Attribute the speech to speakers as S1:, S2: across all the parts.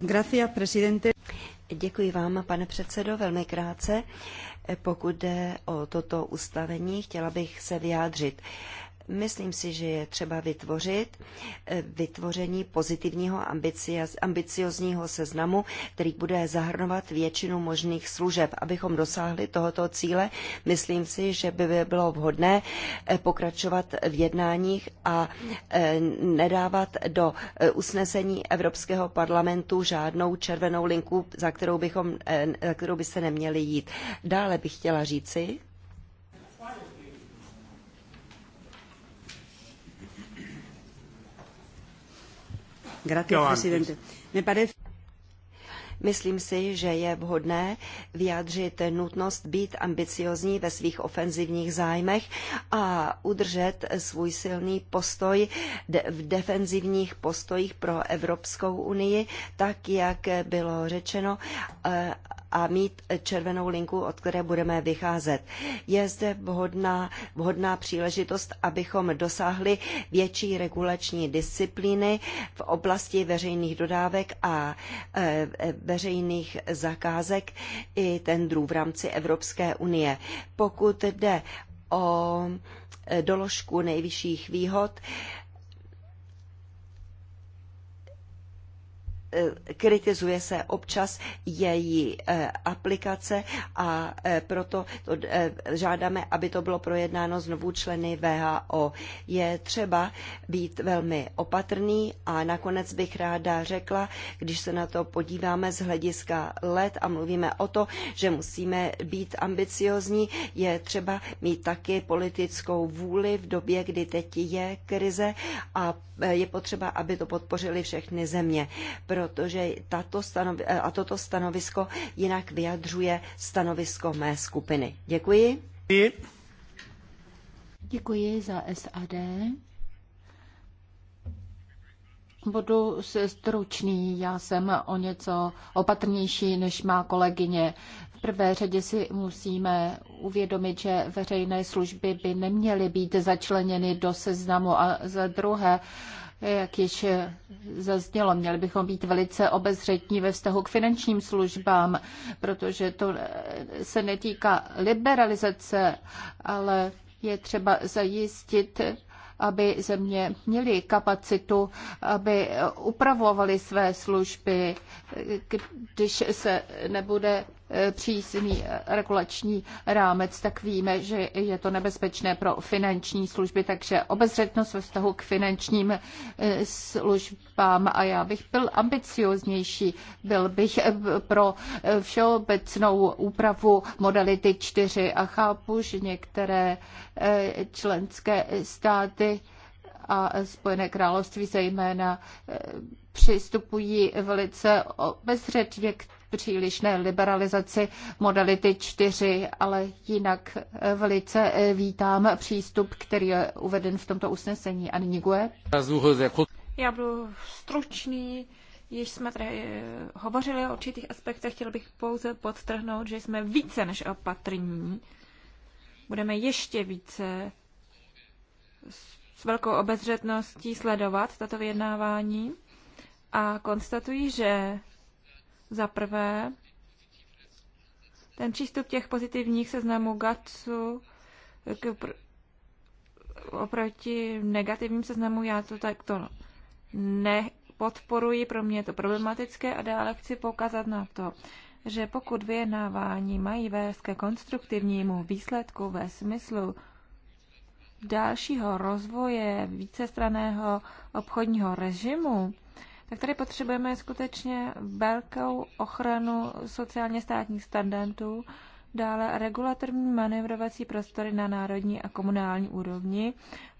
S1: Gracias, presidente. Děkuji vám, pane předsedo, velmi krátce. Pokud jde o toto ustavení, chtěla bych se vyjádřit. Myslím si, že je třeba vytvořit eh, vytvoření pozitivního ambiciozního seznamu, který bude zahrnovat většinu možných služeb. Abychom dosáhli tohoto cíle, myslím si, že by bylo vhodné eh, pokračovat v jednáních a eh, nedávat do usnesení Evropského parlamentu žádnou červenou linku, za kterou, bychom, za kterou by se neměli jít. Dále bych chtěla říci, Gracias, presidente. Me parece... Myslím si, že je vhodné vyjádřit nutnost být ambiciozní ve svých ofenzivních zájmech a udržet svůj silný postoj v defenzivních postojích pro Evropskou unii, tak jak bylo řečeno, a mít červenou linku, od které budeme vycházet. Je zde vhodná, vhodná příležitost, abychom dosáhli větší regulační disciplíny v oblasti veřejných dodávek a e, veřejných zakázek i tendrů v rámci Evropské unie. Pokud jde o e, doložku nejvyšších výhod, Eh, kritizuje se občas její eh, aplikace a eh, proto to žádáme, aby to bylo projednáno znovu členy VHO. Je třeba být velmi opatrný a nakonec bych ráda řekla, když se na to podíváme z hlediska let a mluvíme o to, že musíme být ambiciozní, je třeba mít taky politickou vůli v době, kdy teď je krize a je potřeba, aby to podpořili všechny země. Pro protože tato stanovi- eh, a toto stanovisko jinak vyjadřuje stanovisko mé skupiny. Děkuji. Děkuji za
S2: SAD. Budu stručný, já jsem o něco opatrnější než má kolegyně. V prvé řadě si musíme uvědomit, že veřejné služby by neměly být začleněny do seznamu a za druhé jak již eh, zaznělo, měli bychom být velice obezřetní ve vztahu k finančním službám, protože to eh, se netýká liberalizace, ale je třeba zajistit, aby země měly kapacitu, aby eh, upravovali své služby, když se nebude přísný regulační rámec, tak víme, že je to nebezpečné pro finanční služby, takže obezřetnost ve vztahu k finančním eh, službám a já bych byl ambicioznější, byl bych eh, pro eh, všeobecnou úpravu modality 4 a chápu, že některé členské státy a Spojené království zejména přistupují velice obezřetně k přílišné liberalizaci modality 4, ale jinak velice eh, vítám přístup, který je uveden v tomto usnesení. A nyní Gue?
S3: Já budu stručný. Již jsme tady eh, hovořili o určitých aspektech, chtěl bych pouze podtrhnout, že jsme více než opatrní. Budeme ještě více s velkou obezřetností sledovat tato vyjednávání a konstatuji, že za prvé, ten přístup těch pozitivních seznamů GATSu k pr- oproti negativním seznamům, já to takto nepodporuji, pro mě je to problematické a dále chci poukázat na to, že pokud vyjednávání mají vést ke konstruktivnímu výsledku ve smyslu dalšího rozvoje vícestraného obchodního režimu, tak tady potřebujeme skutečně velkou ochranu sociálně státních standardů, dále regulatorní manévrovací prostory na národní a komunální úrovni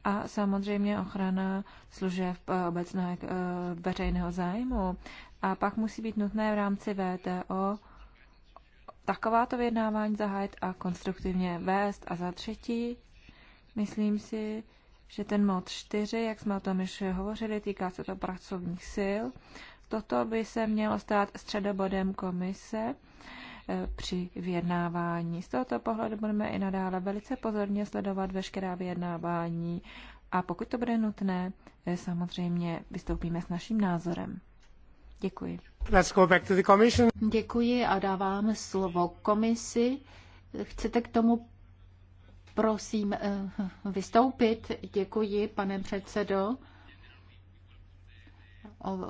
S3: a samozřejmě ochrana služeb eh, obecného eh, veřejného zájmu. A pak musí být nutné v rámci VTO takováto vyjednávání zahájit a konstruktivně vést. A za třetí, myslím si, že ten mod 4, jak jsme o tom již hovořili, týká se to pracovních sil. Toto by se mělo stát středobodem komise eh, při vyjednávání. Z tohoto pohledu budeme i nadále velice pozorně sledovat veškerá vyjednávání a pokud to bude nutné, eh, samozřejmě vystoupíme s naším názorem.
S2: Děkuji. Let's go back to the commission. Děkuji a dávám slovo komisi. Chcete k tomu prosím eh, vystoupit? Děkuji, pane předsedo.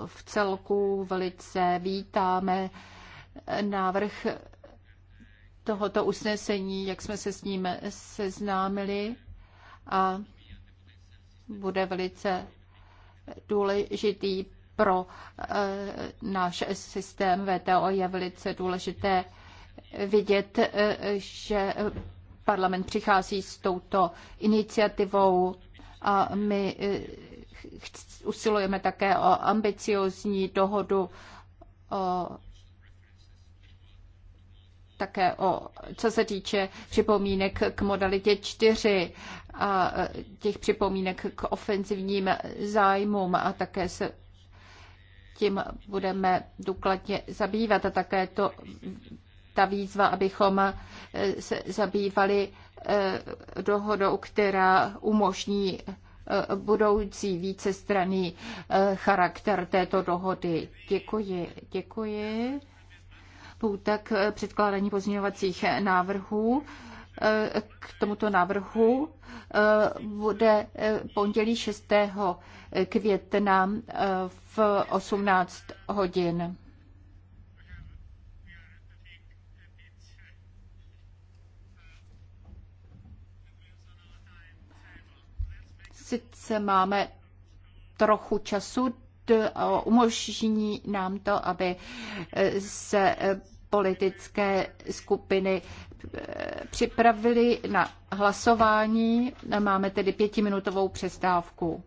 S2: V celku velice vítáme návrh tohoto usnesení, jak jsme se s ním seznámili a bude velice důležitý pro eh, náš systém VTO. Je velice důležité vidět, eh, že Parlament přichází s touto iniciativou a my eh, usilujeme také o ambiciozní dohodu o také o, co se týče připomínek k modalitě 4 a eh, těch připomínek k ofenzivním zájmům a také se tím budeme důkladně zabývat a také to ta výzva, abychom eh, se zabývali eh, dohodou, která umožní eh, budoucí vícestranný charakter této dohody. Děkuji. Děkuji. Půtek předkládání pozměňovacích návrhů k tomuto návrhu bude pondělí 6. května v 18 hodin. sice máme trochu času, umožní nám to, aby e, se e, politické skupiny e, připravily na hlasování. Máme tedy pětiminutovou přestávku.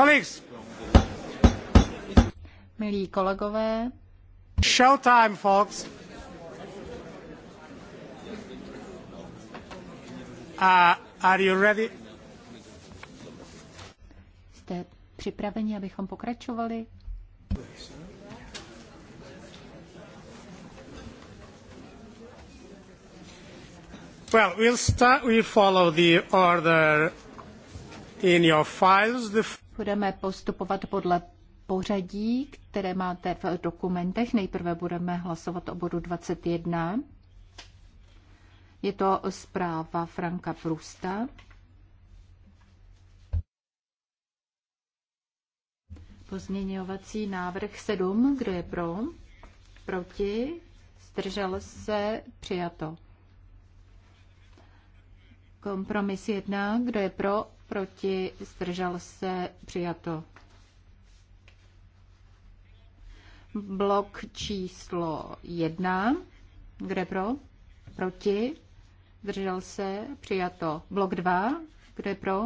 S2: Colleagues. Milí kolegové. Showtime, folks. Uh, are you ready? Jste připraveni, abychom pokračovali? Well, we'll start, we follow the order in your files. The Budeme postupovat podle pořadí, které máte v dokumentech. Nejprve budeme hlasovat o bodu 21. Je to zpráva Franka Prusta. Pozměňovací návrh 7. Kdo je pro? Proti? Zdržel se? Přijato. Kompromis 1. Kdo je pro? proti, zdržel se, přijato. Blok číslo jedna, kde pro, proti, zdržel se, přijato. Blok dva, kde pro,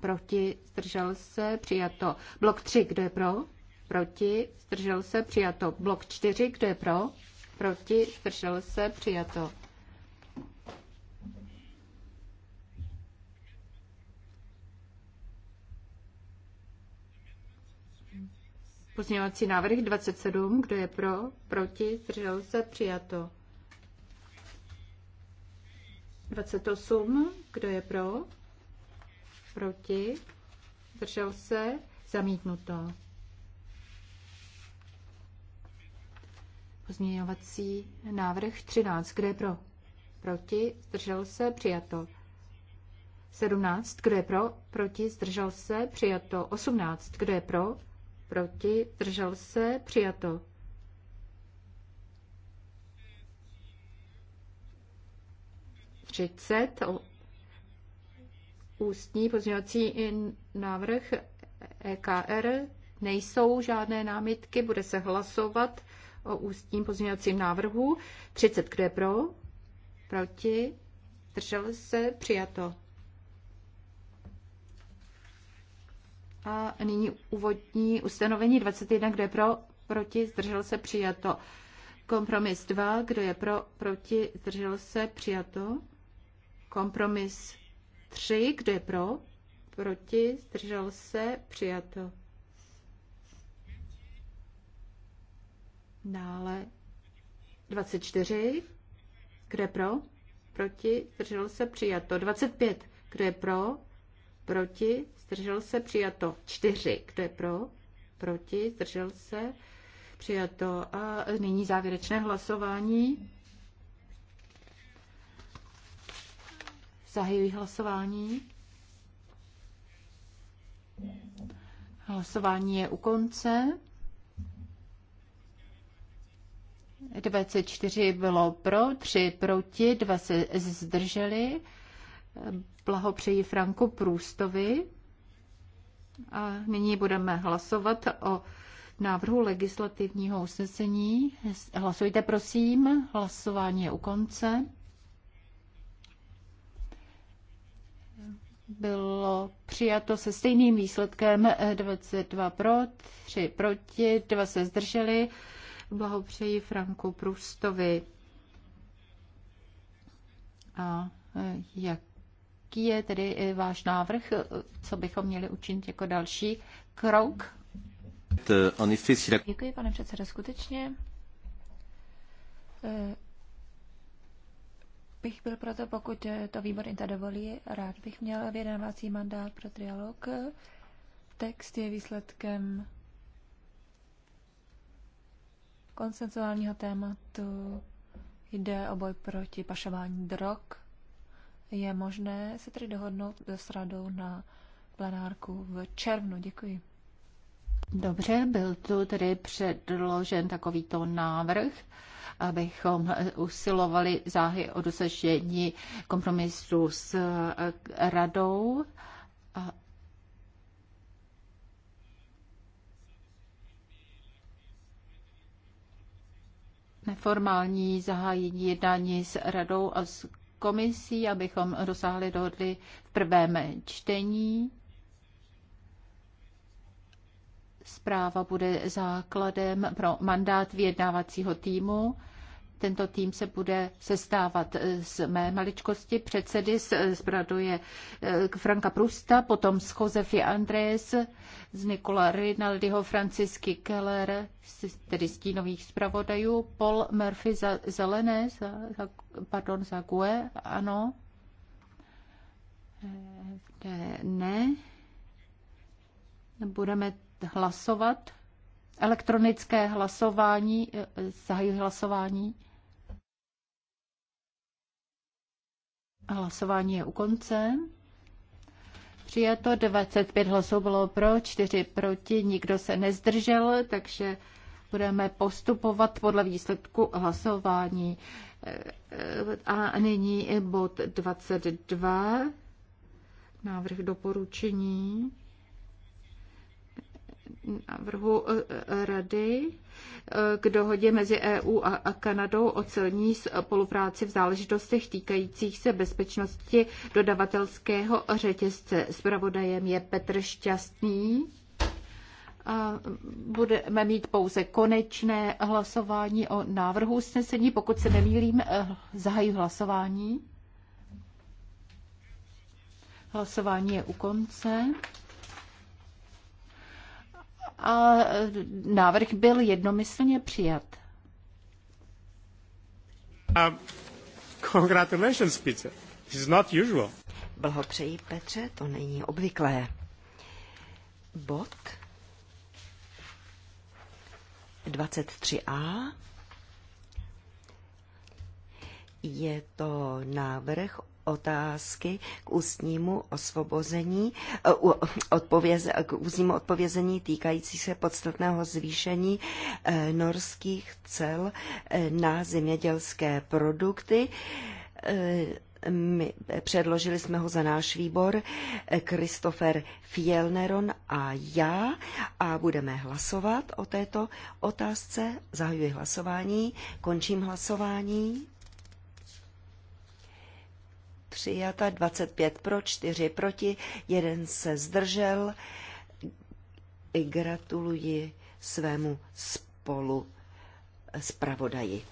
S2: proti, zdržel se, přijato. Blok tři, kde pro, proti, zdržel se, přijato. Blok čtyři, kde pro, proti, zdržel se, přijato. Pozměňovací návrh 27, kdo je pro, proti, zdržel se, přijato. 28, kdo je pro, proti, zdržel se, zamítnuto. Pozměňovací návrh 13, kdo je pro, proti, zdržel se, přijato. 17, kdo je pro, proti, zdržel se, přijato. 18, kdo je pro, proti, zdržel se, přijato. Třicet, ústní pozměňovací návrh EKR, nejsou žádné námitky, bude se hlasovat o ústním pozměňovacím návrhu. 30, kde pro? Proti? Držel se? Přijato. A nyní úvodní ustanovení 21, kdo je pro, proti, zdržel se, přijato. Kompromis 2, kdo je pro, proti, zdržel se, přijato. Kompromis 3, kdo je pro, proti, zdržel se, přijato. Dále 24, kdo je pro, proti, zdržel se, přijato. 25, kdo je pro, proti, zdržel se, přijato čtyři, kdo je pro, proti, zdržel se, přijato. A nyní závěrečné hlasování. Zahajuji hlasování. Hlasování je u konce. 24 bylo pro, 3 proti, 2 se zdrželi. Blahopřeji Franku Průstovi. A nyní budeme hlasovat o návrhu legislativního usnesení. Hlasujte prosím, hlasování je u konce. Bylo přijato se stejným výsledkem 22 eh, pro, 3 proti, 2 se zdrželi. Blahopřeji Franku Prustovi. A eh, jak Jaký je tedy eh, váš návrh, eh, co bychom měli učinit jako další krok? Děkuji, pane předsedo, skutečně
S3: eh, bych byl proto, pokud to výbor INTA dovolí, rád bych měl vyjednávací mandát pro trialog. Text je výsledkem konsensuálního tématu. Jde o boj proti pašování drog je možné se tedy dohodnout s radou na plenárku v červnu. Děkuji.
S2: Dobře, byl tu tedy předložen takovýto návrh, abychom usilovali záhy o dosažení kompromisu s eh, radou. neformální zahájení jednání s radou a s komisí, abychom dosáhli dohody v prvém čtení. Zpráva bude základem pro mandát vyjednávacího týmu. Tento tým se bude sestávat z mé maličkosti předsedy, z Bradoje eh, Franka Prusta, potom z Josefy Andrés, z Nikola Rinaldiho, Francisky Keller, tedy tínových zpravodajů, Paul Murphy za Zelené, za, za, pardon, za GUE, ano, eh, eh, ne. Budeme hlasovat. Elektronické hlasování, zahají hlasování. Hlasování je u konce. Přijato 25 hlasů bylo pro, 4 proti, nikdo se nezdržel, takže budeme postupovat podle výsledku hlasování. A nyní bod 22, návrh doporučení návrhu eh, eh, Rady eh, k dohodě mezi EU a Kanadou o celní spolupráci v záležitostech týkajících se bezpečnosti dodavatelského řetězce. Spravodajem je Petr Šťastný. budeme mít pouze konečné hlasování o návrhu usnesení. Pokud se nemýlím, zahají hlasování. Hlasování je u konce a e, návrh byl jednomyslně přijat.
S1: Um, congratulations, Peter. This is not usual. Blahopřeji, Petře, to není obvyklé. Bod 23a je to návrh otázky k ústnímu osvobození, eh, odpověze k ústnímu odpovězení týkající se podstatného zvýšení eh, norských cel eh, na zemědělské produkty. My, předložili jsme ho za náš výbor Christopher Fielneron a já a budeme hlasovat o této otázce. Zahajuji hlasování, končím hlasování přijata, 25 pro, 4 proti, jeden se zdržel. Gratuluji svému spolu zpravodaji.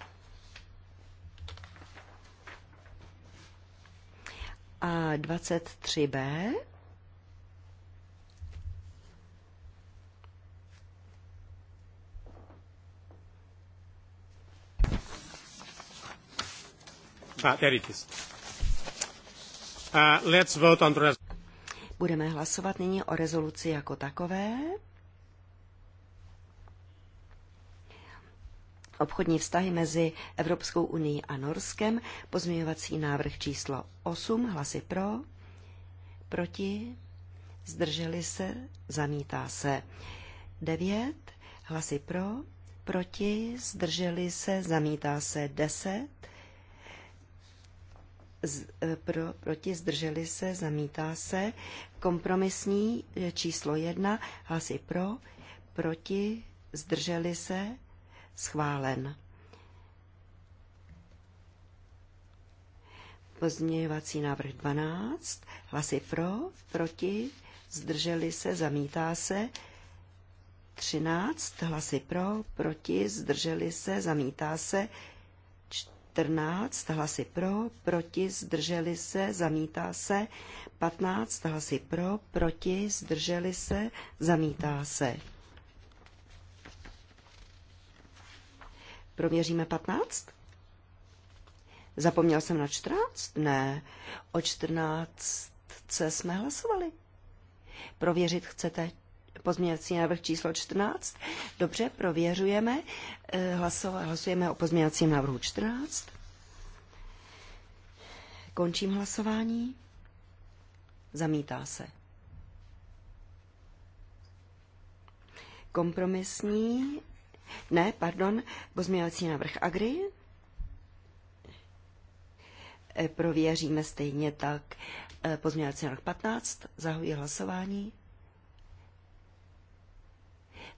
S1: A 23b.
S4: Ah, there it is. Uh, let's vote on
S1: the... Budeme hlasovat nyní o rezoluci jako takové. Obchodní vztahy mezi Evropskou unii a Norskem, pozměňovací návrh číslo 8, hlasy pro, proti, zdrželi se, zamítá se. 9, hlasy pro, proti, zdrželi se, zamítá se 10, z, e, pro, proti, zdrželi se, zamítá se. Kompromisní e, číslo jedna, hlasy pro, proti, zdrželi se, schválen. Pozměňovací návrh 12, hlasy pro, proti, zdrželi se, zamítá se. 13, hlasy pro, proti, zdrželi se, zamítá se. 14 hlasy pro, proti, zdrželi se, zamítá se. 15 hlasy pro, proti, zdrželi se, zamítá se. Proměříme 15? Zapomněl jsem na 14? Ne, o 14 jsme hlasovali. Prověřit chcete Pozměňovací návrh číslo 14. Dobře, prověřujeme. Eh, hlasujeme o pozměňovacím návrhu 14. Končím hlasování. Zamítá se. Kompromisní. Ne, pardon, pozměňovací návrh Agri. Eh, prověříme stejně tak eh, pozměňovací návrh 15. Zahuji hlasování.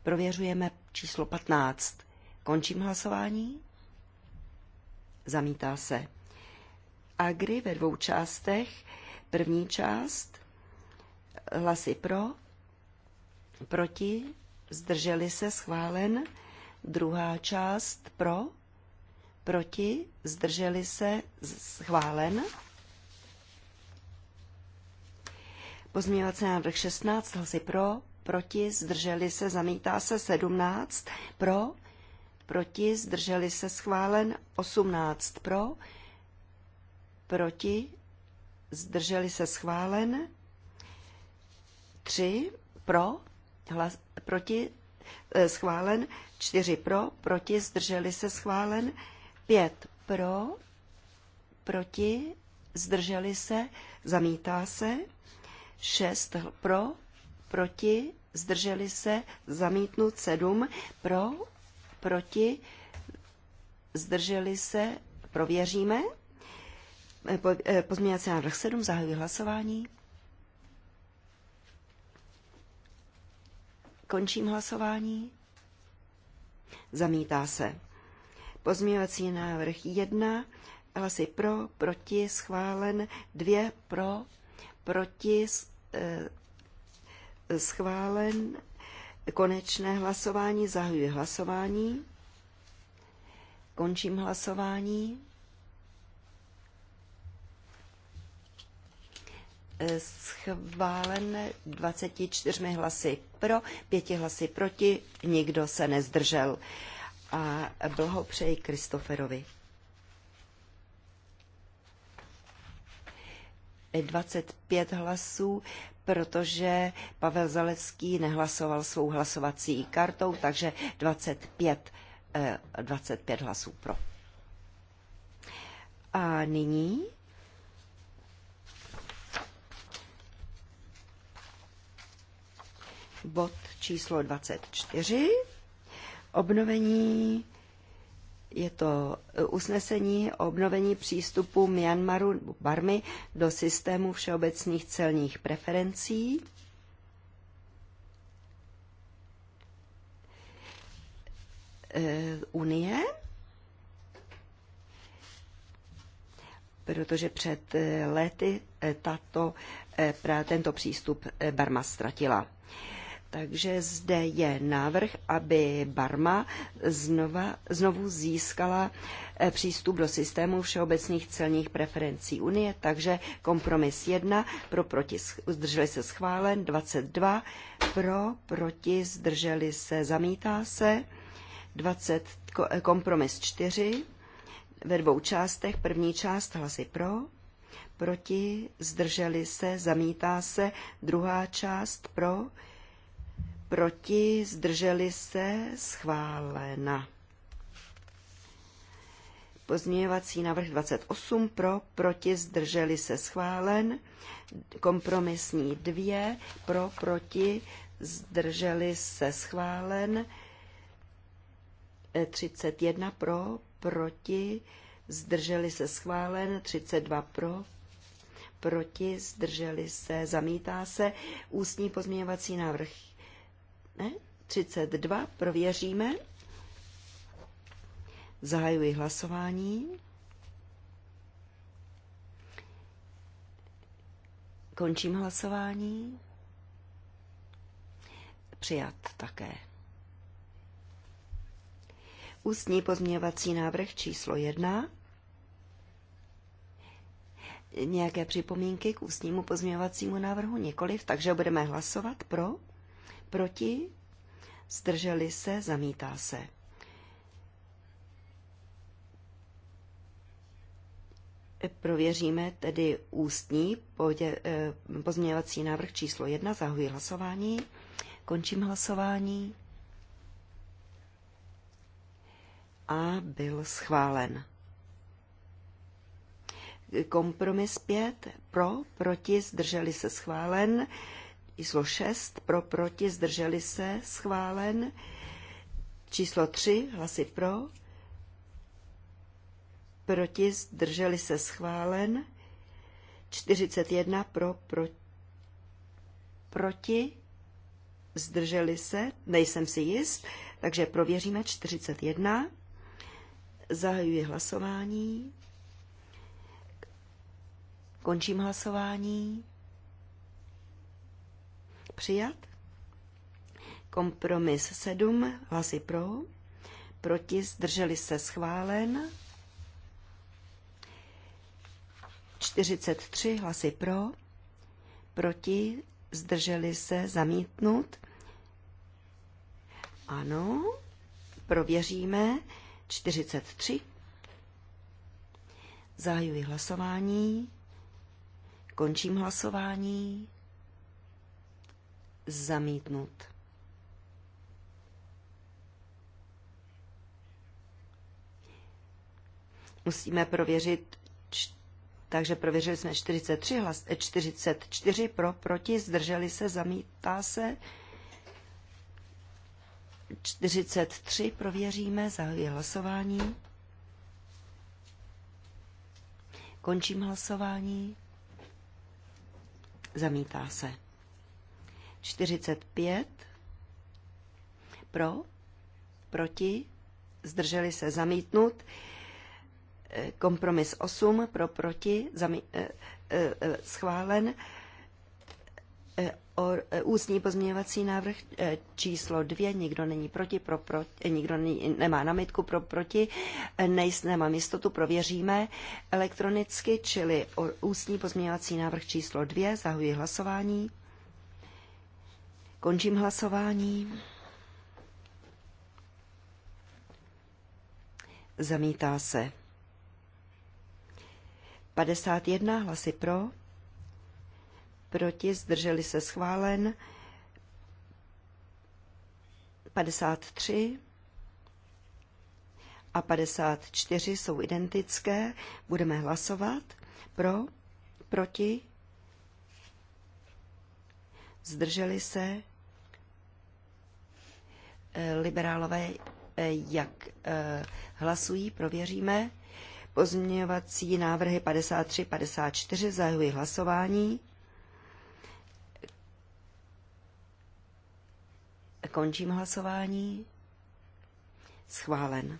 S1: Prověřujeme číslo 15. Končím hlasování. Zamítá se. Agri ve dvou částech. První část. Hlasy pro. Proti. Zdrželi se schválen. Druhá část pro. Proti. Zdrželi se schválen. Pozměňovací návrh 16. Hlasy pro proti, zdrželi se, zamítá se 17, pro, proti, zdrželi se, schválen 18, pro, proti, zdrželi se, schválen 3, pro, hlas, proti, e, schválen 4, pro, proti, zdrželi se, schválen 5, pro, proti, zdrželi se, zamítá se, 6 pro, proti, zdrželi se, zamítnut sedm, pro, proti, zdrželi se, prověříme. E, po, e, pozměňovací návrh 7, zahajuji hlasování. Končím hlasování. Zamítá se. Pozměňovací návrh 1, hlasy pro, proti, schválen, 2 pro, proti, e, schválen. Konečné hlasování, zahajuji hlasování. Končím hlasování. Eh, schválen 24 hlasy pro, 5 hlasy proti, nikdo se nezdržel. A blahopřeji Kristoferovi. 25 eh, hlasů protože Pavel Zalevský nehlasoval svou hlasovací kartou, takže 25, 25 eh, hlasů pro. A nyní bod číslo 24. Obnovení je to usnesení o obnovení přístupu Myanmaru Barmy do systému všeobecných celních preferencí. Eh, Unie, protože před eh, lety eh, tato, tento přístup Barma ztratila. Takže zde je návrh, aby Barma znova, znovu získala eh, přístup do systému všeobecných celních preferencí Unie, takže kompromis 1 pro proti zdrželi se schválen, 22 pro proti zdrželi se zamítá se, 20 eh, kompromis 4 ve dvou částech, první část hlasy pro, proti zdrželi se zamítá se, druhá část pro, proti, zdrželi se, schválena. Pozměňovací návrh 28 pro, proti, zdrželi se, schválen. Kompromisní 2 pro, proti, zdrželi se, schválen. 31 pro, proti, zdrželi se, schválen. 32 pro, proti, zdrželi se, zamítá se. Ústní pozměňovací návrh ne? 32. Prověříme. Zahajuji hlasování. Končím hlasování. Přijat také. Ústní pozměňovací návrh číslo 1. Nějaké připomínky k ústnímu pozměňovacímu návrhu nikoliv, takže budeme hlasovat pro proti, zdrželi se, zamítá se. Prověříme tedy ústní podě, eh, pozměňovací návrh číslo 1, zahuji hlasování, končím hlasování a byl schválen. Kompromis 5, pro, proti, zdrželi se schválen. Číslo 6 pro, proti, zdrželi se, schválen. Číslo 3 hlasy pro, proti, zdrželi se, schválen. 41 pro, pro proti, zdrželi se, nejsem si jist, takže prověříme 41. Zahajuji hlasování. Končím hlasování přijat. Kompromis 7 hlasy pro, proti zdrželi se schválen. 43 hlasy pro, proti zdrželi se zamítnut. Ano, prověříme 43. Zahajuji hlasování. Končím hlasování zamítnut. Musíme prověřit, takže prověřili jsme 43 hlas, 44 eh, pro, proti, zdrželi se, zamítá se. 43 prověříme, zahajuji hlasování. Končím hlasování. Zamítá se. 45 pro, proti, zdrželi se zamítnut, eh, kompromis 8 pro, proti, zami, eh, eh, eh schválen, eh, o, eh, ústní pozměňovací návrh číslo 2, nikdo není proti, pro, proti nikdo není, nemá namitku pro proti, nejs, nemám jistotu, prověříme elektronicky, čili o, ústní pozměňovací návrh číslo 2, zahuji hlasování. Končím hlasování. Zamítá se. 51 hlasy pro, proti zdrželi se schválen 53 a 54 jsou identické. Budeme hlasovat pro, proti, zdrželi se, liberálové eh, jak eh, hlasují, prověříme. Pozměňovací návrhy 53, 54, zahajuji hlasování. Končím hlasování. Schválen.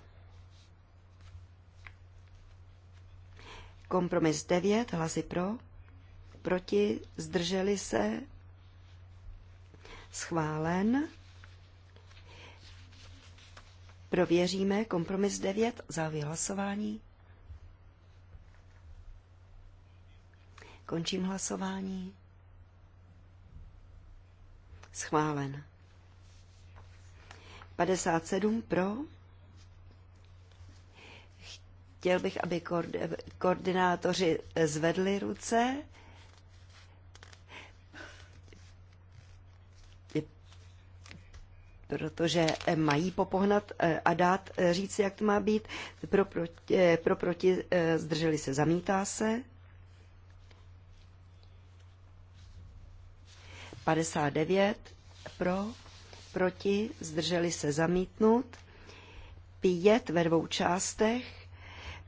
S1: Kompromis 9, hlasy pro, proti, zdrželi se, schválen. Prověříme kompromis 9 za vyhlasování. Končím hlasování. Schválen. 57 pro. Chtěl bych, aby koordinátoři zvedli ruce. protože eh, mají popohnat eh, a dát eh, říct, jak to má být. Pro proti, pro proti zdrželi se, zamítá se. 59 pro, proti, zdrželi se zamítnout. Pět ve dvou částech.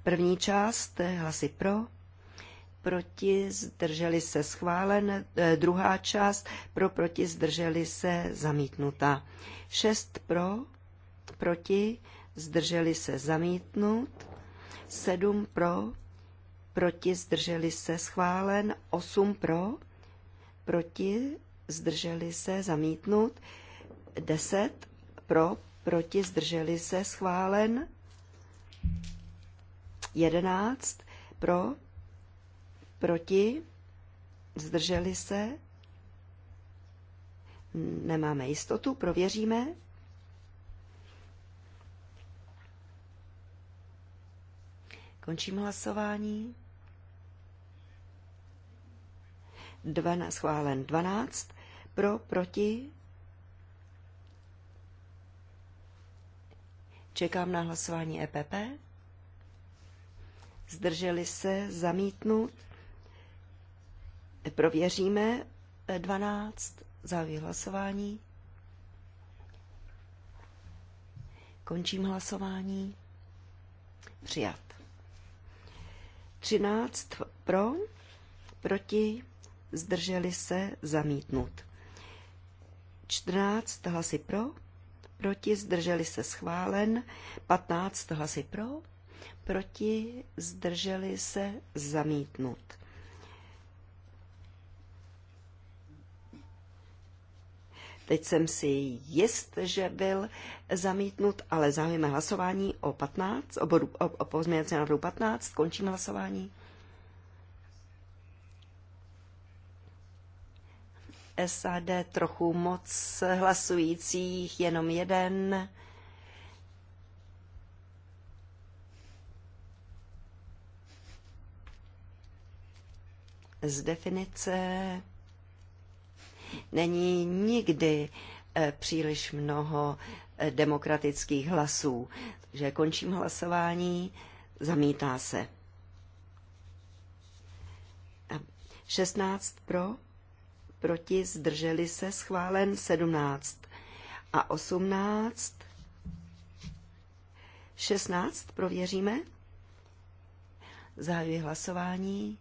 S1: První část hlasy pro, proti, zdrželi se schválen, eh, druhá část pro, proti, zdrželi se zamítnuta. šest pro, proti, zdrželi se zamítnut, sedm pro, proti, zdrželi se schválen, osm pro, proti, zdrželi se zamítnut, deset pro, proti, zdrželi se schválen, jedenáct pro, Proti? Zdrželi se? Nemáme jistotu, prověříme. Končím hlasování. 12, schválen 12, pro, proti. Čekám na hlasování EPP. Zdrželi se, zamítnout. Prověříme 12. za hlasování. Končím hlasování. Přijat. 13 pro, proti, zdrželi se, zamítnut. 14 hlasy pro, proti, zdrželi se, schválen. 15 hlasy pro, proti, zdrželi se, zamítnut. Teď jsem si jist, že byl zamítnut, ale zahajeme hlasování o 15, o, bodu, o, o pozměnce návrhu 15, končím hlasování. SAD trochu moc hlasujících, jenom jeden. Z definice není nikdy eh, příliš mnoho eh, demokratických hlasů. že? končím hlasování, zamítá se. 16 pro, proti zdrželi se, schválen 17 a 18. 16 prověříme. Zahajuji hlasování.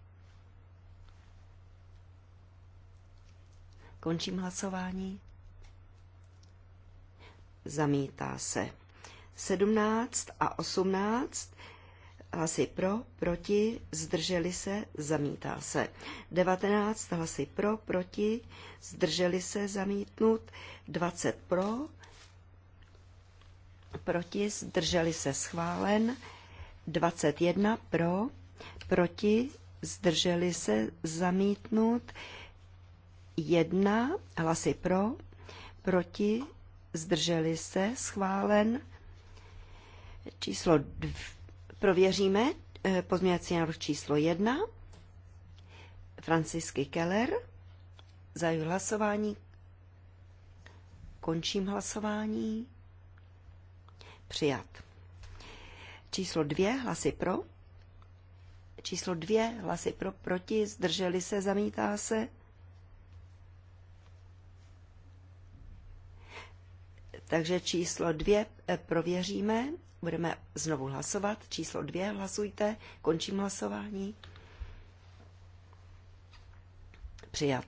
S1: Končím hlasování. Zamítá se. 17 a 18 hlasy pro, proti, zdrželi se, zamítá se. 19 hlasy pro, proti, zdrželi se, zamítnut. 20 pro, proti, zdrželi se, schválen. 21 pro, proti, zdrželi se, zamítnut. 1 hlasy pro, proti, zdrželi se, schválen. Číslo 2. Prověříme e, pozměňovací návrh číslo 1. Francisky Keller. Zaju hlasování. Končím hlasování. Přijat. Číslo dvě Hlasy pro. Číslo dvě Hlasy pro, proti, zdrželi se, zamítá se. Takže číslo dvě eh, prověříme, budeme znovu hlasovat. Číslo dvě hlasujte, končím hlasování. Přijat.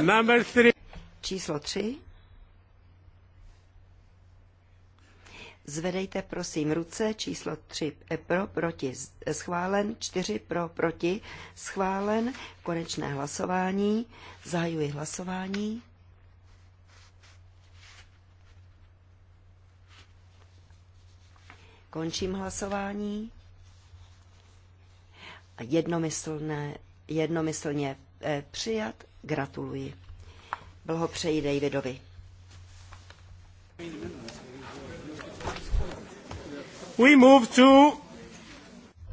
S1: Number three. Číslo tři. Zvedejte prosím ruce, číslo 3 e, pro, proti, e, schválen, 4 pro, proti, schválen, konečné hlasování, zahajuji hlasování. Končím hlasování. jednomyslně jednomyslně eh, přijat. Gratuluji. Blahopřeji Davidovi.
S4: Thank you.
S1: We move to...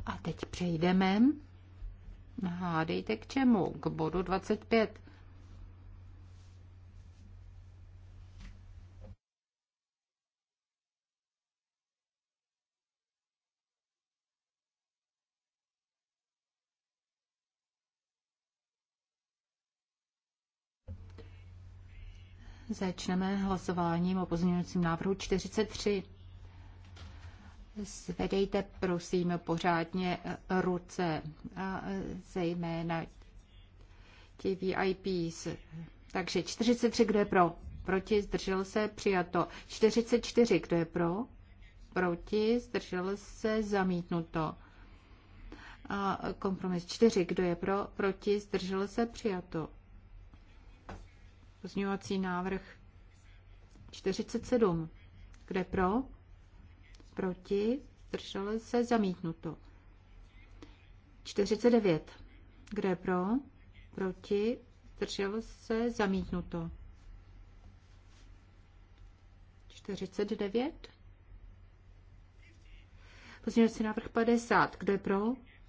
S1: A teď přejdeme.
S2: Hádejte k čemu? K bodu 25. Začneme hlasováním o pozměňujícím návrhu 43. Zvedejte prosím pořádně ruce, a zejména ti VIPs. Takže 43, kdo je pro? Proti, zdržel se, přijato. 44, kdo je pro? Proti, zdržel se, zamítnuto. A kompromis 4, kdo je pro? Proti, zdržel se, přijato. Pozměňovací návrh 47, kde pro? proti, zdržel se, zamítnuto. 49. Kdo je pro, proti, zdržel se, zamítnuto. 49. Pozměňovací návrh 50. Kdo je pro?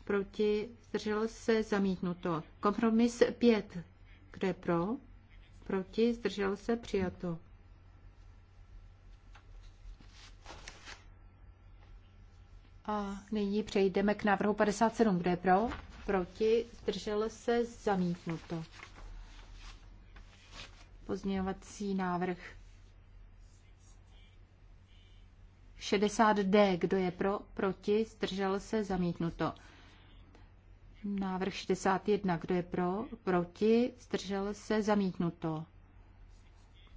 S2: Proti? Zdržel se? Zamítnuto. Kompromis 5. Kdo je pro? Proti? Zdržel se? Přijato. A nyní přejdeme k návrhu 57. Kde je pro? Proti? Zdržel se? Zamítnuto. Pozměňovací návrh 60D. Kdo je pro? Proti? Zdržel se? Zamítnuto. Návrh 61. Kdo je pro? Proti? Zdržel se? Zamítnuto.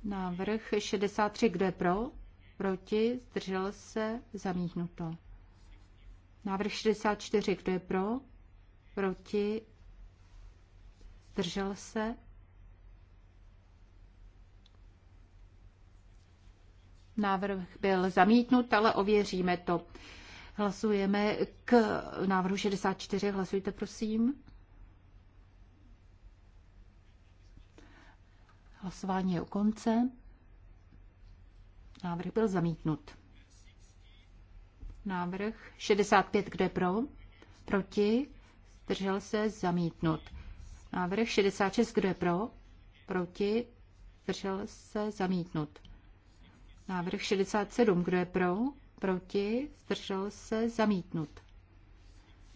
S2: Návrh 63. Kdo je pro? Proti? Zdržel se? Zamítnuto. Návrh 64, kdo je pro? Proti? Zdržel se? Návrh byl zamítnut, ale ověříme to. Hlasujeme k návrhu 64. Hlasujte, prosím. Hlasování je u konce. Návrh byl zamítnut. Návrh 65, kde pro? Proti? Držel se zamítnut. Návrh 66, kde pro? Proti? Držel se zamítnut. Návrh 67, kdo je pro? Proti? Zdržel se zamítnut.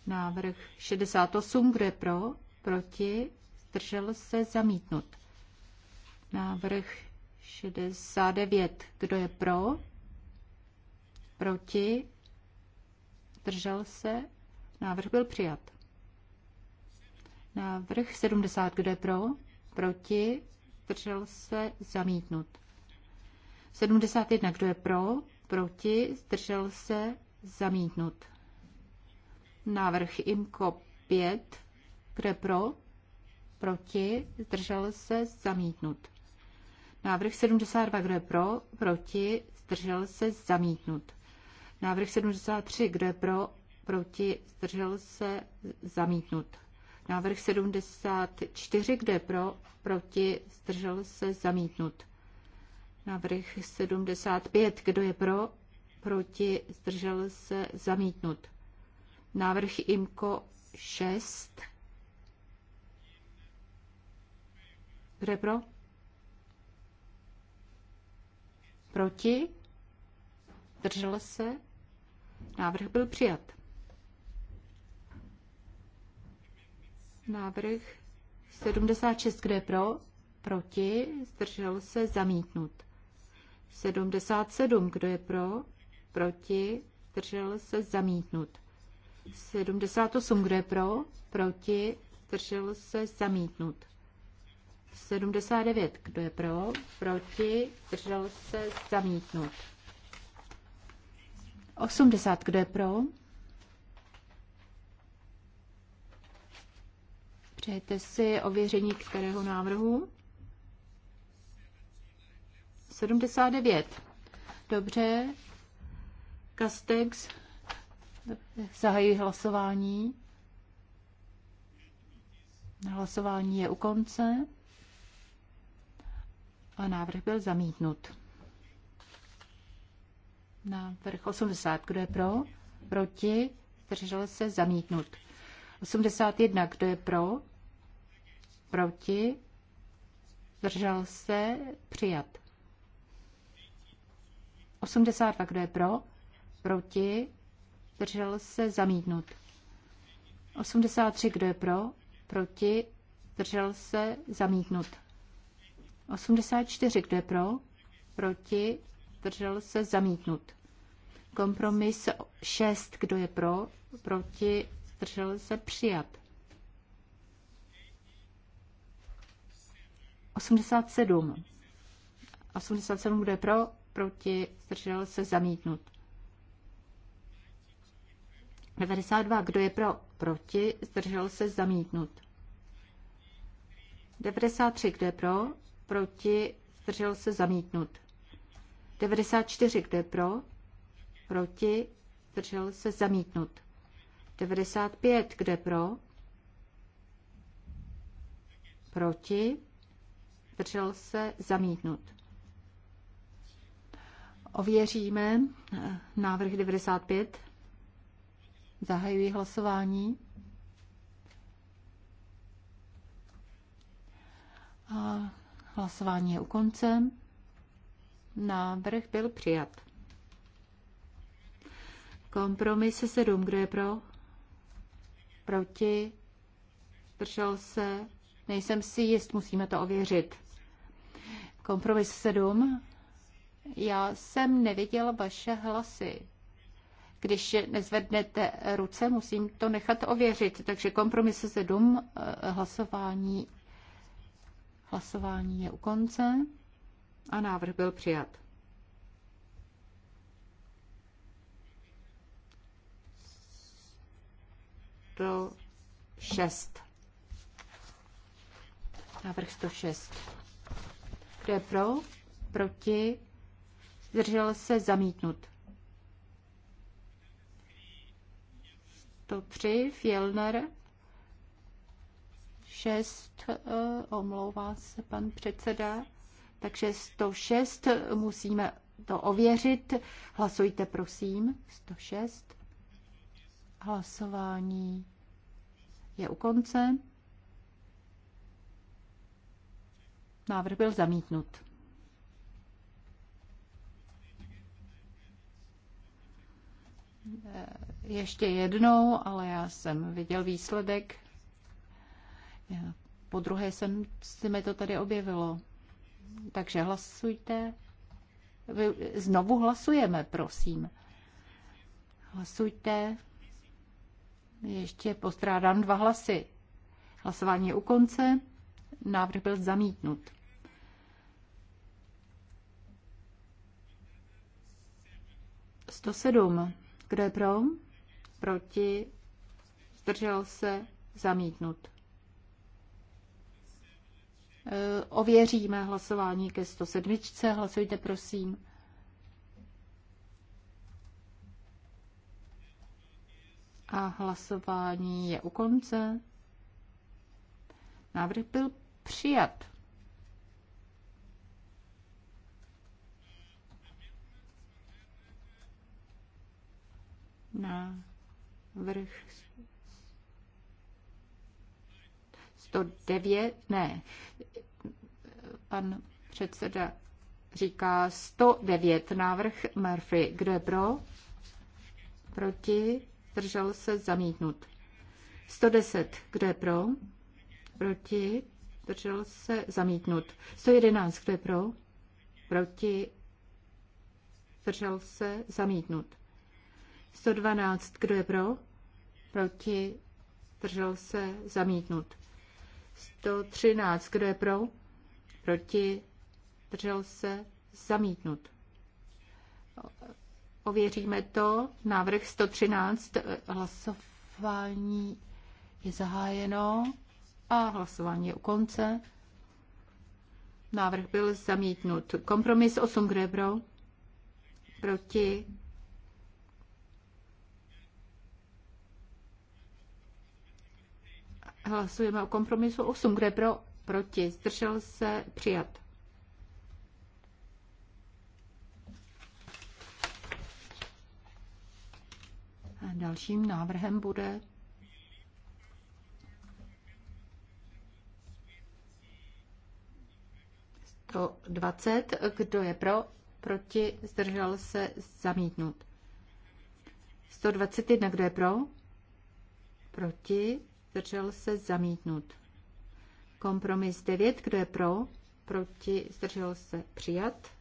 S2: Návrh 68, kdo je pro? Proti? Zdržel se zamítnut. Návrh 69, kdo je pro? Proti? zdržel se, návrh byl přijat. Návrh 70, kdo je pro, proti, zdržel se, zamítnut. 71, kdo je pro, proti, zdržel se, zamítnut. Návrh IMKO 5, kdo je pro, proti, zdržel se, zamítnut. Návrh 72, kdo je pro, proti, zdržel se, zamítnut. Návrh 73, kdo je pro, proti, zdržel se, zamítnut. Návrh 74, kdo je pro, proti, zdržel se, zamítnut. Návrh 75, kdo je pro, proti, zdržel se, zamítnut. Návrh IMKO 6, kdo je pro, proti, zdržel se, Návrh byl přijat. Návrh 76, kde pro, proti, zdržel se zamítnut. 77, kdo je pro, proti, zdržel se zamítnut. 78, kdo je pro, proti, zdržel se zamítnut. 79, kdo je pro, proti, zdržel se zamítnut. 80, kdo je pro? Přejete si ověření kterého návrhu? 79. Dobře. Castex. zahají hlasování. Hlasování je u konce. A návrh byl zamítnut. Návrh 80. Kdo je pro? Proti? Držel se? Zamítnut. 81. Kdo je pro? Proti? Držel se? Přijat. 82. Kdo je pro? Proti? Držel se? Zamítnut. 83. Kdo je pro? Proti? Držel se? Zamítnut. 84. Kdo je pro? Proti? zdržel se, zamítnut. Kompromis 6, kdo je pro, proti, zdržel se, přijat. 87. 87 bude pro, proti, zdržel se, zamítnut. 92. Kdo je pro, proti, zdržel se, zamítnut. 93. Kdo je pro, proti, zdržel se, zamítnut. 94, kdo je pro? Proti? Držel se zamítnut. 95, kdo je pro? Proti? Držel se zamítnut. Ověříme eh, návrh 95. Zahajuji hlasování. A hlasování je u konce. Návrh byl přijat. Kompromis 7. Kdo je pro? Proti? Držel se? Nejsem si jist, musíme to ověřit. Kompromis 7. Já jsem neviděl vaše hlasy. Když nezvednete ruce, musím to nechat ověřit. Takže kompromis 7, eh, hlasování, hlasování je u konce. A návrh byl přijat. To 6. Návrh 106. Kdo je pro? Proti? Zdržel se zamítnut. 103. Fielner. 6. Omlouvá se pan předseda. Takže 106 musíme to ověřit. Hlasujte, prosím. 106. Hlasování je u konce. Návrh byl zamítnut. Ještě jednou, ale já jsem viděl výsledek. Po druhé jsem, se mi to tady objevilo. Takže hlasujte. Znovu hlasujeme, prosím. Hlasujte. Ještě postrádám dva hlasy. Hlasování je u konce. Návrh byl zamítnut. Sto sedm. Kdo je pro? Proti? Zdržel se? Zamítnut. Eh, ověříme hlasování ke 107. Hlasujte, prosím. A hlasování je u konce. Návrh byl přijat. Na vrch 109, ne, Pan předseda říká 109 návrh Murphy. Kdo je pro? Proti? Držel se zamítnut. 110. Kdo je pro? Proti? Držel se zamítnut. 111. Kdo je pro? Proti? Držel se zamítnut. 112. Kdo je pro? Proti? Držel se zamítnut. 113. Kdo je pro? proti, držel se, zamítnut. Ověříme to. Návrh 113. Hlasování je zahájeno a hlasování je u konce. Návrh byl zamítnut. Kompromis 8 grebro proti Hlasujeme o kompromisu 8, kde pro proti, zdržel se, přijat. A dalším návrhem bude to 20. Kdo je pro? Proti? Zdržel se? Zamítnut. 121. Kdo je pro? Proti? Zdržel se? Zamítnut. Kompromis 9, kdo je pro? Proti, zdržel se přijat.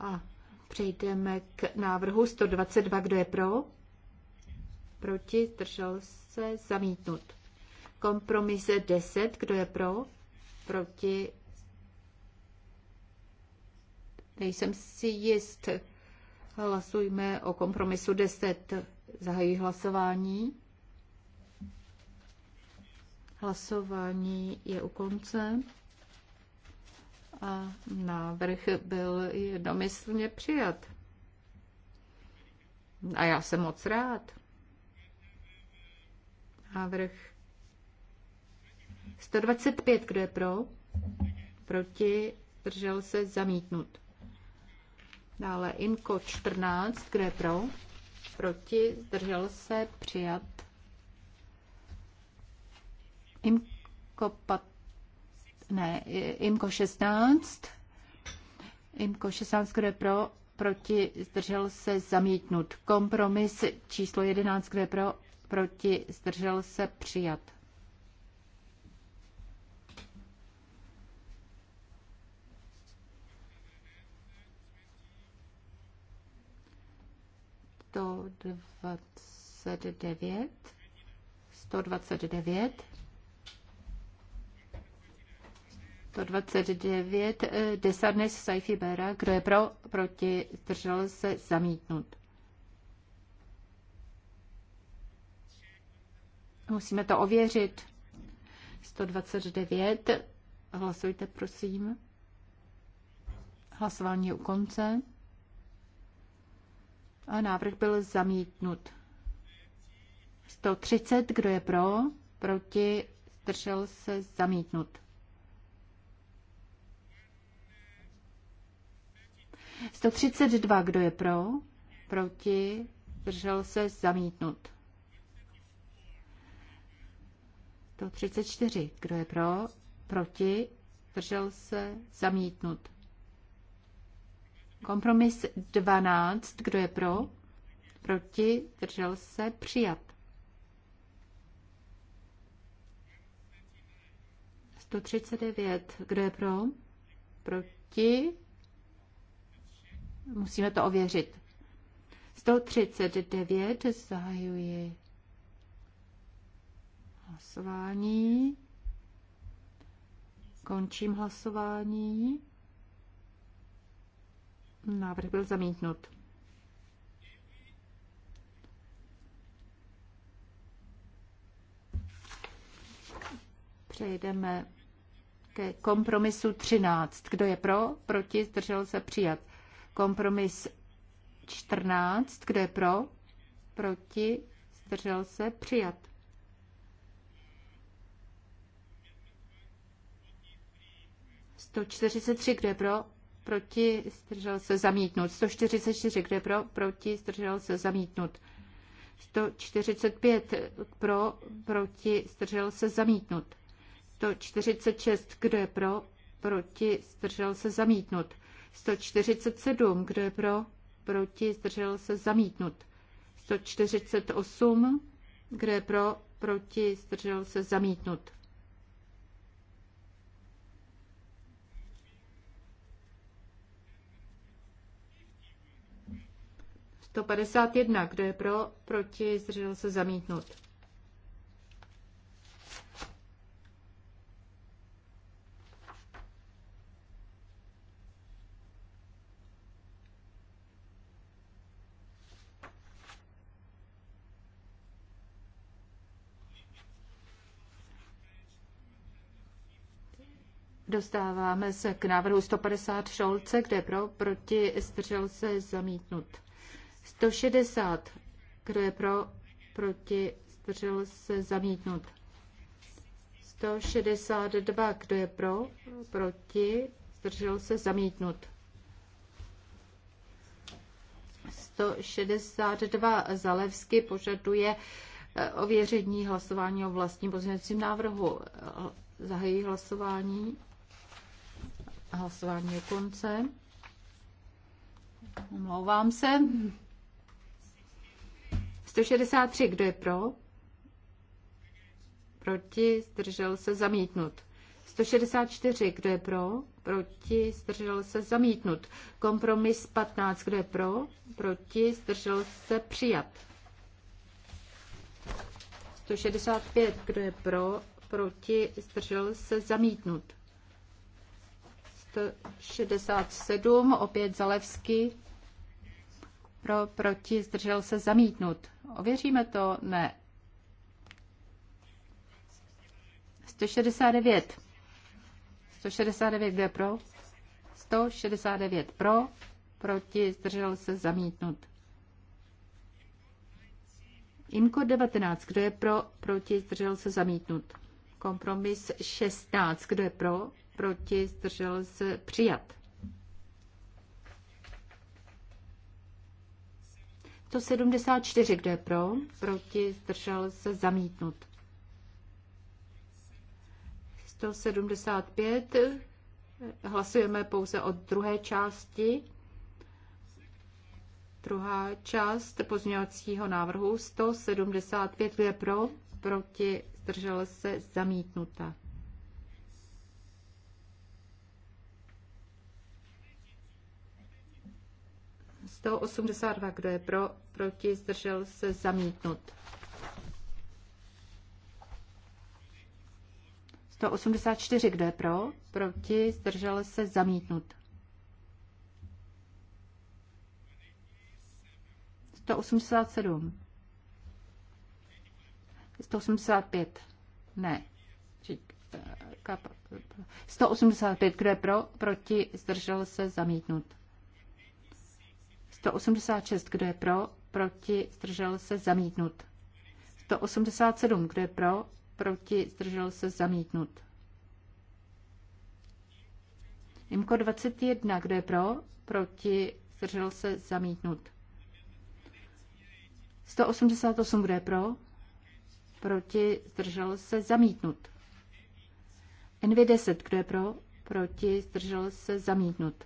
S2: A přejdeme k návrhu 122, kdo je pro? Proti, zdržel se zamítnut. Kompromis 10, kdo je pro? Proti, nejsem si jist. Hlasujme o kompromisu 10. Zahají hlasování. Hlasování je u konce a návrh byl jednomyslně přijat. A já jsem moc rád. Návrh 125, kdo je pro? Proti, držel se zamítnut. Dále INKO 14, kdo je pro? proti, zdržel se, přijat. Imko, pat, ne, Imko 16, Imko 16, kde pro, proti, zdržel se, zamítnut. Kompromis číslo 11, kde pro, proti, zdržel se, přijat. 129. 129. 129. dnes Saifi Bera. Kdo je pro? Proti? držel se? Zamítnut. Musíme to ověřit. 129. Hlasujte, prosím. Hlasování je u konce. A návrh byl zamítnut. 130, kdo je pro, proti, zdržel se zamítnut. 132, kdo je pro, proti, zdržel se zamítnut. 134, kdo je pro, proti, zdržel se zamítnut. Kompromis 12. Kdo je pro? Proti? Držel se? Přijat. 139. Kdo je pro? Proti? Musíme to ověřit. 139. Zahajuji hlasování. Končím hlasování. Návrh byl zamítnut. Přejdeme ke kompromisu 13. Kdo je pro? Proti? Zdržel se přijat. Kompromis 14. Kdo je pro? Proti? Zdržel se přijat. Sto čtyřicet tři, kdo je pro? proti, zdržel se zamítnut. 144, kde pro, proti, zdržel se zamítnut. 145 pro, proti, zdržel se zamítnut. 146, kdo je pro, proti, zdržel se zamítnut. 147, kdo je pro, proti, zdržel se zamítnut. 148, kdo je pro, proti, zdržel se zamítnut. 151. Kdo je pro? Proti? Zdržel se zamítnut. Dostáváme se k návrhu 150 Šolce, kde pro, proti, zdržel se zamítnut. 160. Kdo je pro? Proti? Zdržel se zamítnut. 162. Kdo je pro? Proti? Zdržel se zamítnut. 162. Zalevsky požaduje eh, ověření hlasování o vlastním pozměňovacím návrhu. Zahají hlasování. Hlasování je konce. Omlouvám se. 163, kdo je pro? Proti, zdržel se zamítnut. 164, kdo je pro? Proti, zdržel se zamítnut. Kompromis 15, kdo je pro? Proti, zdržel se přijat. 165, kdo je pro? Proti, zdržel se zamítnut. 167, opět Zalevsky. Pro, proti, zdržel se zamítnut. Ověříme to? Ne. 169. 169, kde pro? 169 pro, proti, zdržel se zamítnut. Imko 19, kdo je pro, proti, zdržel se zamítnut. Kompromis 16, kdo je pro, proti, zdržel se přijat. 174, kdo je pro, proti, zdržel se zamítnut. 175, hlasujeme pouze o druhé části. Druhá část pozměňovacího návrhu 175, kdo je pro, proti, zdržel se zamítnuta. 182, kdo je pro, proti, zdržel se zamítnut. 184, kdo je pro, proti, zdržel se zamítnut. 187. 185. Ne. 185, kdo je pro, proti, zdržel se zamítnut. 186, kdo je pro, proti, zdržel se, zamítnut. 187, kdo je pro, proti, zdržel se, zamítnut. Imko 21, kdo je pro, proti, zdržel se, zamítnut. 188, kdo je pro, proti, zdržel se, zamítnut. NV10, kdo je pro, proti, zdržel se, zamítnut.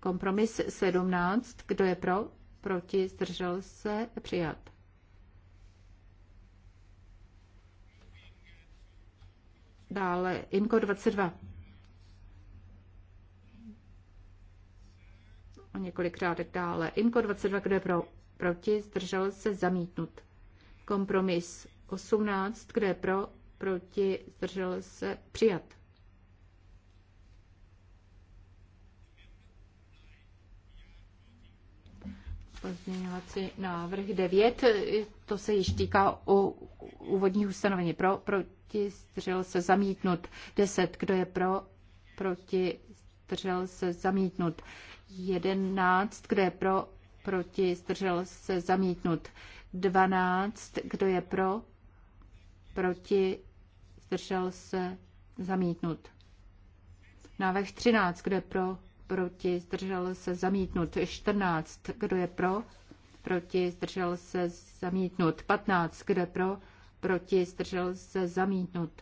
S2: Kompromis 17. Kdo je pro? Proti? Zdržel se? Přijat. Dále IMCO 22. O několik řádek dále. IMCO 22. Kdo je pro? Proti? Zdržel se? Zamítnut. Kompromis 18. Kdo je pro? Proti? Zdržel se? Přijat. Pozměňovací návrh 9, to se již týká o úvodních ustanovení pro, proti, zdržel se zamítnut. 10, kdo je pro, proti, zdržel se zamítnut. 11, kdo je pro, proti, zdržel se zamítnut. 12, kdo je pro, proti, zdržel se zamítnut. Návrh 13, kdo je pro, proti, zdržel se zamítnut 14, kdo je pro, proti, zdržel se zamítnut 15, kdo je pro, proti, zdržel se zamítnut.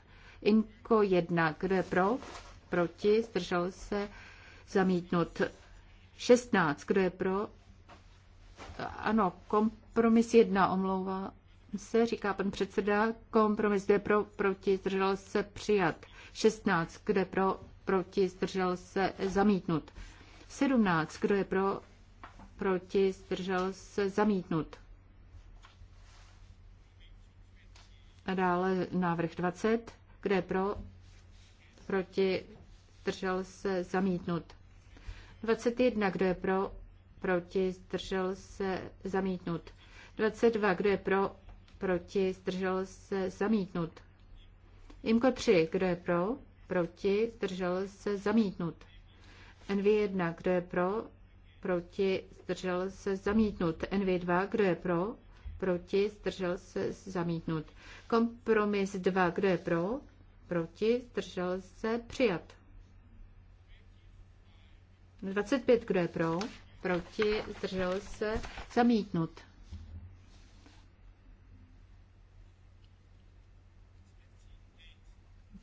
S2: Inko 1, kdo je pro, proti, zdržel se zamítnut 16, kdo je pro, ano, kompromis 1, omlouvá se, říká pan předseda, kompromis 2 pro, proti, zdržel se přijat 16, kde pro, proti, zdržel se, zamítnut. 17, kdo je pro, proti, zdržel se, zamítnut. A dále návrh 20, kdo je pro, proti, zdržel se, zamítnut. 21, kdo je pro, proti, zdržel se, zamítnut. 22, kdo je pro, proti, zdržel se, zamítnut. Imko 3, kdo je pro, proti, zdržel se zamítnut. NV1, kdo je pro, proti, zdržel se zamítnut. NV2, kdo je pro, proti, zdržel se zamítnut. Kompromis 2, kdo je pro, proti, zdržel se přijat. 25, kdo je pro, proti, zdržel se zamítnut.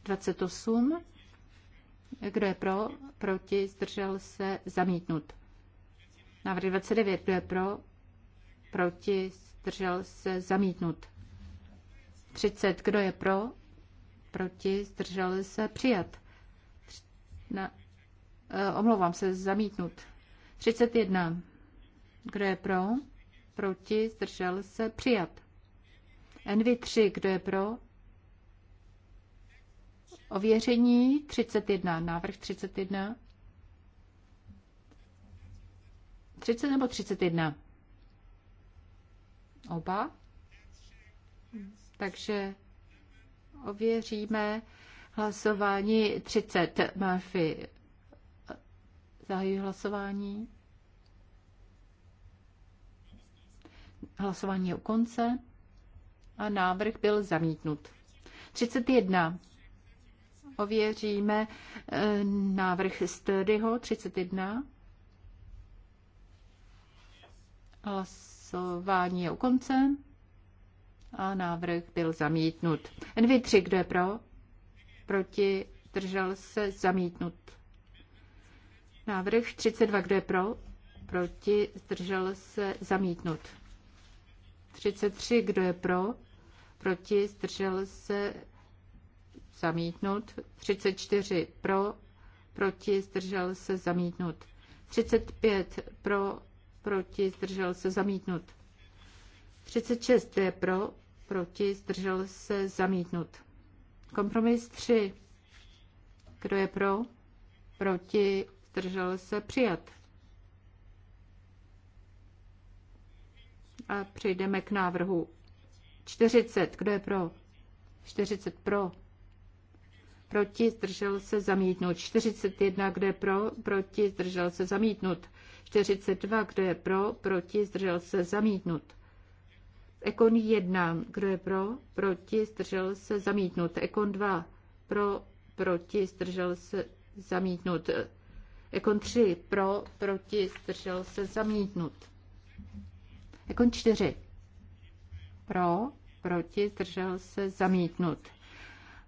S2: 28. Kdo je pro? Proti? Zdržel se? Zamítnut. Návrh 29. Kdo je pro? Proti? Zdržel se? Zamítnut. 30. Kdo je pro? Proti? Zdržel se? Přijat. Na, eh, omlouvám se, zamítnut. 31. Kdo je pro? Proti? Zdržel se? Přijat. NV3. Kdo je pro? ověření 31, návrh 31. 30 nebo 31? Oba. Takže ověříme hlasování 30. Murphy, zahajuji hlasování. Hlasování je u konce a návrh byl zamítnut. 31. Ověříme eh, návrh Sturdyho 31. Hlasování je u konce a návrh byl zamítnut. NV3, kdo je pro? Proti? Držel se? Zamítnut. Návrh 32, kdo je pro? Proti? Zdržel se? Zamítnut. 33, kdo je pro? Proti? Zdržel se? zamítnut, 34 pro, proti, zdržel se zamítnut, 35 pro, proti, zdržel se zamítnut, 36 D pro, proti, zdržel se zamítnut. Kompromis 3. Kdo je pro? Proti, zdržel se přijat. A přejdeme k návrhu 40. Kdo je pro? 40 pro proti, zdržel se zamítnut. 41, kdo je pro, proti, zdržel se zamítnut. 42, kdo je pro, proti, zdržel se zamítnut. Ekon 1, kdo je pro, proti, zdržel se zamítnut. Ekon 2, pro, proti, zdržel se zamítnut. Ekon 3, pro, proti, zdržel se zamítnut. Ekon 4, pro, proti, zdržel se zamítnut.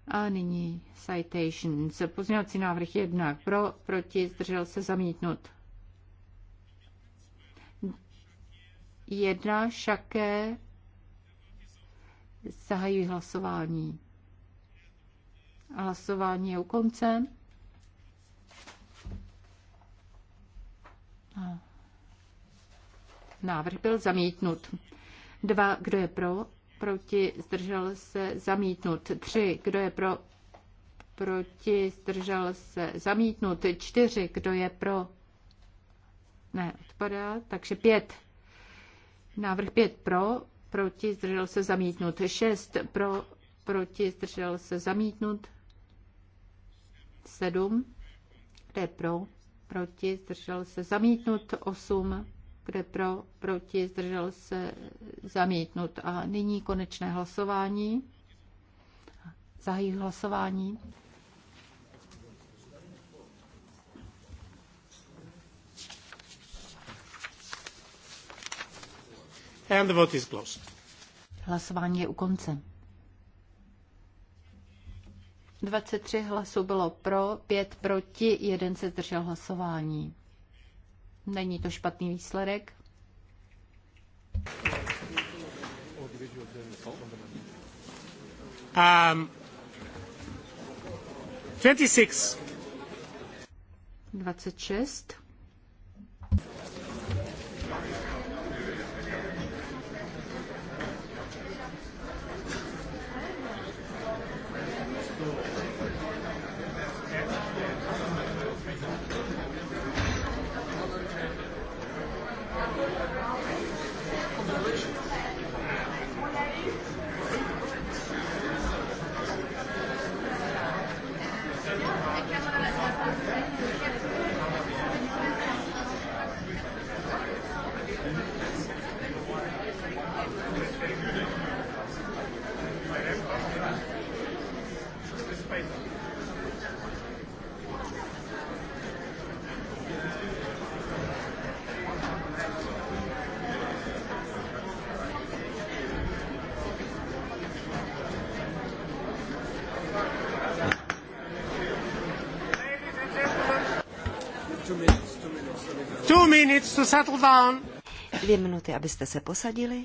S2: A nyní citations. Pozměňovací návrh 1. Pro, proti, zdržel se zamítnut. Jedna šaké zahajují hlasování. Hlasování je u konce. Návrh byl zamítnut. Dva, kdo je pro, proti, zdržel se, zamítnut. tři, kdo je pro, proti, zdržel se, zamítnut. čtyři, kdo je pro, ne, odpadá, takže pět. Návrh pět pro, proti, zdržel se, zamítnut. šest. pro, proti, zdržel se, zamítnut. sedm. kdo je pro, proti, zdržel se, zamítnut. osm kde pro, proti, zdržel se zamítnut. A nyní konečné hlasování. Zahají hlasování.
S4: And the vote is closed.
S2: Hlasování je u konce. 23 hlasů bylo pro, 5 proti, 1 se zdržel hlasování. Není to špatný výsledek. Um, 26. 26.
S1: Dvě minuty, abyste se posadili.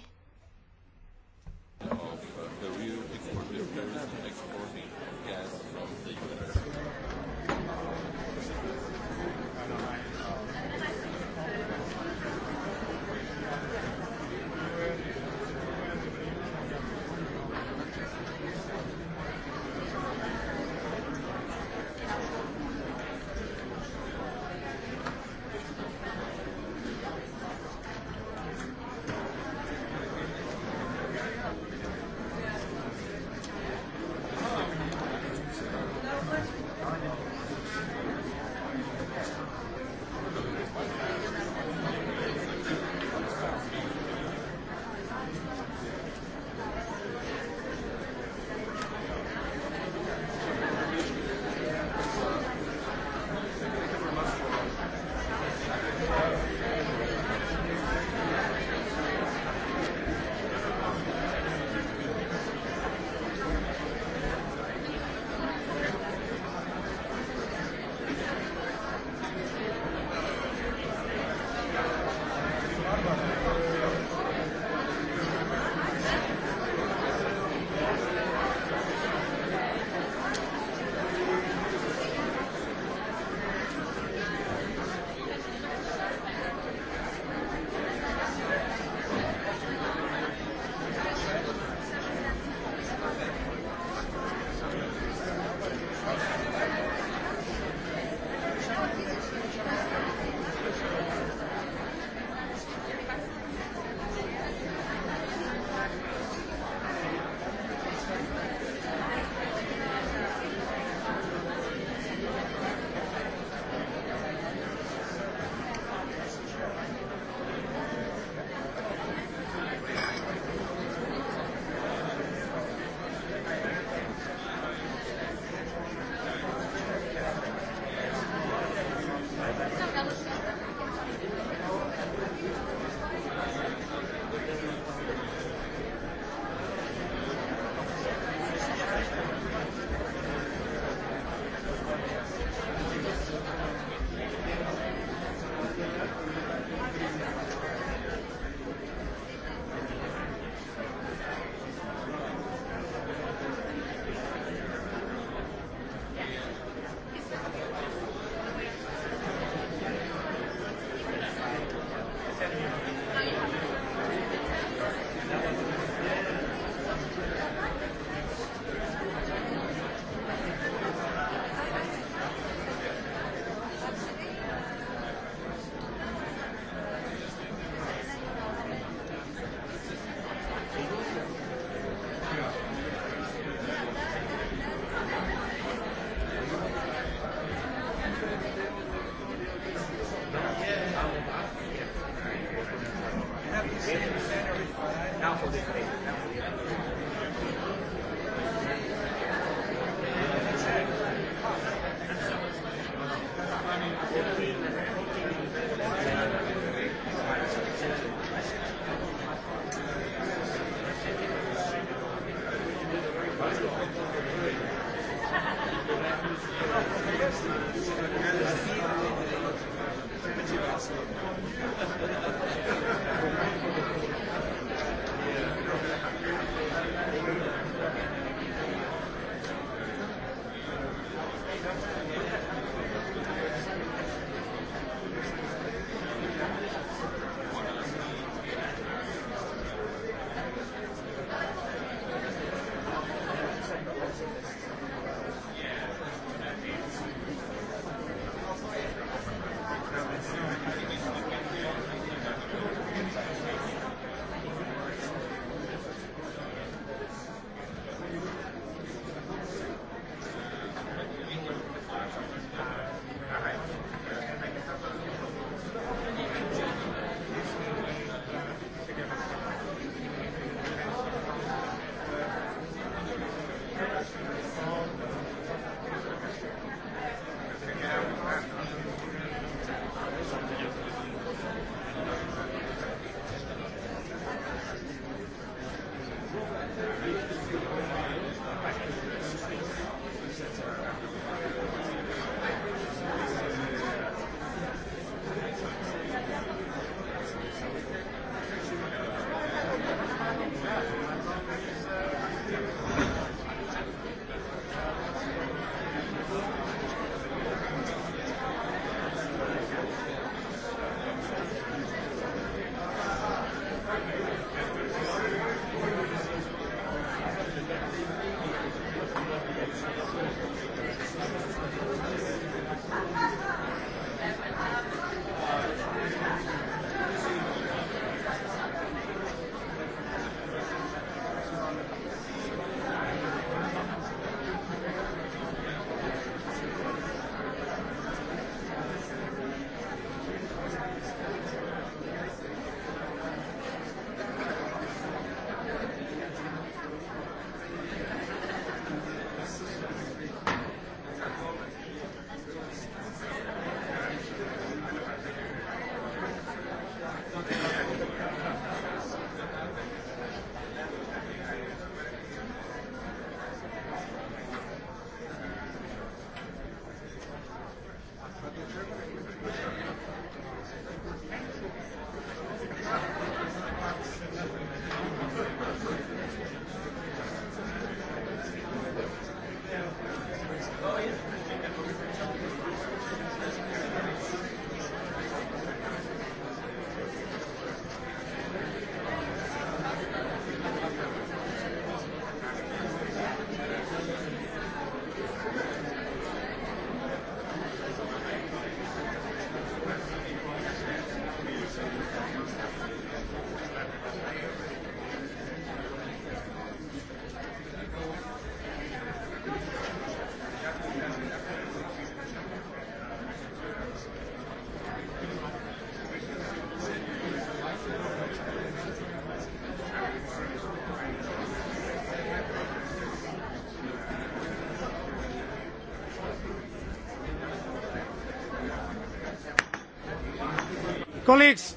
S1: Colleagues,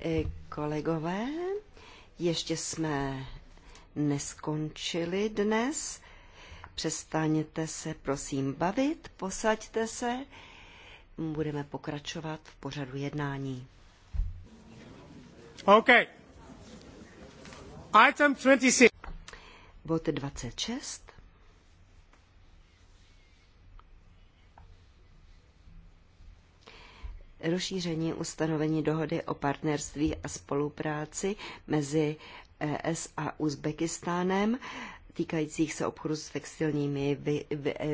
S1: eh, Kolegové, ještě jsme neskončili dnes. Přestaňte se prosím bavit, posaďte se. Budeme pokračovat v pořadu jednání. OK. Item 26. Bod 26. rozšíření ustanovení dohody o partnerství a spolupráci mezi ES a Uzbekistánem týkajících se obchodu s textilními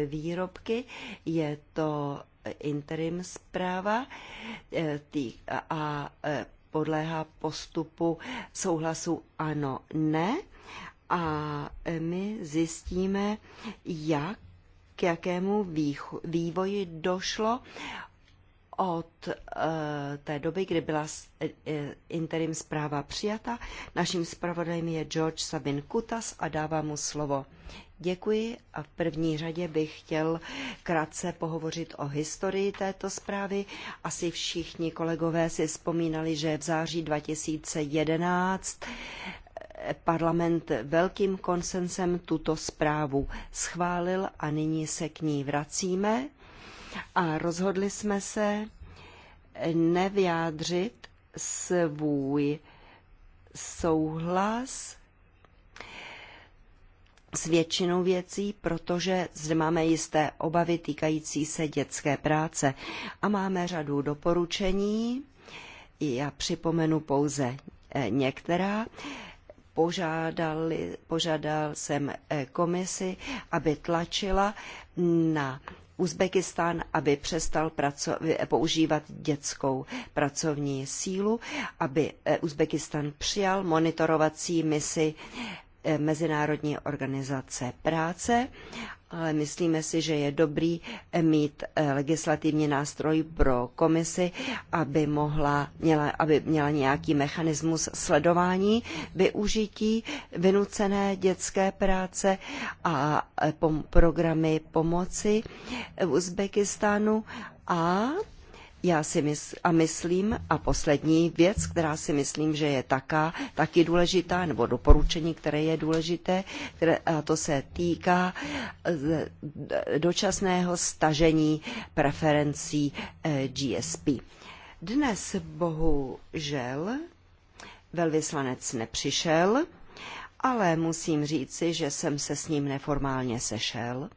S1: výrobky. Je to interim zpráva e, a e, podléhá postupu souhlasu ano, ne. A e, my zjistíme, jak k jakému vývoji došlo od eh, té doby, kdy byla eh, eh, interim zpráva přijata. Naším zpravodajem je George Sabin Kutas a dává mu slovo. Děkuji a v první řadě bych chtěl krátce pohovořit o historii této zprávy. Asi všichni kolegové si vzpomínali, že v září 2011 parlament velkým konsensem tuto zprávu schválil a nyní se k ní vracíme a rozhodli jsme se nevyjádřit svůj souhlas s většinou věcí, protože zde máme jisté obavy týkající se dětské práce a máme řadu doporučení. Já připomenu pouze eh, některá. Požádali, požádal jsem eh, komisi, aby tlačila na Uzbekistán, aby přestal praco- používat dětskou pracovní sílu, aby eh, Uzbekistán přijal monitorovací misi Eh, mezinárodní organizace práce, ale myslíme si, že je dobrý eh, mít eh, legislativní nástroj pro komisi, aby, mohla, měla, aby měla nějaký mechanismus sledování využití vynucené dětské práce a programy pomoci v Uzbekistánu a já si mysl, a myslím, a poslední věc, která si myslím, že je taká, taky důležitá, nebo doporučení, které je důležité, které, a to se týká e, dočasného stažení preferencí e, GSP. Dnes bohužel velvyslanec nepřišel, ale musím říci, že jsem se s ním neformálně sešel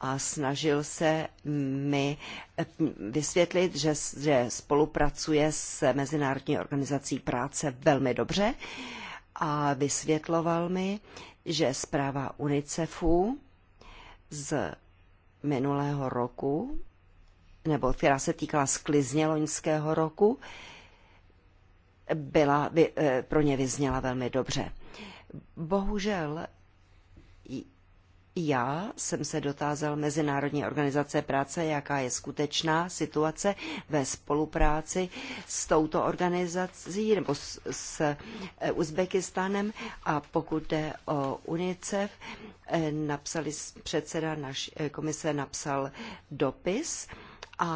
S1: a snažil se mi eh, vysvětlit, že, že spolupracuje s Mezinárodní organizací práce velmi dobře a vysvětloval mi, že zpráva UNICEFu z minulého roku, nebo která se týkala sklizně loňského roku, byla, eh, pro ně vyzněla velmi dobře. Bohužel já jsem se dotázal Mezinárodní organizace práce, jaká je skutečná situace ve spolupráci s touto organizací nebo s, s eh, Uzbekistánem a pokud jde o UNICEF, eh, napsali, předseda naš, eh, komise napsal dopis a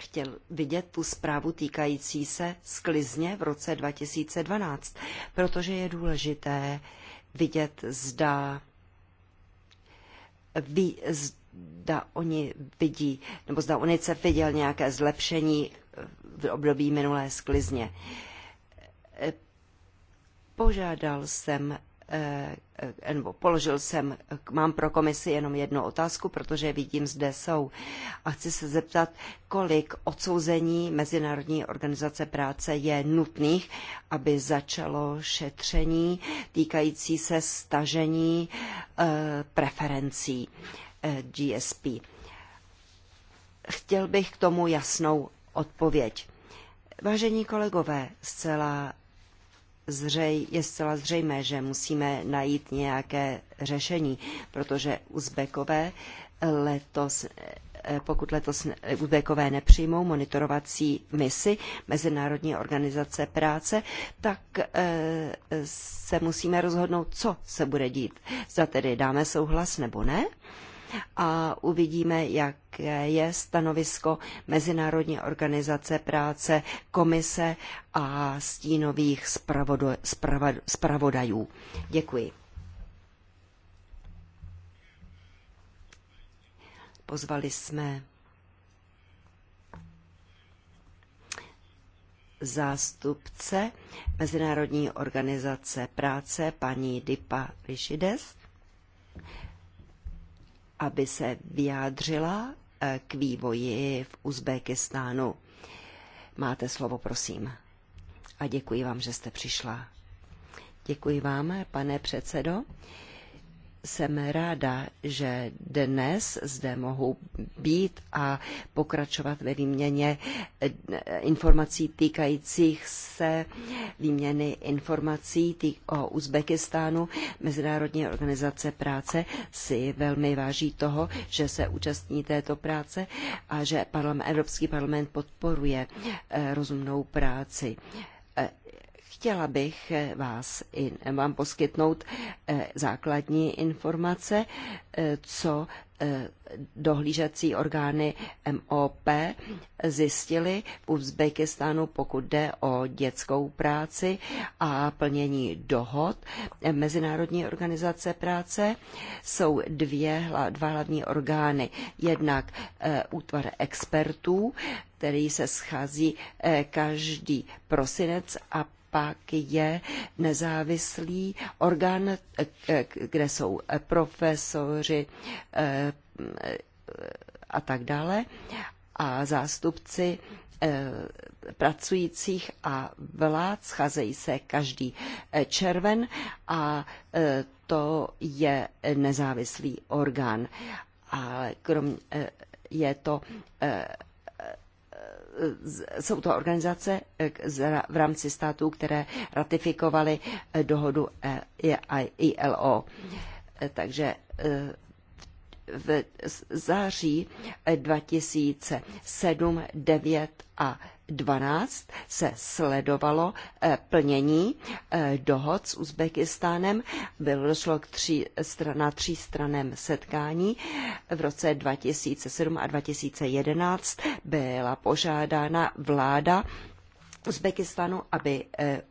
S1: chtěl vidět tu zprávu týkající se sklizně v roce 2012, protože je důležité vidět, zda, vy, zda oni vidí, nebo zda UNICEF viděl nějaké zlepšení v období minulé sklizně. Požádal jsem Eh, nebo položil jsem, mám pro komisi jenom jednu otázku, protože vidím, zde jsou. A chci se zeptat, kolik odsouzení Mezinárodní organizace práce je nutných, aby začalo šetření týkající se stažení eh, preferencí eh, GSP. Chtěl bych k tomu jasnou odpověď. Vážení kolegové, zcela zřej, je zcela zřejmé, že musíme najít nějaké řešení, protože Uzbekové letos eh, pokud letos Uzbekové nepřijmou monitorovací misi Mezinárodní organizace práce, tak eh, se musíme rozhodnout, co se bude dít. Za tedy dáme souhlas nebo ne? a uvidíme, jak je stanovisko Mezinárodní organizace práce, komise a stínových spravodo, spravodajů. Děkuji. Pozvali jsme zástupce Mezinárodní organizace práce paní Dipa Rišides, aby se vyjádřila eh, k vývoji v Uzbekistánu. Máte slovo, prosím. A děkuji vám, že jste přišla. Děkuji vám, pane předsedo jsem ráda, že dnes zde mohu být a pokračovat ve výměně eh, informací týkajících se výměny informací týk o Uzbekistánu. Mezinárodní organizace práce si velmi váží toho, že se účastní této práce a že parlament, Evropský parlament podporuje eh, rozumnou práci chtěla bych vás, vám poskytnout eh, základní informace, eh, co eh, dohlížací orgány MOP zjistily v Uzbekistánu, pokud jde o dětskou práci a plnění dohod Mezinárodní organizace práce. Jsou dvě, dva hlavní orgány. Jednak útvar expertů, který se schází každý prosinec a pak je nezávislý orgán, kde jsou profesoři eh, a tak dále a zástupci eh, pracujících a vlád scházejí se každý eh, červen a to je nezávislý orgán. Ale kromě, je to jsou to organizace eh, v rámci států, které ratifikovaly eh, dohodu eh, ILO. Takže v září 2007, eh, 9 a 12 se sledovalo eh, plnění eh, dohod s Uzbekistánem. Bylo došlo k tří, na stranem setkání. V roce 2007 a 2011 byla požádána vláda Uzbekistánu, aby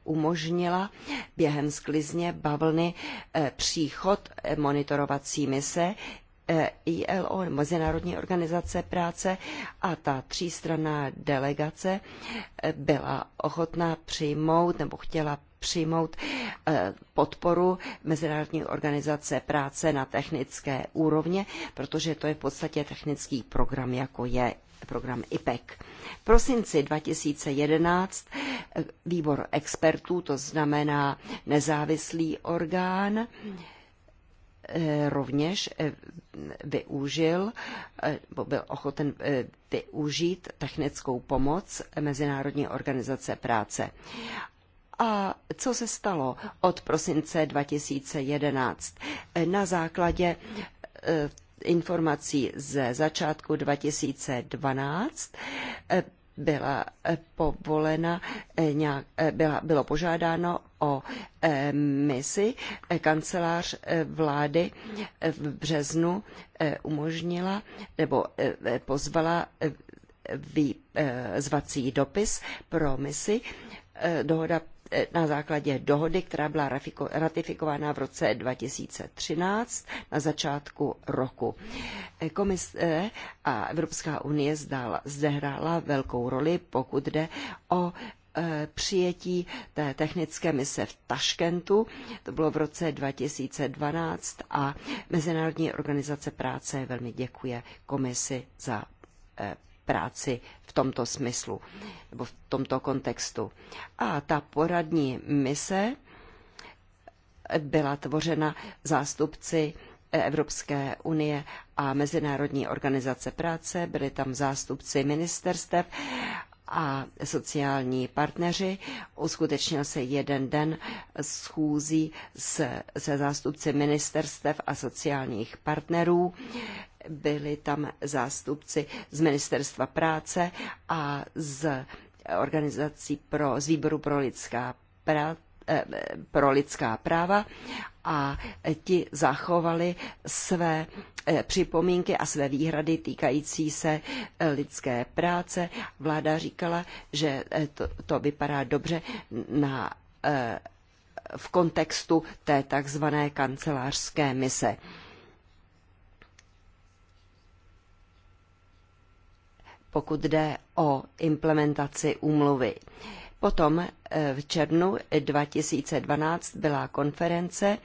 S1: umožnila během sklizně bavlny příchod monitorovací mise E ILO, Mezinárodní organizace práce, a ta třístranná delegace e, byla ochotná přijmout nebo chtěla přijmout e, podporu Mezinárodní organizace práce na technické úrovně, protože to je v podstatě technický program, jako je program IPEC. V prosinci 2011 výbor expertů, to znamená nezávislý orgán, rovněž využil, eh, byl ochoten eh, využít technickou pomoc Mezinárodní organizace práce. A co se stalo od prosince 2011? Eh, na základě informací ze začátku 2012 byla eh, povolena, eh, nějak, eh, byla, bylo požádáno o misi. Kancelář vlády v březnu umožnila nebo pozvala vý, zvací dopis pro misi. Dohoda na základě dohody, která byla ratifikována v roce 2013 na začátku roku. Komise a Evropská unie zde zdehrála velkou roli, pokud jde o e, přijetí té technické mise v Taškentu, to bylo v roce 2012 a Mezinárodní organizace práce velmi děkuje komisi za e, práci v tomto smyslu nebo v tomto kontextu. A ta poradní mise byla tvořena zástupci Evropské unie a Mezinárodní organizace práce, byli tam zástupci ministerstev a sociální partneři. Uskutečnil se jeden den schůzí se, se zástupci ministerstev a sociálních partnerů byli tam zástupci z Ministerstva práce a z organizací pro, z výboru pro lidská, pra, eh, pro lidská práva a ti zachovali své eh, připomínky a své výhrady týkající se eh, lidské práce. Vláda říkala, že to, to vypadá dobře na, v kontextu té takzvané kancelářské mise. pokud jde o implementaci úmluvy. Potom eh, v červnu 2012 byla konference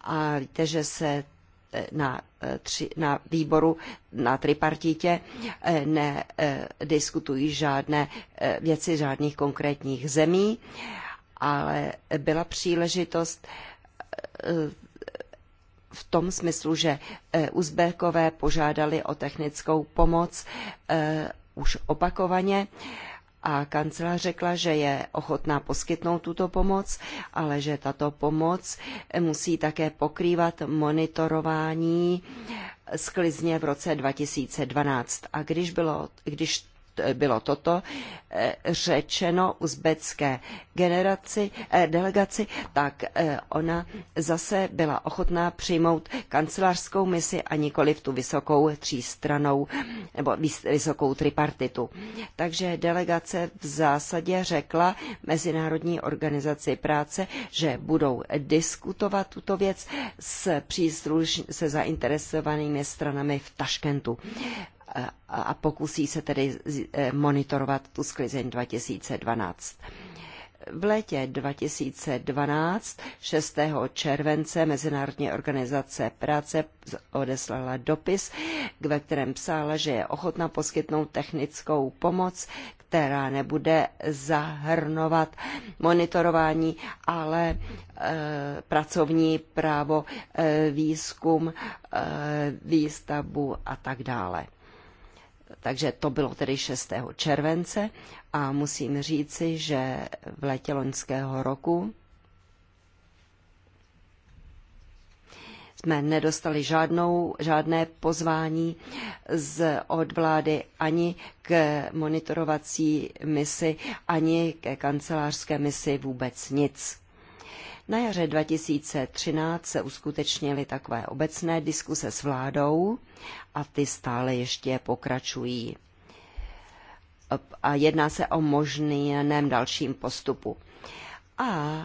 S1: a víte, že se eh, na, eh, tři, na výboru na tripartitě nediskutují žádné věci žádných konkrétních zemí, ale byla příležitost v tom smyslu, že eh, Uzbekové požádali o technickou pomoc eh, už opakovaně a kancelář řekla, že je ochotná poskytnout tuto pomoc, ale že tato pomoc musí také pokrývat monitorování sklizně v roce 2012. A když, bylo, když Eh, bylo toto eh, řečeno uzbecké generaci, eh, delegaci, tak ona zase byla ochotná přijmout kancelářskou misi a nikoli v tu vysokou třístranou nebo vysokou tripartitu. Takže delegace v zásadě řekla Mezinárodní organizaci práce, že budou diskutovat tuto věc s se zainteresovanými stranami v Taškentu a pokusí se tedy e, monitorovat tu sklizeň 2012. V létě 2012, 6. července, Mezinárodní organizace práce odeslala dopis, ve kterém psala, že je ochotna poskytnout technickou pomoc, která nebude zahrnovat monitorování, ale e, pracovní právo, e, výzkum, e, výstavbu a tak dále takže to bylo tedy 6. července a musím říci, že v letě loňského roku jsme nedostali žádnou, žádné pozvání z, od vlády ani k monitorovací misi, ani ke kancelářské misi vůbec nic. Na jaře 2013 se uskutečnily takové obecné diskuse s vládou a ty stále ještě pokračují. A jedná se o možném dalším postupu. A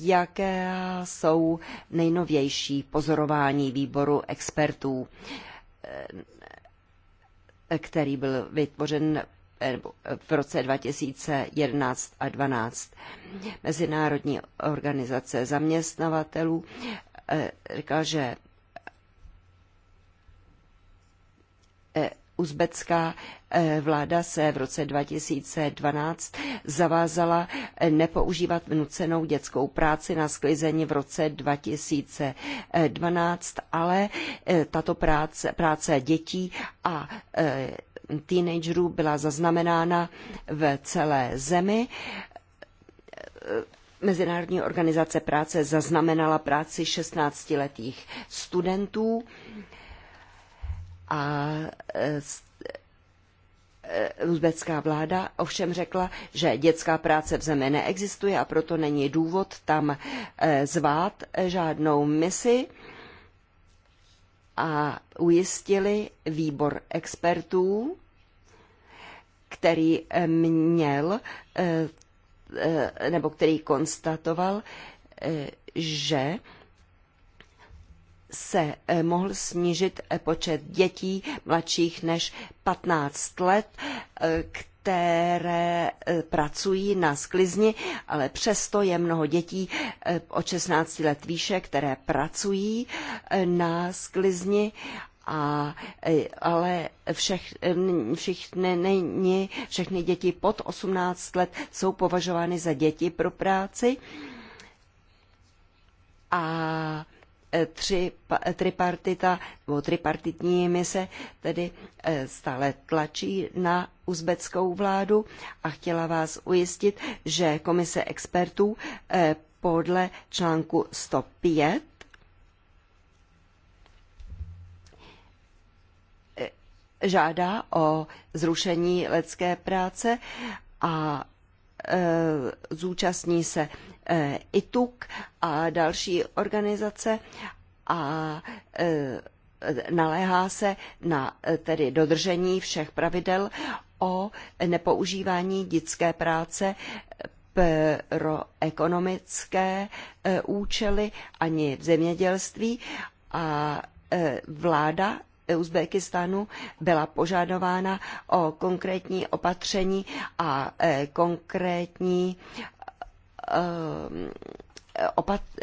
S1: jaké jsou nejnovější pozorování výboru expertů, který byl vytvořen Eh, eh, v roce 2011 a 2012. Mezinárodní organizace zaměstnavatelů eh, říká, že uzbecká vláda se v roce 2012 zavázala nepoužívat vnucenou dětskou práci na sklizení v roce 2012, ale tato práce, práce dětí a teenagerů byla zaznamenána v celé zemi. Mezinárodní organizace práce zaznamenala práci 16-letých studentů a e, e, uzbecká vláda ovšem řekla, že dětská práce v zemi neexistuje a proto není důvod tam e, zvát žádnou misi a ujistili výbor expertů, který eh, měl eh, eh, nebo který konstatoval, že se mohl snížit počet dětí mladších než 15 let, které které e, pracují na sklizni, ale přesto je mnoho dětí e, od 16 let výše, které pracují e, na sklizni a, ale všech, všichni, není, všechny děti pod 18 let jsou považovány za děti pro práci. A tři, tripartita nebo tripartitní mise tedy eh, stále tlačí na uzbeckou vládu a chtěla vás ujistit, že komise expertů eh, podle článku 105 eh, žádá o zrušení lidské práce a Eh, zúčastní se eh, ITUK a další organizace a eh, naléhá se na tedy dodržení všech pravidel o nepoužívání dětské práce pro ekonomické účely ani v zemědělství a vláda Uzbekistánu byla požadována o konkrétní opatření a e, konkrétní e,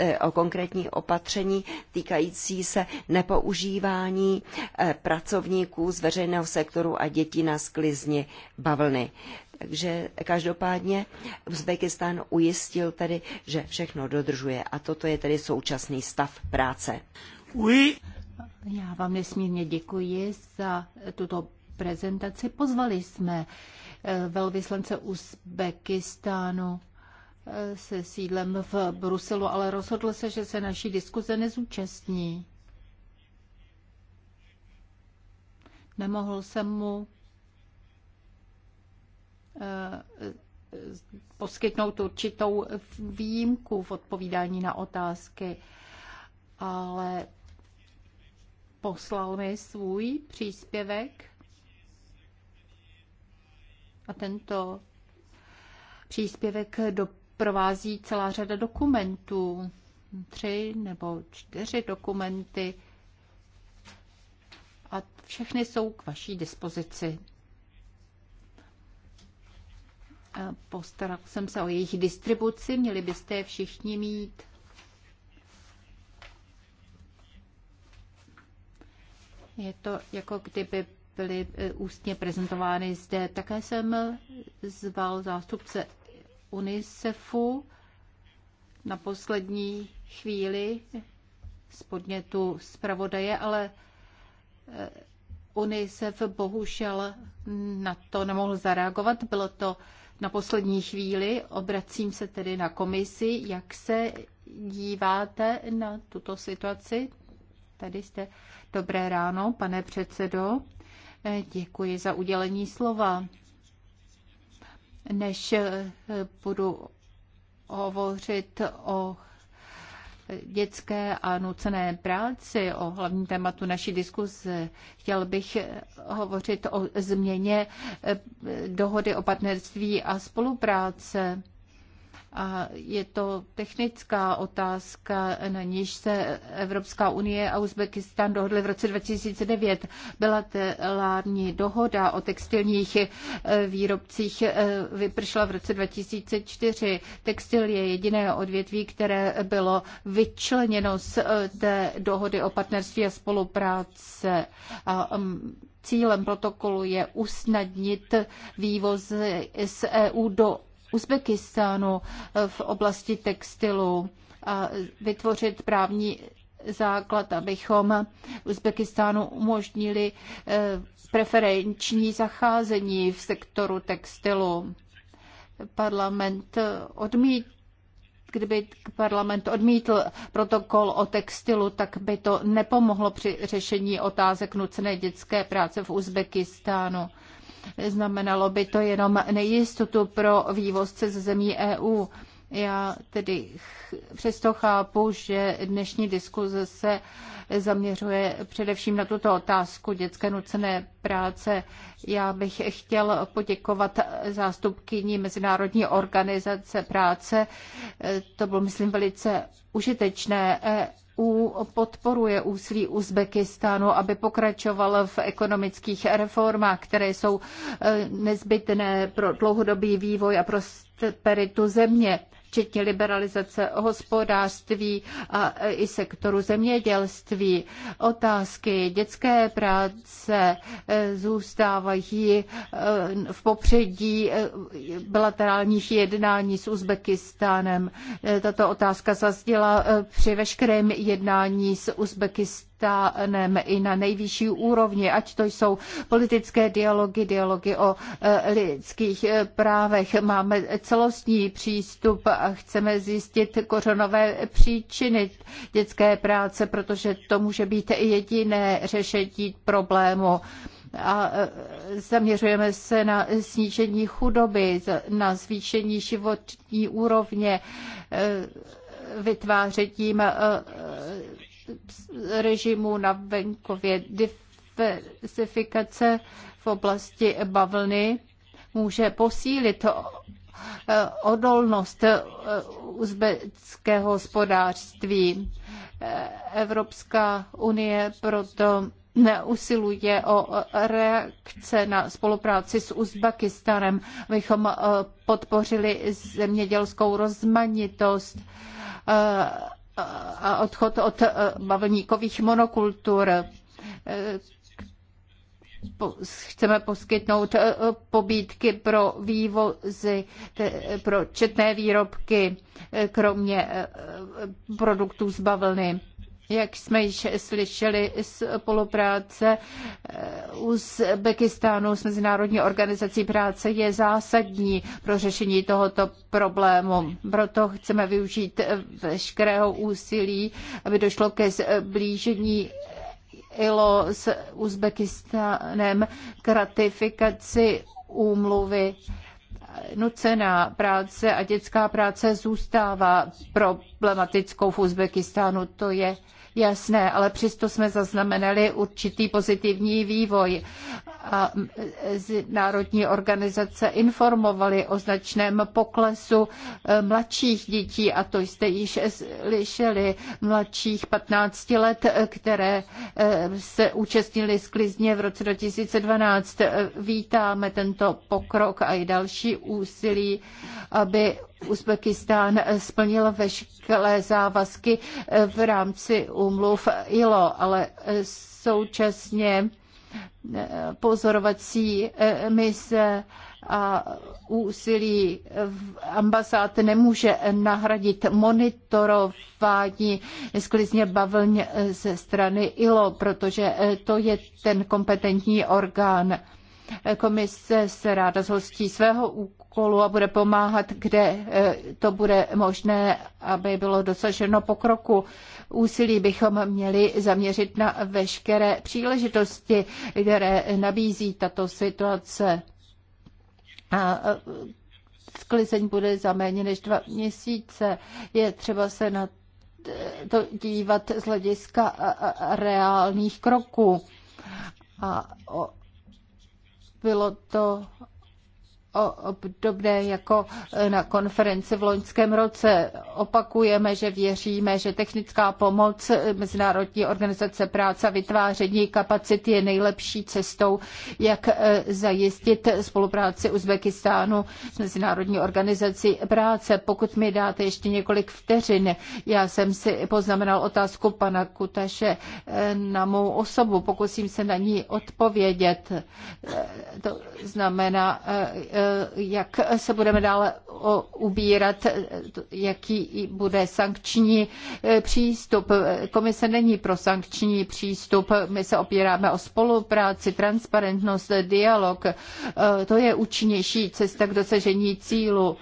S1: e, o konkrétní opatření týkající se nepoužívání pracovníků z veřejného sektoru a dětí na sklizni bavlny. Takže každopádně Uzbekistán ujistil tedy, že všechno dodržuje a toto je tedy současný stav práce.
S2: Oui. Já vám nesmírně děkuji za tuto prezentaci. Pozvali jsme eh, velvyslance Uzbekistánu eh, se sídlem v Bruselu, ale rozhodl se, že se naší diskuze nezúčastní. Nemohl jsem mu eh, poskytnout určitou výjimku v odpovídání na otázky, ale poslal mi svůj příspěvek a tento příspěvek doprovází celá řada dokumentů. Tři nebo čtyři dokumenty a všechny jsou k vaší dispozici. Postaral jsem se o jejich distribuci, měli byste je všichni mít. Je to jako kdyby byly e, ústně prezentovány zde. Také jsem zval zástupce UNICEFu na poslední chvíli z podnětu zpravodaje, ale e, UNICEF bohužel na to nemohl zareagovat. Bylo to na poslední chvíli. Obracím se tedy na komisi. Jak se díváte na tuto situaci? tady jste. Dobré ráno, pane předsedo. Eh, děkuji za udělení slova. Než eh, budu hovořit o dětské a nucené práci, o hlavním tématu naší diskuze. Chtěl bych eh, hovořit o změně dohody o partnerství a spolupráce. A je to technická otázka, na níž se Evropská unie a Uzbekistán dohodly v roce 2009. Byla telární dohoda o textilních eh, výrobcích eh, vypršla v roce 2004. Textil je jediné odvětví, které bylo vyčleněno z eh, té dohody o partnerství a spolupráce. A mm, cílem protokolu je usnadnit vývoz z EU do Uzbekistánu eh, v oblasti textilu a vytvořit právní základ, abychom Uzbekistánu umožnili eh, preferenční zacházení v sektoru textilu. Parlament odmít kdyby parlament odmítl protokol o textilu, tak by to nepomohlo při řešení otázek nucené dětské práce v Uzbekistánu. Znamenalo by to jenom nejistotu pro vývozce ze zemí EU. Já tedy přesto chápu, že dnešní diskuze se zaměřuje především na tuto otázku dětské nucené práce. Já bych chtěl poděkovat zástupkyní Mezinárodní organizace práce. To bylo, myslím, velice užitečné. EU podporuje úsilí Uzbekistánu, aby pokračoval v ekonomických reformách, které jsou eh, nezbytné pro dlouhodobý vývoj a prosperitu země včetně liberalizace hospodářství a i sektoru zemědělství. Otázky dětské práce eh, zůstávají eh, v popředí eh, bilaterálních jednání s Uzbekistánem. Tato otázka zazděla při veškerém jednání s Uzbekistánem dostaneme i na nejvyšší úrovni, ať to jsou politické dialogy, dialogy o e, lidských e, právech. Máme celostní přístup a chceme zjistit kořenové příčiny dětské práce, protože to může být jediné řešení problému a e, zaměřujeme se na snížení chudoby, na zvýšení životní úrovně, vytvářením režimů na venkově. Diversifikace v oblasti bavlny může posílit eh, odolnost eh, uzbeckého hospodářství. Eh, Evropská unie proto usiluje o reakce na spolupráci s Uzbekistanem, abychom podpořili zemědělskou rozmanitost a odchod od eh, bavlníkových monokultur. Eh, chceme poskytnout eh, pobídky pro vývozy, pro četné výrobky, kromě produktů z bavlny. Jak jsme již slyšeli, spolupráce eh, Uzbekistánu s Mezinárodní organizací práce je zásadní pro řešení tohoto problému. Proto chceme využít eh, veškerého úsilí, aby došlo ke zblížení ILO s Uzbekistánem k ratifikaci úmluvy nucená práce a dětská práce zůstává problematickou v Uzbekistánu. To je jasné, ale přesto jsme zaznamenali určitý pozitivní vývoj. A národní organizace informovaly o značném poklesu eh, mladších dětí, a to jste již slyšeli, mladších 15 let, eh, které eh, se účastnili sklizně v roce 2012. Vítáme tento pokrok a i další úsilí, aby Uzbekistán splnil veškeré závazky v rámci úmluv ILO, ale současně eh, pozorovací eh, mise a úsilí ambasád nemůže nahradit monitorování sklizně bavlň ze strany ILO, protože eh, to je ten kompetentní orgán. Komise se ráda zhostí svého úkolu a bude pomáhat, kde eh, to bude možné, aby bylo dosaženo pokroku. Úsilí bychom měli zaměřit na veškeré příležitosti, které nabízí tato situace. A eh, sklizeň bude za méně než dva měsíce. Je třeba se na to dívat z hlediska reálných kroků. A bylo to obdobné jako e, na konferenci v loňském roce. Opakujeme, že věříme, že technická pomoc e, Mezinárodní organizace práce a vytváření kapacity je nejlepší cestou, jak e, zajistit spolupráci Uzbekistánu s Mezinárodní organizací práce. Pokud mi dáte ještě několik vteřin, já jsem si poznamenal otázku pana Kutaše na mou osobu. Pokusím se na ní odpovědět. To znamená, Eh, jak se budeme dále eh, ubírat, eh, jaký bude sankční přístup. Komise není pro sankční přístup, my se opíráme o spolupráci, transparentnost, dialog. To je účinnější cesta k dosažení cílu.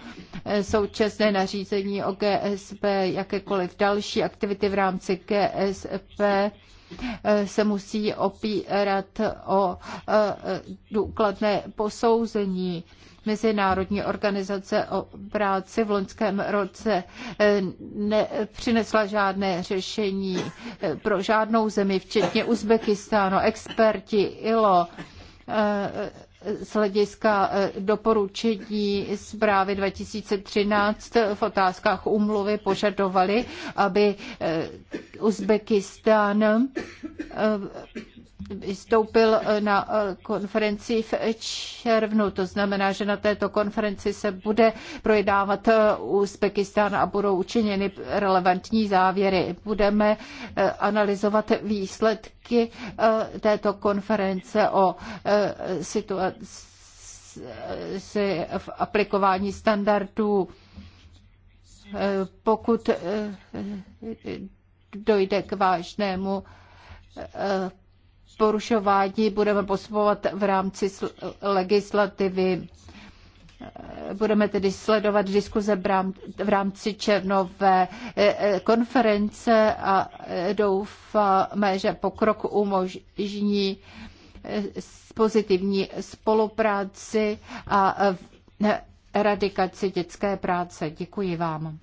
S2: Současné nařízení o GSP, jakékoliv další aktivity v rámci GSP, se musí opírat o důkladné posouzení Mezinárodní organizace o práci v loňském roce eh, nepřinesla žádné řešení eh, pro žádnou zemi, včetně Uzbekistánu, experti, ILO, eh, z hlediska doporučení zprávy 2013 v otázkách úmluvy požadovali, aby Uzbekistán vystoupil eh, na eh, konferenci v červnu. To znamená, že na této konferenci se bude projednávat eh, Uzbekistán a budou učiněny relevantní závěry. Budeme analyzovat výsledky této konference o situaci v aplikování standardů. Pokud dojde k vážnému porušování budeme posouvat v rámci legislativy. Budeme tedy sledovat diskuze v rámci černové eh, eh, konference a eh, doufáme, že pokrok umožní pozitivní spolupráci a eradikaci dětské práce. Děkuji vám.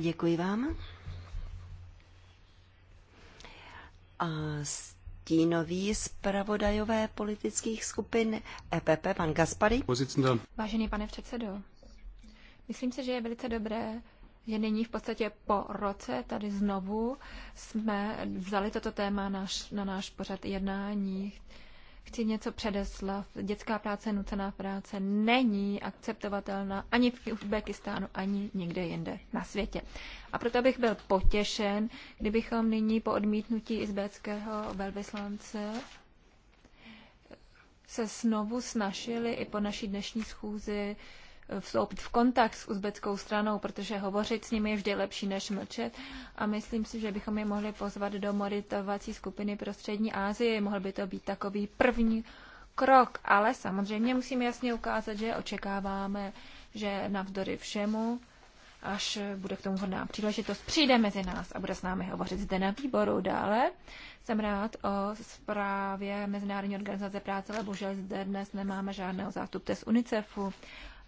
S1: Děkuji vám. a stínoví zpravodajové politických skupin EPP, pan Gaspary. Vážený pane předsedo,
S3: myslím si, že je velice dobré, že nyní v podstatě po roce tady znovu jsme vzali toto téma na, na náš pořad jednání chci něco předeslat. Dětská práce, nucená práce není akceptovatelná ani v Uzbekistánu, ani nikde jinde na světě. A proto bych byl potěšen, kdybychom nyní po odmítnutí izbeckého velvyslance se znovu snažili i po naší dnešní schůzi uh, vstoupit v kontakt s uzbeckou stranou, protože hovořit s nimi je vždy lepší než mlčet. A myslím si, že bychom je mohli pozvat do moritovací skupiny pro střední Asii. Mohl by to být takový první krok, ale samozřejmě musíme jasně ukázat, že očekáváme, že navzdory všemu až bude k tomu hodná příležitost, přijde mezi nás a bude s námi hovořit zde na výboru. Dále jsem rád o zprávě Mezinárodní organizace práce, ale bohužel zde dnes nemáme žádného zástupce z UNICEFu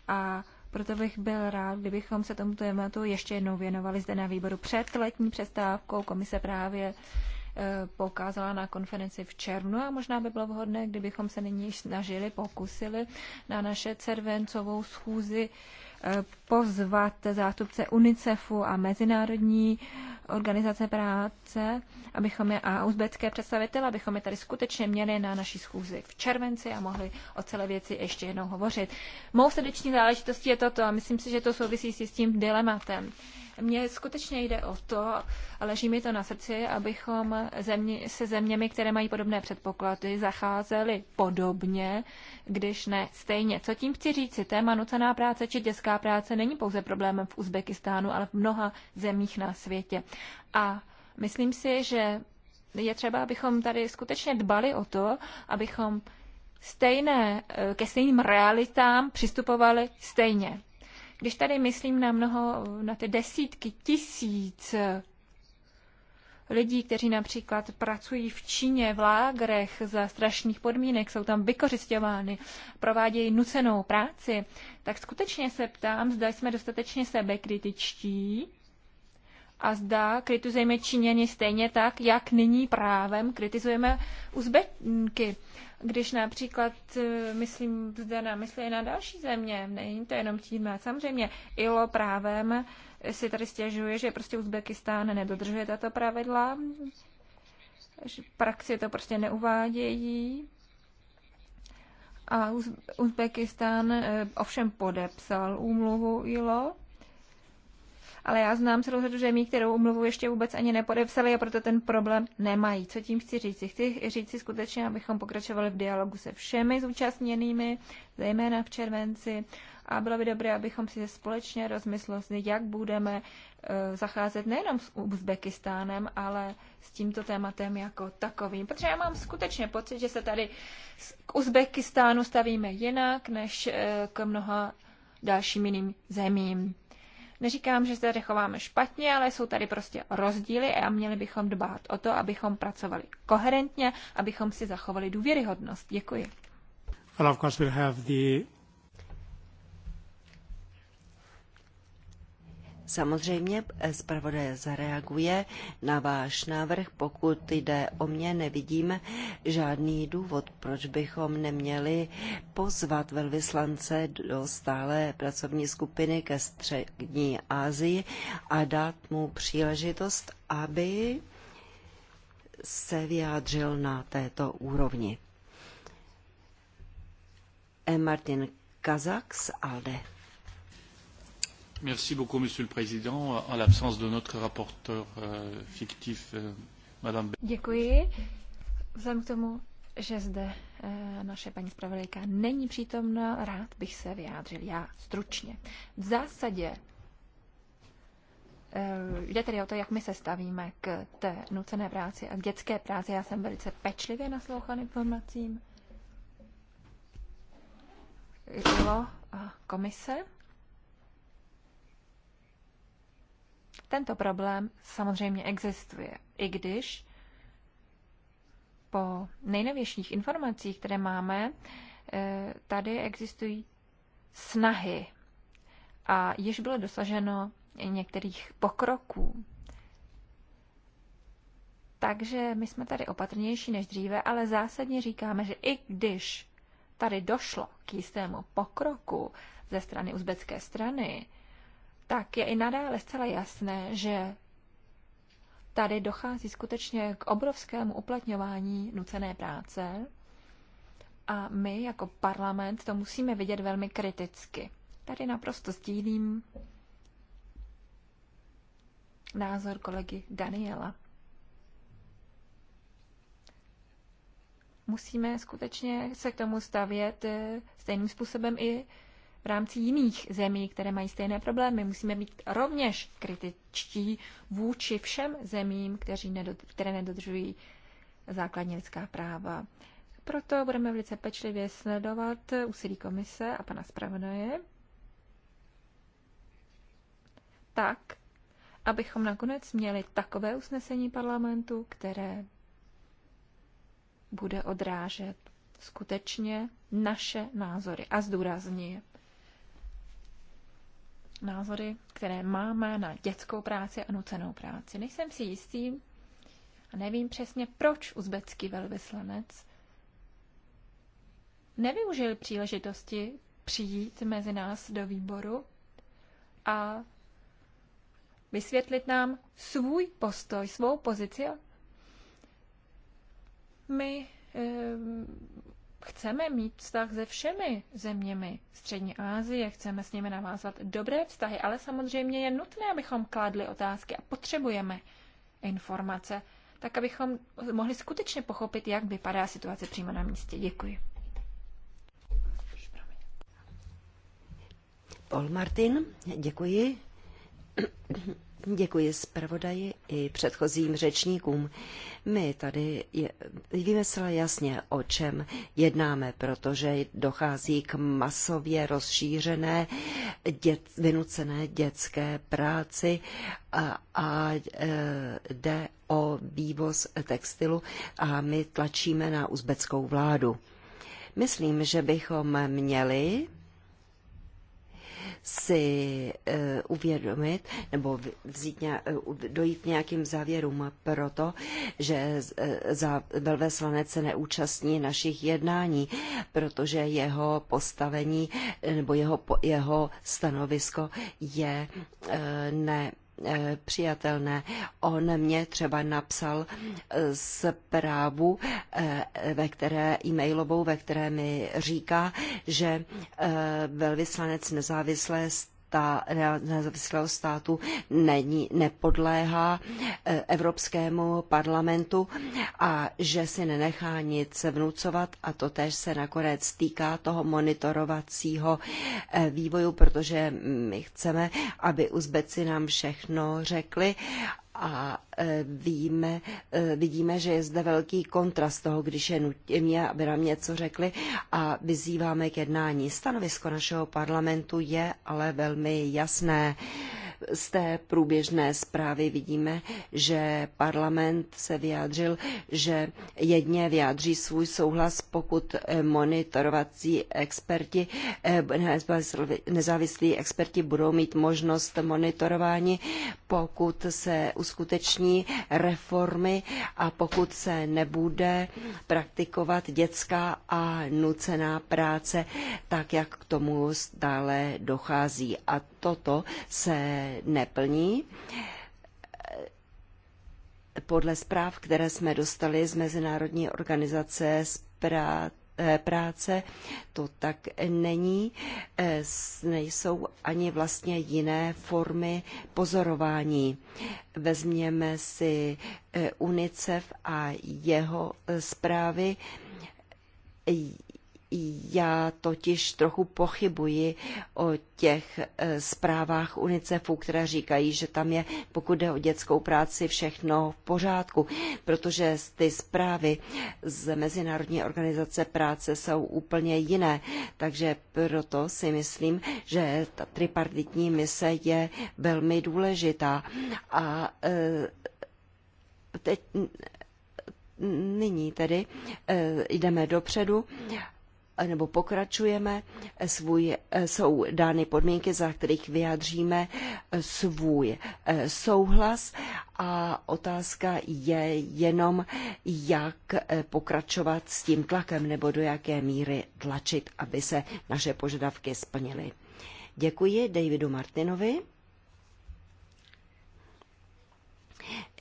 S3: a proto bych byl rád, kdybychom se tomuto tématu ještě jednou věnovali zde na výboru před letní přestávkou. Komise právě e, poukázala na konferenci v červnu a možná by bylo vhodné, kdybychom se nyní snažili, pokusili na naše červencovou schůzi e, pozvat zástupce UNICEFu a Mezinárodní organizace práce, abychom je, a uzbecké představitele, abychom je tady skutečně měli na naší schůzi v červenci a mohli o celé věci ještě jednou hovořit. Mou srdeční záležitostí je toto a myslím si, že to souvisí s tím dilematem. Mně skutečně jde o to, a leží mi to na srdci, abychom země, se zeměmi, které mají podobné předpoklady, zacházeli podobně, když ne stejně. Co tím chci říct, Téma nucená práce či dětská práce není pouze problémem v Uzbekistánu, ale v mnoha zemích na světě. A myslím si, že je třeba, abychom tady skutečně dbali o to, abychom stejné, eh, ke stejným realitám přistupovali stejně. Když tady myslím na mnoho, na ty desítky tisíc eh, lidí, kteří například pracují v Číně, v lágrech za strašných podmínek, jsou tam vykořišťovány, provádějí nucenou práci, tak skutečně se ptám, zda jsme dostatečně sebekritičtí a zda kritizujeme Číňany stejně tak, jak nyní právem kritizujeme Uzbeky. Když například, e, myslím, zde na mysli na další země, není to jenom Čína, samozřejmě ILO právem si tady stěžuje, že prostě Uzbekistán nedodržuje tato pravidla, že praxi to prostě neuvádějí. A Uzbekistán e, ovšem podepsal úmluvu ILO, ale já znám celou řadu zemí, kterou umluvu ještě vůbec ani nepodepsali a proto ten problém nemají. Co tím chci říct? Chci říct si skutečně, abychom pokračovali v dialogu se všemi zúčastněnými, zejména v červenci, a bylo by dobré, abychom si společně rozmysleli, jak budeme eh, zacházet nejenom s Uzbekistánem, ale s tímto tématem jako takovým. Protože já mám skutečně pocit, že se tady k Uzbekistánu stavíme jinak než eh, k mnoha dalším jiným zemím. Neříkám, že se tady chováme špatně, ale jsou tady prostě rozdíly a měli bychom dbát o to, abychom pracovali koherentně, abychom si zachovali důvěryhodnost. Děkuji.
S4: Well, of course we'll have the
S1: Samozřejmě eh, zpravodaj zareaguje na váš návrh, pokud jde o mě, nevidím žádný důvod, proč bychom neměli pozvat velvyslance do stále pracovní skupiny ke střední Asii a dát mu příležitost, aby se vyjádřil na této úrovni. Eh, Martin Kazak z ALDE.
S3: Merci beaucoup, Monsieur le Président, en l'absence de notre rapporteur euh, fictif, euh, Madame. Děkuji. Vzhledem k tomu, že zde e, naše paní zpravodajka není přítomna, rád bych se vyjádřil já stručně. V zásadě eh, Jde tedy o to, jak my se stavíme k té nucené práci a k dětské práci. Já jsem velice pečlivě naslouchal informacím. Bylo a komise. Tento problém samozřejmě existuje, i když po nejnovějších informacích, které máme, eh, tady existují snahy a již bylo dosaženo některých pokroků. Takže my jsme tady opatrnější než dříve, ale zásadně říkáme, že i když tady došlo k jistému pokroku ze strany uzbecké strany, tak je i nadále zcela jasné, že tady dochází skutečně k obrovskému uplatňování nucené práce a my jako parlament to musíme vidět velmi kriticky. Tady naprosto sdílím názor kolegy Daniela. Musíme skutečně se k tomu stavět eh, stejným způsobem i v rámci jiných zemí, které mají stejné problémy. Musíme být rovněž kritičtí vůči všem zemím, kteří nedod, které nedodržují základní lidská práva. Proto budeme velice pečlivě sledovat úsilí komise a pana zpravodaje tak, abychom nakonec měli takové usnesení parlamentu, které bude odrážet skutečně naše názory a zdůrazní názory, které máme na dětskou práci a nucenou práci. Nejsem si jistý a nevím přesně, proč uzbecký velvyslanec nevyužil příležitosti přijít mezi nás do výboru a vysvětlit nám svůj postoj, svou pozici. My eh, chceme mít vztah se všemi zeměmi Střední Asie, chceme s nimi navázat dobré vztahy, ale samozřejmě je nutné, abychom kládli otázky a potřebujeme informace, tak abychom mohli skutečně pochopit, jak vypadá situace přímo na místě. Děkuji.
S1: Paul Martin, děkuji. Děkuji zpravodaji i předchozím řečníkům. My tady je, víme zcela jasně, o čem jednáme, protože dochází k masově rozšířené dět, vynucené dětské práci a, a e, jde o vývoz textilu a my tlačíme na uzbeckou vládu. Myslím, že bychom měli si eh, uvědomit nebo vzít nějak, eh, dojít nějakým závěrům proto, že eh, za velvyslanec se neúčastní našich jednání, protože jeho postavení nebo jeho, jeho stanovisko je ne Eh, přijatelné. On mě třeba napsal eh, zprávu, eh, ve které e-mailovou, ve které mi říká, že velvyslanec nezávislé ta nezávislého státu není, nepodléhá eh, Evropskému parlamentu a že si nenechá nic vnucovat a to tež se nakonec týká toho monitorovacího eh, vývoju, protože mm, my chceme, aby Uzbeci nám všechno řekli a e, víme, e, vidíme, že je zde velký kontrast toho, když je nutně, aby nám něco řekli a vyzýváme k jednání. Stanovisko našeho parlamentu je ale velmi jasné. Z té průběžné zprávy vidíme, že parlament se vyjádřil, že jedně vyjádří svůj souhlas, pokud eh, monitorovací experti, eh, nezávislí experti budou mít možnost monitorování, pokud se uskuteční reformy a pokud se nebude praktikovat dětská a nucená práce, tak jak k tomu stále dochází. A toto se neplní. Podle zpráv, které jsme dostali z Mezinárodní organizace eh, práce, to tak není. Eh, nejsou ani vlastně jiné formy pozorování. Vezměme si eh, UNICEF a jeho zprávy já totiž trochu pochybuji o těch e, zprávách UNICEFu, které říkají, že tam je, pokud jde o dětskou práci, všechno v pořádku, protože ty zprávy z Mezinárodní organizace práce jsou úplně jiné. Takže proto si myslím, že ta tripartitní mise je velmi důležitá. A e, teď nyní tedy e, jdeme dopředu nebo pokračujeme, eh, svůj, eh, jsou dány podmínky, za kterých vyjádříme eh, svůj souhlas a otázka je jenom, jak pokračovat s tím tlakem nebo do jaké míry tlačit, aby se naše požadavky splnily. Děkuji Davidu Martinovi.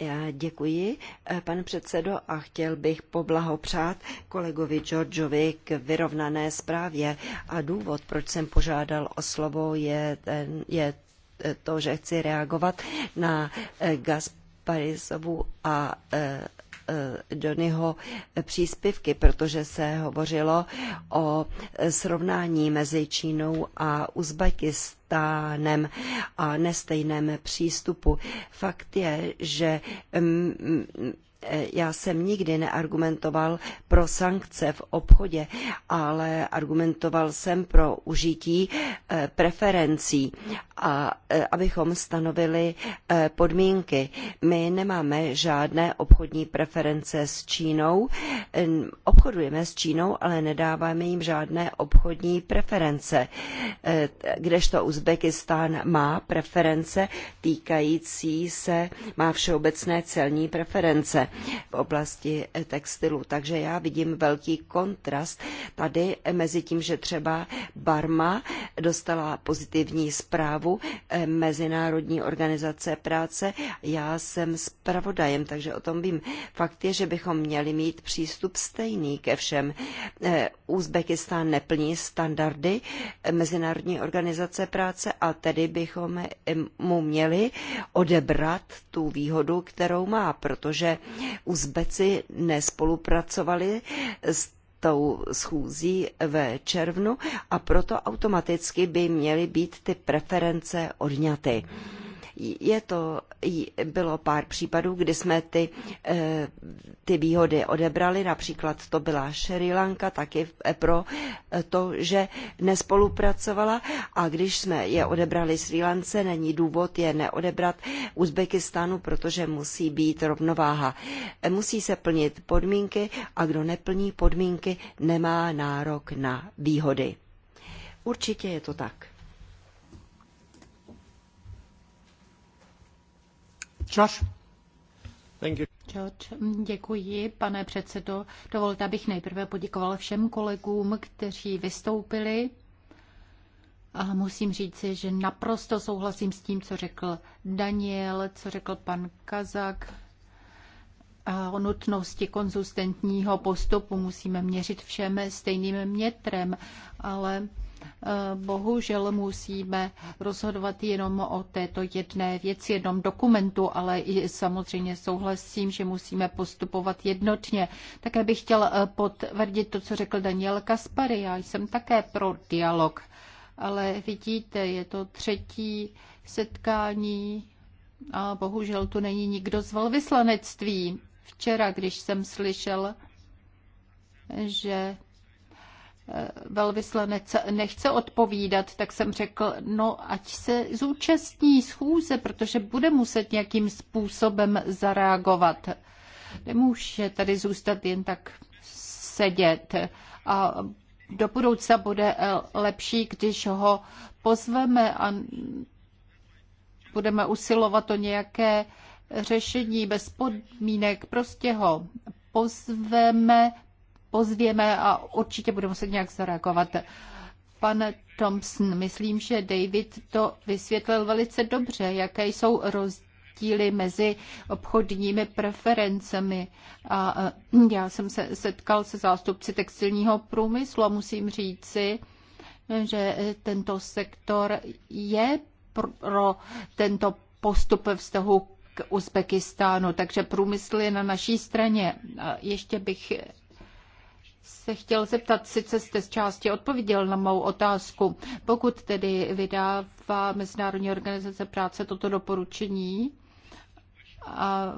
S1: Já děkuji, eh, pane předsedo, a chtěl bych poblahopřát kolegovi Georgeovi k vyrovnané zprávě. A důvod, proč jsem požádal o slovo, je, ten, je eh, to, že chci reagovat na eh, Gasparisovu a Donyho eh, příspěvky, protože se hovořilo o srovnání mezi Čínou a Uzbekistánem a nestejném přístupu. Fakt je, že mm, já jsem nikdy neargumentoval pro sankce v obchodě, ale argumentoval jsem pro užití eh, preferencí a eh, abychom stanovili eh, podmínky. My nemáme žádné obchodní preference s Čínou. Obchodujeme s Čínou, ale nedáváme jim žádné obchodní preference. Kdežto Uzbekistán má preference týkající se, má všeobecné celní preference v oblasti eh, textilu. Takže já vidím velký kontrast tady mezi tím, že třeba Barma dostala pozitivní zprávu eh, Mezinárodní organizace práce. Já jsem zpravodajem, takže o tom vím. Fakt je, že bychom měli mít přístup stejný ke všem. Eh, Uzbekistán neplní standardy Mezinárodní organizace práce a tedy bychom mu měli odebrat tu výhodu, kterou má, protože Uzbeci nespolupracovali s tou schůzí v červnu a proto automaticky by měly být ty preference odňaty. Je to, bylo pár případů, kdy jsme ty, eh, ty výhody odebrali, například to byla Sri Lanka, taky pro eh, to, že nespolupracovala a když jsme je odebrali Sri Lance, není důvod je neodebrat Uzbekistánu, protože musí být rovnováha. Eh, musí se plnit podmínky a kdo neplní podmínky, nemá nárok na výhody. Určitě je to tak.
S2: děkuji, pane předsedo. Dovolte, abych nejprve poděkoval všem kolegům, kteří vystoupili. A musím říci, že naprosto souhlasím s tím, co řekl Daniel, co řekl pan Kazak. A o nutnosti konzistentního postupu musíme měřit všem stejným mětrem, ale Eh, bohužel musíme rozhodovat jenom o této jedné věci, jednom dokumentu, ale i samozřejmě souhlasím, že musíme postupovat jednotně. Také bych chtěl eh, potvrdit to, co řekl Daniel Kaspary. Já jsem také pro dialog, ale vidíte, je to třetí setkání a bohužel tu není nikdo z velvyslanectví. Včera, když jsem slyšel, že Eh, velvyslanec nechce odpovídat, tak jsem řekl, no ať se zúčastní schůze, protože bude muset nějakým způsobem zareagovat. Nemůže tady zůstat jen tak sedět. A do budoucna bude eh, lepší, když ho pozveme a budeme usilovat o nějaké řešení bez podmínek. Prostě ho pozveme, pozvěme a určitě budeme muset nějak zareagovat. Pan Thompson, myslím, že David to vysvětlil velice dobře, jaké jsou rozdíly mezi obchodními preferencemi. A eh, já jsem se setkal se zástupci textilního průmyslu a musím říci, že tento sektor je pro tento postup ve vztahu k Uzbekistánu, takže průmysl je na naší straně. A ještě bych se chtěl zeptat, sice jste z části odpověděl na mou otázku, pokud tedy vydává Mezinárodní organizace práce toto doporučení a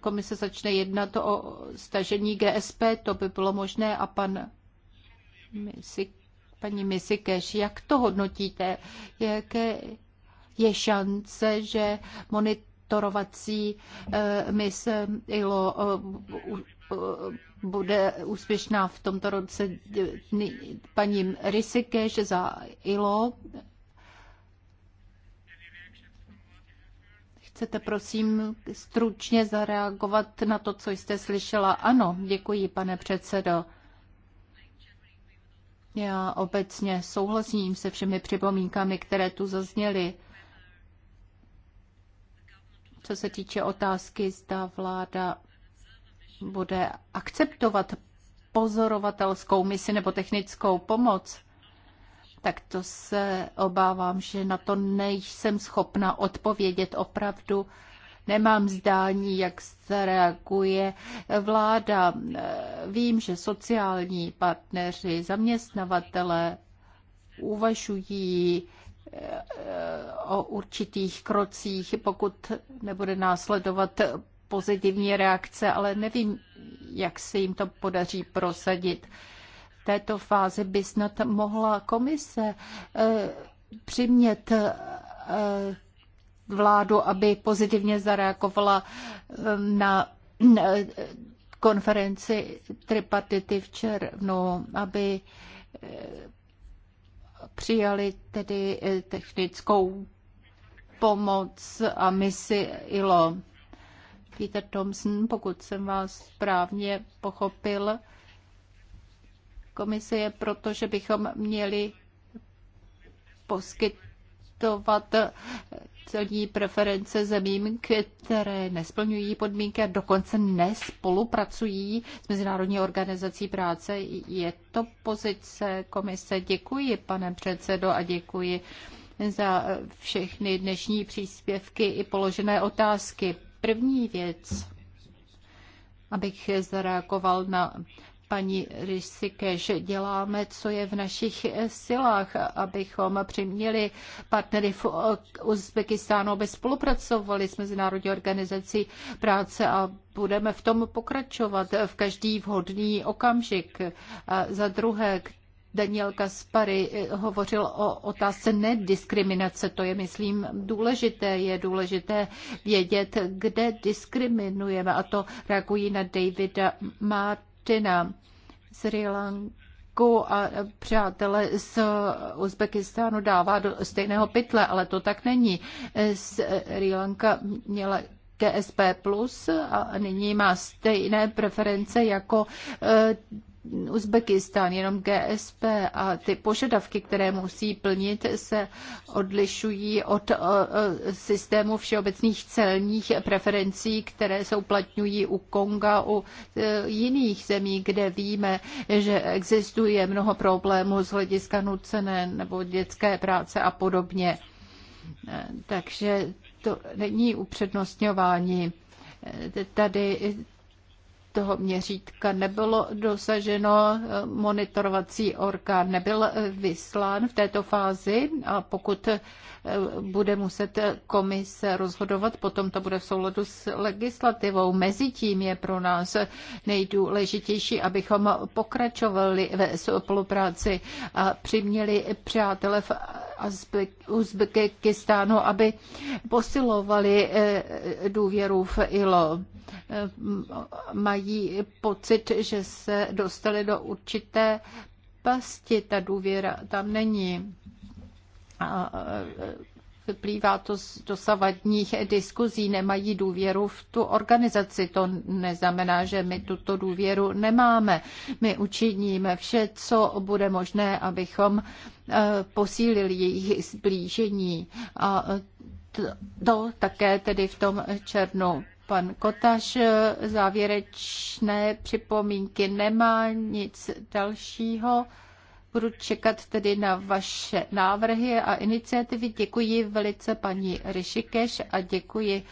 S2: komise začne jednat o stažení GSP, to by bylo možné a pan Misik, paní Misikeš, jak to hodnotíte? Jaké je šance, že monitorovací eh, mise ILO eh, bude úspěšná v tomto roce paní Rysikeš za ILO. Chcete prosím stručně zareagovat na to, co jste slyšela? Ano, děkuji, pane předsedo. Já obecně souhlasím se všemi připomínkami, které tu zazněly. Co se týče otázky, zda vláda bude akceptovat pozorovatelskou misi nebo technickou pomoc, tak to se obávám, že na to nejsem schopna odpovědět opravdu. Nemám zdání, jak se reaguje vláda. Vím, že sociální partneři, zaměstnavatele uvažují eh, o určitých krocích, pokud nebude následovat pozitivní reakce, ale nevím, jak se jim to podaří prosadit. V této fázi by snad mohla komise eh, přimět eh, vládu, aby pozitivně zareagovala eh, na konferenci tripartity v červnu, aby přijali tedy technickou pomoc a misi ILO. Peter Thompson, pokud jsem vás správně pochopil, komise je proto, že bychom měli poskytovat celní preference zemím, které nesplňují podmínky a dokonce nespolupracují s Mezinárodní organizací práce. Je to pozice komise. Děkuji, pane předsedo, a děkuji za všechny dnešní příspěvky i položené otázky. První věc, abych zareagoval na paní Rysike, že děláme, co je v našich silách, abychom přiměli partnery v Uzbekistánu, aby spolupracovali s Mezinárodní organizací práce a budeme v tom pokračovat v každý vhodný okamžik. A za druhé, k Daniel Kaspary eh, hovořil o otázce nediskriminace. To je, myslím, důležité. Je důležité vědět, kde diskriminujeme. A to reagují na Davida Martina. Sri Lanku a přátelé z Uzbekistánu dává do stejného pytle, ale to tak není. Sri Lanka měla GSP plus a nyní má stejné preference jako eh, Uzbekistán, jenom GSP a ty požadavky, které musí plnit, se odlišují od systému všeobecných celních preferencí, které se uplatňují u Konga, u e, jiných zemí, kde víme, že existuje mnoho problémů z hlediska nucené nebo dětské práce a podobně. E, takže to není upřednostňování. E, tady toho měřítka nebylo dosaženo, eh, monitorovací orgán nebyl eh, vyslán v této fázi a pokud eh, bude muset komise rozhodovat, potom to bude v souladu s legislativou. Mezitím je pro nás nejdůležitější, abychom pokračovali ve spolupráci a přiměli přátele v Uzbekistánu, aby posilovali důvěru v ILO Eh, mají pocit, že se dostali do určité pasti. Ta důvěra tam není. A eh, vyplývá to z dosavadních diskuzí, nemají důvěru v tu organizaci. To neznamená, že my tuto důvěru nemáme. My učiníme vše, co bude možné, abychom eh, posílili jejich zblížení. A to také tedy v tom černu Pan Kotaš eh, závěrečné připomínky nemá, nic dalšího. Budu čekat tedy na vaše návrhy a iniciativy. Děkuji velice paní Rišikeš a děkuji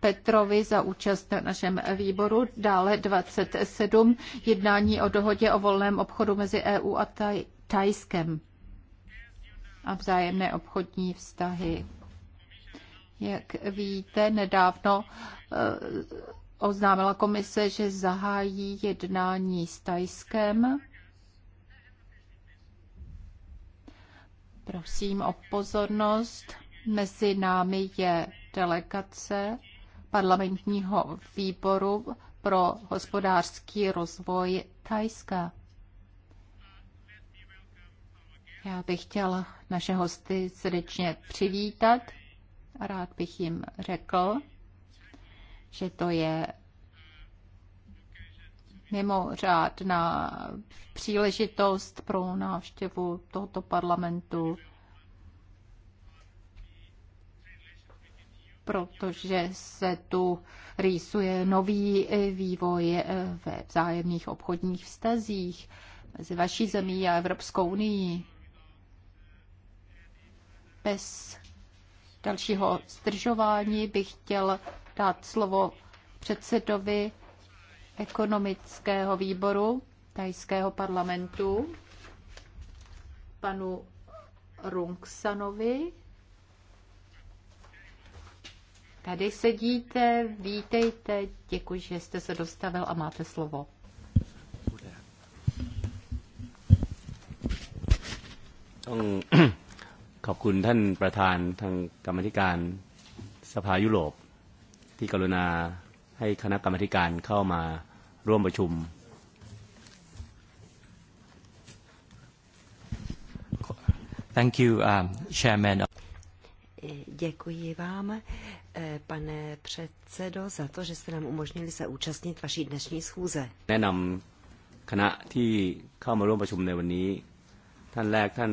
S2: Petrovi za účast na našem výboru. Dále 27 jednání o dohodě o volném obchodu mezi EU a taj, Tajskem a vzájemné obchodní vztahy. Jak víte, nedávno eh, oznámila komise, že zahájí jednání s Tajskem. Prosím o pozornost. Mezi námi je delegace parlamentního výboru pro hospodářský rozvoj Tajska. Já bych chtěl naše hosty srdečně přivítat. Rád bych jim řekl, že to je mimořádná příležitost pro návštěvu tohoto parlamentu, protože se tu rýsuje nový vývoj ve vzájemných obchodních vztazích mezi vaší zemí a Evropskou unii. Bez dalšího zdržování bych chtěl dát slovo předsedovi ekonomického výboru tajského parlamentu, panu Rungsanovi. Tady sedíte, vítejte, děkuji, že jste se dostavil a máte slovo.
S4: อบคุณท่านประธานทางกรรมธิการสภายุโรปที่กรุณาให้คณะกรรมธิการเข้ามาร่วมประชุม Thank you, um, Chairman.
S1: Děkuji vám, pane předsedo, za to, že jste nám umožnili se účastnit vaší dnešní schůze.
S4: แนะนำคณะที่เข้ามาร่วมประชุมในวันนี้ ท่านแรกท่าน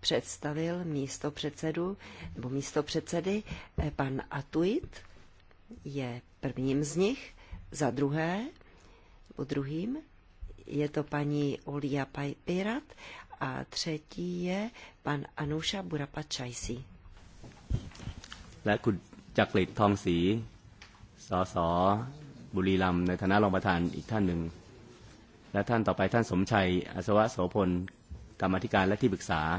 S1: představil místo předsedu nebo místo předsedy. Eh, pan Atuit je prvním z nich, za druhé, nebo druhým, je to paní Olia Pirat a třetí je pan Anuša Burapa Čajsi.
S4: และคุณจักริดทองศรีสสบุรีรัมย์ในฐานะรองประธานอีกท่านหนึ่ง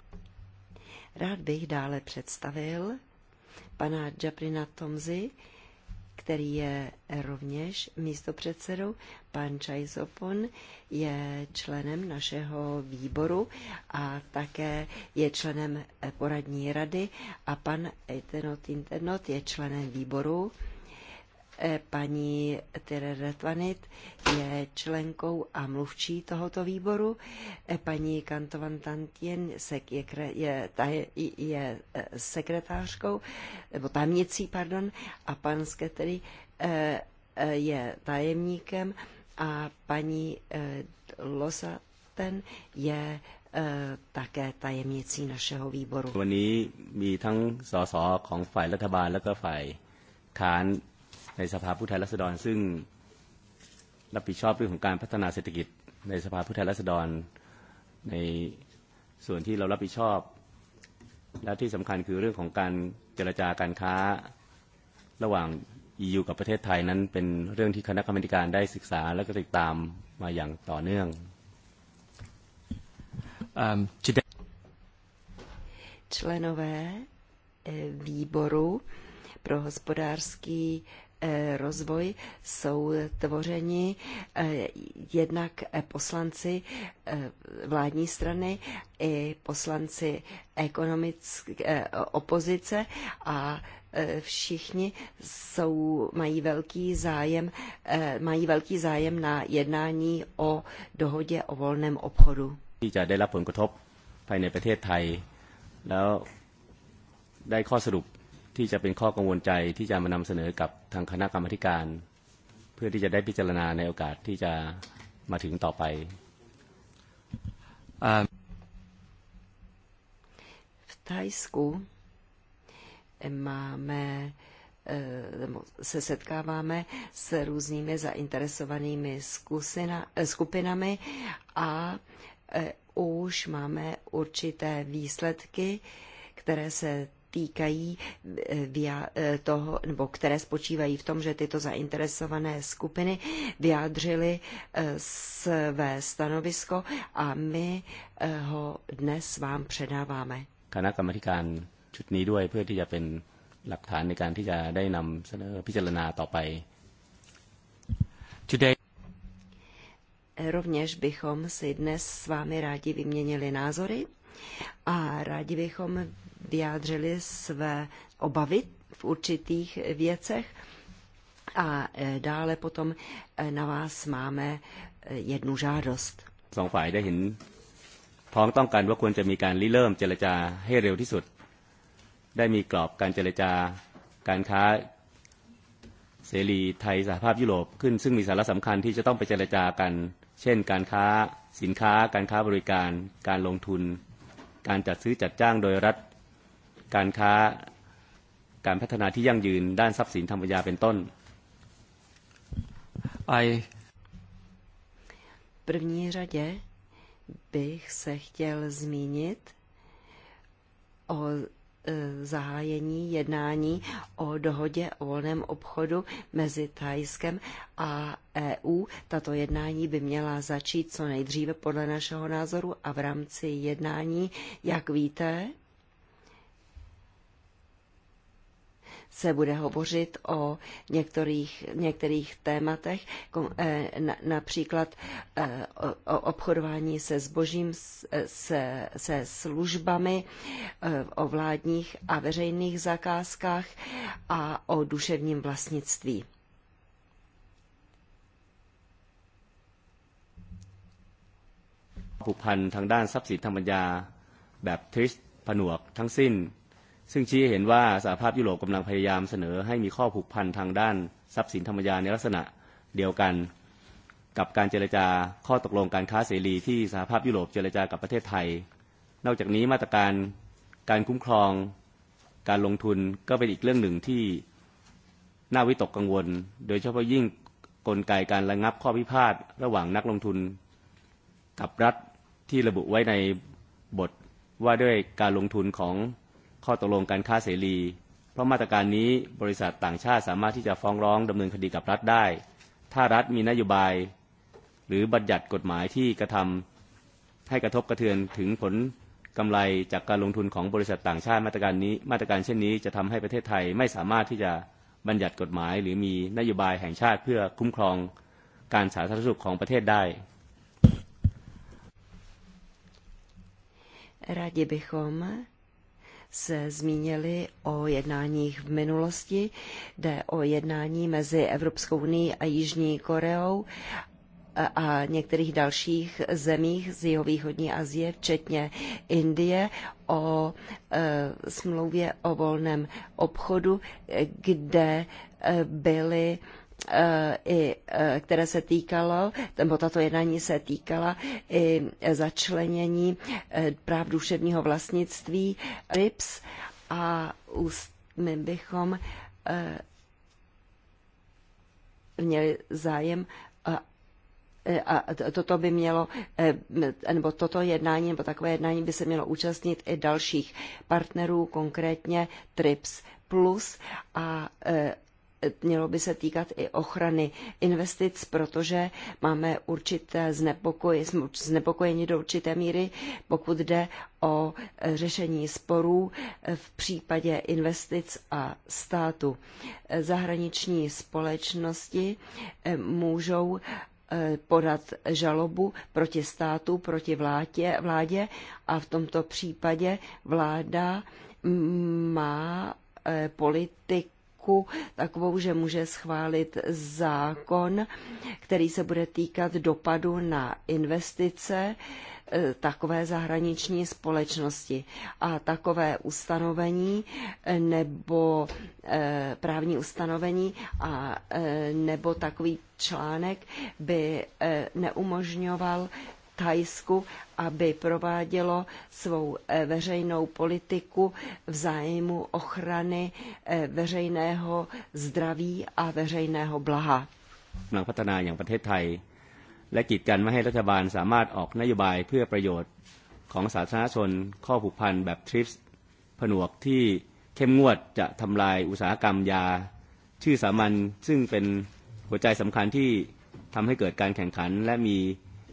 S1: Rád bych dále představil pana Japrina Tomzi, který je rovněž místopředsedou. Pan Čajzopon je členem našeho výboru a také je členem poradní rady a pan Eitenot Internot je členem výboru Eh, paní Tyre Tvanit je členkou a mluvčí tohoto výboru. Eh, paní Kantovan Tantien je, je, je, eh, je sekretářkou, nebo tajemnicí, pardon, a pan Sketery je tajemníkem a paní Losa ten je také tajemnicí našeho výboru.
S4: ในสภาผู้แทนราษฎร um,
S1: Členové eh, výboru pro hospodářský rozvoj jsou tvořeni eh, jednak poslanci eh, vládní strany i poslanci ekonomické eh, opozice a všichni jsou, mají, velký zájem, mají velký zájem na jednání o dohodě o volném obchodu.
S4: ที่จะเป็นข้อกังวลใจที่จะมานําเสนอกับทางคณะกรรมการ เพื่อที่จะได้พิจารณาในโอกาสที่จะมาถึงต่อไป
S1: v Thajsku máme eh, se setkáváme s různými zainteresovanými zkusina, eh, skupinami a eh, už máme určité výsledky, které se týkají eh, eh, toho, nebo které spočívají v tom, že tyto zainteresované skupiny vyjádřily eh, své stanovisko a my ho dnes vám předáváme. Rovněž bychom si dnes s vámi rádi vyměnili názory a rádi bychom vyjádřili své obavy v určitých věcech. A e, dále potom e, na vás máme e, jednu žádost.
S4: สองฝ่ายได้เห็นพ้องต้องกันว่าควรจะมีการริเริ่มเจรจาให้เร็วที่สุดการค้าการพัฒนาที่ยั่งยืนด้านทรัพย์สินธรรมยาเป็นต้น I...
S1: první řadě bych se chtěl zmínit o e, zahájení jednání o dohodě o volném obchodu mezi Thajskem a EU. Tato jednání by měla začít co nejdříve podle našeho názoru a v rámci jednání, jak víte, se bude hovořit o některých, některých tématech, eh, například eh, o obchodování se zbožím, se, se službami, eh, o vládních a veřejných zakázkách a o duševním vlastnictví. vlastnictví.
S4: ผูกพันทางด้านทรัพย์สินทางปัญญาแบบทริสผนวกทั้งสิ้นซึ่งชี้เห็นว่าสหภาพยุโรปกำลังพยายามเสนอให้มีข้อผูกพันทางด้าน ทรัพย์สินธรรมยาในลักษณะเดียวกันกับการเจรจาข้อตกลงการค้าเสรีที่สหภาพยุโรปเจรจากับประเทศไทย นอกจากนี้มาตรการการคุ้มครองการลงทุนก็เป็นอีกเรื่องหนึ่งที่ น่าวิตกกังวล โดยเฉพาะยิ่งกลไกการระงับข้อพิพาทระหว่างนักลงทุน กับรัฐที่ระบุไว้ในบทว่าด้วยการลงทุนของข้อตกลงการค้าเสรี เพราะมาตรการนี้บริษัทต่างชาติสามารถที่จะฟ้องร้องดําเนินคดีกับรัฐได้ ถ้ารัฐมีนโยบายหรือบัญญัติกฎหมายที่กระทําให้กระทบกระเทือนถึงผลกําไรจากการลงทุนของบริษัทต่างชาติมาตรการนี้ มาตรการเช่นนี้จะทําให้ประเทศไทยไม่สามารถที่จะบัญญัติกฎหมาย หรือมีนโยบายแห่งชาติเพื่อคุ้มครองการสาธารณสุขของประเทศได้
S1: เพราะมาตรการนี้บริษัทต่างชาติสามารถที่จะฟ้องร้องดำเนินคดีกับรัฐได้ Rádi bychom se zmínili o jednáních v minulosti. Jde o jednání mezi Evropskou unii a Jižní Koreou a některých dalších zemích z jihovýchodní Asie, včetně Indie, o e, smlouvě o volném obchodu, kde e, byly i, e, které se týkalo, nebo tato jednání se týkala i začlenění e, práv duševního vlastnictví RIPS a my bychom e, měli zájem a toto by mělo, nebo toto jednání, nebo takové jednání by se mělo účastnit i dalších partnerů, konkrétně TRIPS plus a mělo by se týkat i ochrany investic, protože máme určité znepokoj, znepokojení do určité míry, pokud jde o řešení sporů v případě investic a státu. Zahraniční společnosti eh, můžou eh, podat žalobu proti státu, proti vládě, vládě a v tomto případě vláda mm, má eh, politik výjimku takovou, že může schválit zákon, který se bude týkat dopadu na investice e, takové zahraniční společnosti. A takové ustanovení e, nebo e, právní ustanovení a nebo takový článek by neumožňoval Thajsku, aby provádělo svou veřejnou politiku v zájmu ochrany veřejného zdraví a veřejného blaha.
S4: นักพัฒนาอย่างประเทศไทยและกีดกันไม่ให้รัฐบาลสามารถออกนโยบายเพื่อประโยชน์ของสาธารณชนข้อผูกพันแบบทริปส์ผนวกที่เข้มงวดจะทำลายอุตสาหกรรมยาชื่อสามัญซึ่งเป็นหัวใจสำคัญที่ทำให้เกิดการแข่งขันและมี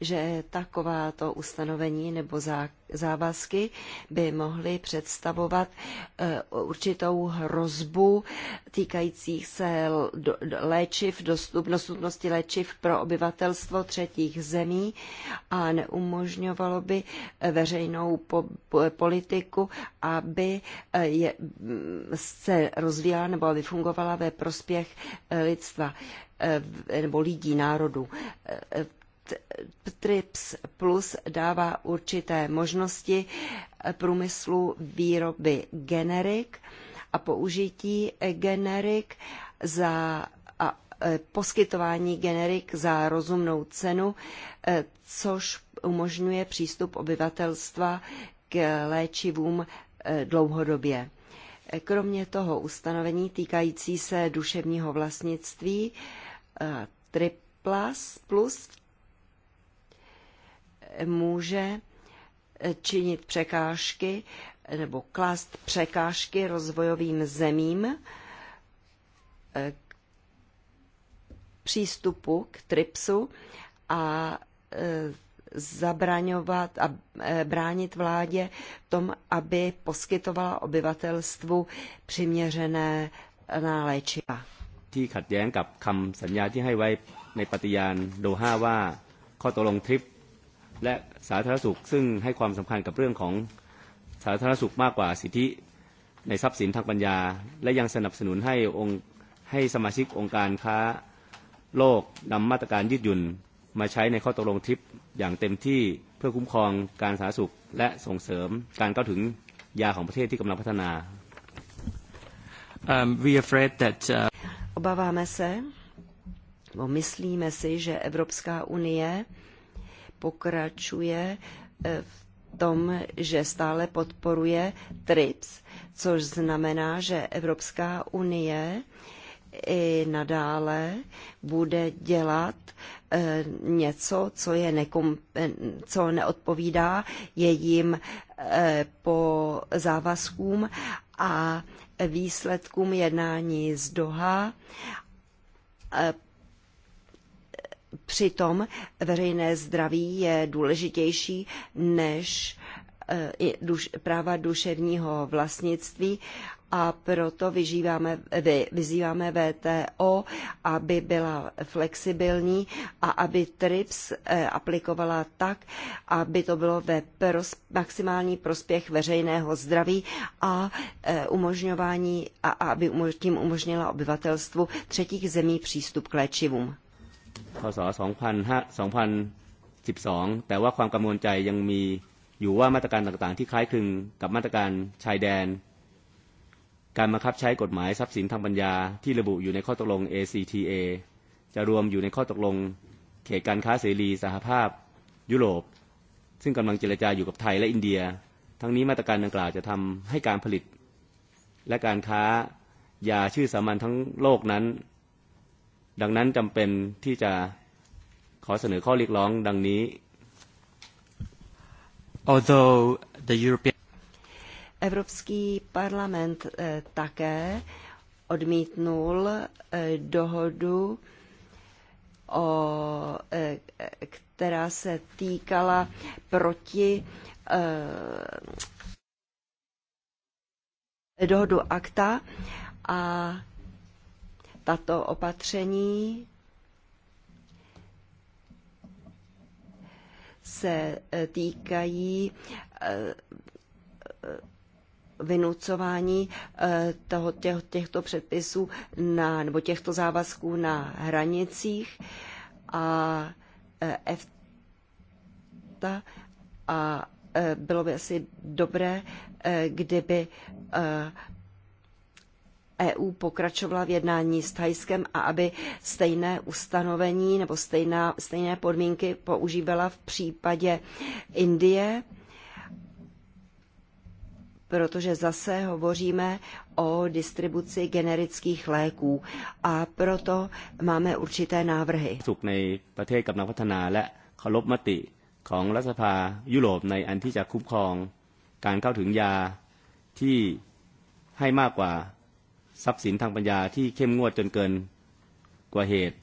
S1: že takováto ustanovení nebo závazky by mohly představovat eh, určitou hrozbu týkajících se léčiv, dostupnosti léčiv pro obyvatelstvo třetích zemí a neumožňovalo by eh, veřejnou politiku, aby eh, mm, se rozvíjela nebo aby fungovala ve prospěch lidstva nebo lidí, národů. TRIPS Plus dává určité možnosti průmyslu výroby generik a použití generik za a e, poskytování generik za rozumnou cenu, e, což umožňuje přístup obyvatelstva k léčivům e, dlouhodobě. Kromě toho ustanovení týkající se duševního vlastnictví Trips plus může eh, činit překážky nebo klást překážky rozvojovým zemím eh, přístupu k TRIPSu a eh, zabraňovat a bránit vládě v tom, aby poskytovala obyvatelstvu přiměřené léčiva.
S4: ที่ขัดแย้งกับคำสัญญาที่ให้ไว้ในปฏิญาณโดฮาว่าข้อตกลงทริปและสาธารณสุขซึ่งให้ความสําคัญกับเรื่องของสาธารณสุขมากกว่าสิทธิในทรัพย์สินทางปัญญา และยังสนับสนุนให้องค์ให้สมาชิกองค์การค้า โลกนํามาตรการยืดหยุ่นมาใช้ในข้อตกลงทริปอย่างเต็มที่เพื่อคุ้มครองการสาธารณสุขและส่งเสริมการเข้าถึงยาของประเทศที่กําลังพัฒนา um, we afraid
S1: that, uh... Obáváme se, bo myslíme si, že Evropská unie pokračuje e, v tom, že stále podporuje TRIPS, což znamená, že Evropská unie i nadále bude dělat e, něco, co, je nekom, e, co neodpovídá jejím po závazkům a výsledkům jednání z Doha Přitom veřejné zdraví je důležitější než eh, práva duševního vlastnictví a proto vyžíváme, vy, vyzýváme VTO, aby byla flexibilní a aby TRIPS eh, aplikovala tak, aby to bylo ve pros, maximální prospěch veřejného zdraví a eh, umožňování a aby tím umožnila obyvatelstvu třetích zemí přístup k léčivům.
S4: พศ2012 แต่ว่าความกังวลใจยังมีอยู่ว่ามาตรการต่างๆ ที่คล้ายคลึงกับมาตรการชายแดน การบังคับใช้กฎหมายทรัพย์สินทางปัญญาที่ระบุอยู่ในข้อตกลง ACTA จะรวมอยู่ในข้อตกลง เขตการค้าเสรี สหภาพยุโรป ซึ่งกำลังเจรจาอยู่กับไทยและอินเดีย ทั้งนี้มาตรการดังกล่าวจะทำให้การผลิต และการค้ายาชื่อสามัญทั้งโลกนั้นดังนั้นจำเป็นที่จะขอเสนอข้อเรียกร้องดังนี้ Although the European
S1: Evropský parlament eh, také odmítnul eh, dohodu, o, eh, která se týkala proti eh, dohodu akta a tato opatření se eh, týkají eh, eh, vynucování toho, těch, těchto předpisů na, nebo těchto závazků na hranicích a EFTA a bylo by asi dobré, kdyby EU pokračovala v jednání s Thajskem a aby stejné ustanovení nebo stejná, stejné podmínky používala v případě Indie, protože zase hovoříme o distribuci generických léků a proto máme určité návrhy.
S4: ทรัพย์สินทางปัญญาที่เข้มงวดจนเกินกว่าเหตุ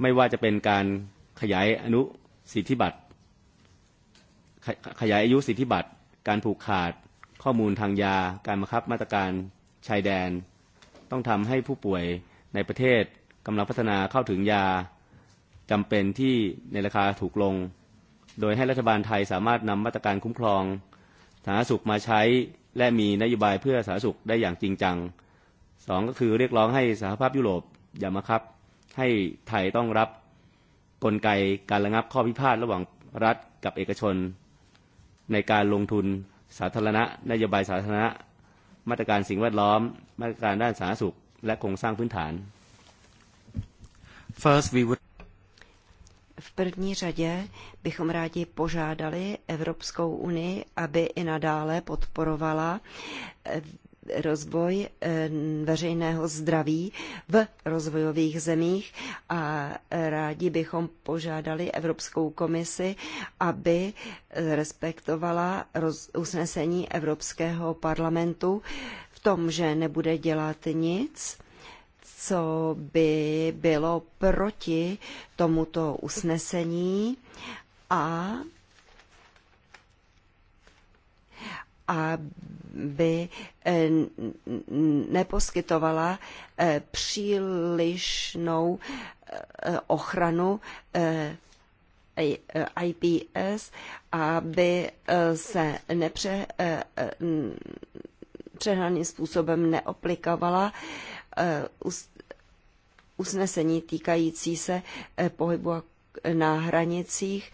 S4: ไม่ว่าจะเป็นการขยายอนุสิทธิบัตรข,ขยายอายุสิทธิบัตร การผูกขาดข้อมูลทางยา การบังคับมาตรการชายแดน ต้องทำให้ผู้ป่วยในประเทศกำลังพัฒนาเข้าถึงยาจำเป็นที่ในราคาถูกลง โดยให้รัฐบาลไทยสามารถนำมาตรการคุ้มครองสาธารณสุขมาใช้และมีนโยบายเพื่อสาธารณสุขได้อย่างจริงจังสองก็คือเรียกร้องให้สหภาพยุโรปอย่ามาครับให้ไทยต้องรับกลไกการระงับข้อพิพาทระหว่างรัฐกับเอกชนในการลงทุนสาธารณะนโยบายสาธารณะมาตรการสิ่งแวดล้อมมาตรการด้านสาธารณสุขและโครงสร้างพื้นฐาน First, we would...
S1: V první řadě bychom rádi požádali Evropskou unii, aby i nadále podporovala rozvoj eh, veřejného zdraví v rozvojových zemích a eh, rádi bychom požádali Evropskou komisi, aby eh, respektovala usnesení Evropského parlamentu v tom, že nebude dělat nic, co by bylo proti tomuto usnesení a aby eh, neposkytovala eh, přílišnou eh, ochranu IPS, aby se nepře, způsobem neoplikovala usnesení týkající se pohybu na hranicích,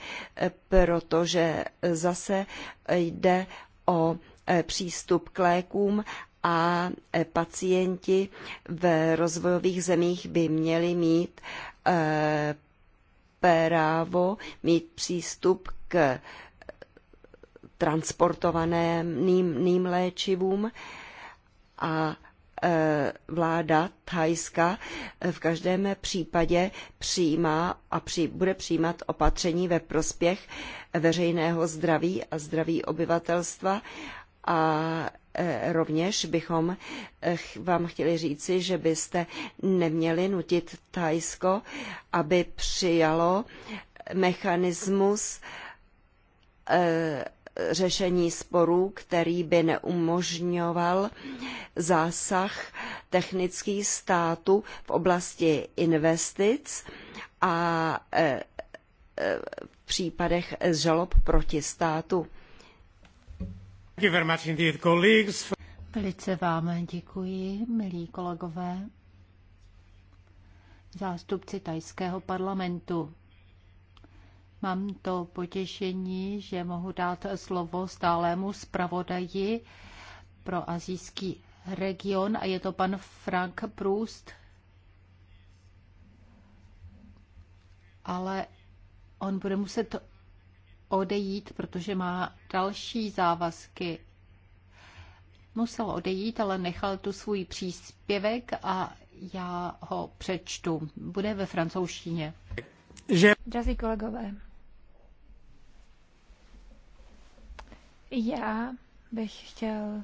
S1: protože zase jde o e, přístup k lékům a e, pacienti v rozvojových zemích by měli mít e, právo mít přístup k transportovaným léčivům a Eh, vláda Thajska eh, v každém případě přijímá a při, bude přijímat opatření ve prospěch veřejného zdraví a zdraví obyvatelstva a eh, rovněž bychom vám chtěli říci, že byste neměli nutit Thajsko, aby přijalo mechanismus řešení sporů, který by neumožňoval zásah technických států v oblasti investic a e, e, v případech žalob proti státu.
S2: Velice vám děkuji, milí kolegové, zástupci tajského parlamentu. Mám to potěšení, že mohu dát slovo stálému zpravodaji pro azijský region a je to pan Frank Proust. Ale on bude muset odejít, protože má další závazky. Musel odejít, ale nechal tu svůj příspěvek a já ho přečtu. Bude ve francouzštině. Že... Drazí
S3: kolegové, Já bych chtěl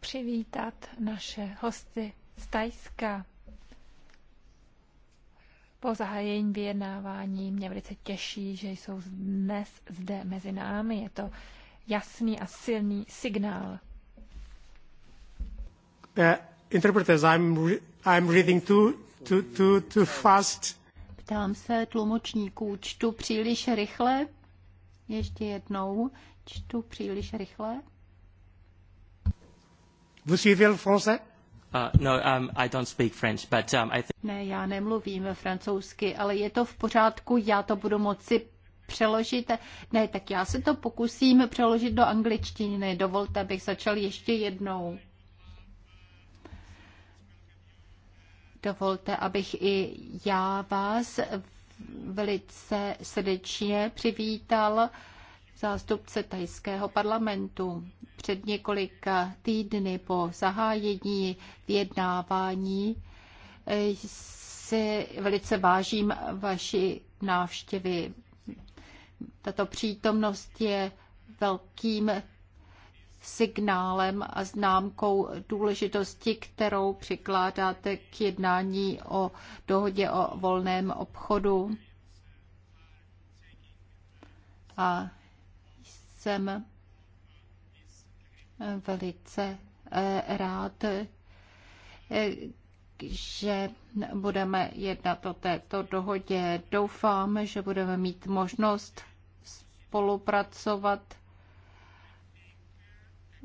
S3: přivítat naše hosty z Tajska. Po zahájení vyjednávání mě velice těší, že jsou dnes zde mezi námi. Je to jasný a silný signál.
S4: Uh, interpreters, I'm, re- I'm reading too, too, too, too fast.
S2: Ptám se tlumočníků, čtu příliš rychle, ještě jednou čtu příliš rychle.
S4: Vous suivez le français? Uh, no, um, I don't speak French, but um, I think...
S2: Ne, já nemluvím francouzsky, ale je to v pořádku, já to budu moci přeložit. Ne, tak já se to pokusím přeložit do angličtiny. Dovolte, abych začal ještě jednou. Dovolte, abych i já vás velice srdečně přivítal zástupce tajského parlamentu. Před několika týdny po zahájení vyjednávání eh, si velice vážím vaši návštěvy. Tato přítomnost je velkým signálem a známkou důležitosti, kterou přikládáte k jednání o dohodě o volném obchodu. A jsem velice eh, rád, eh, že budeme jednat o této dohodě. Doufám, že budeme mít možnost spolupracovat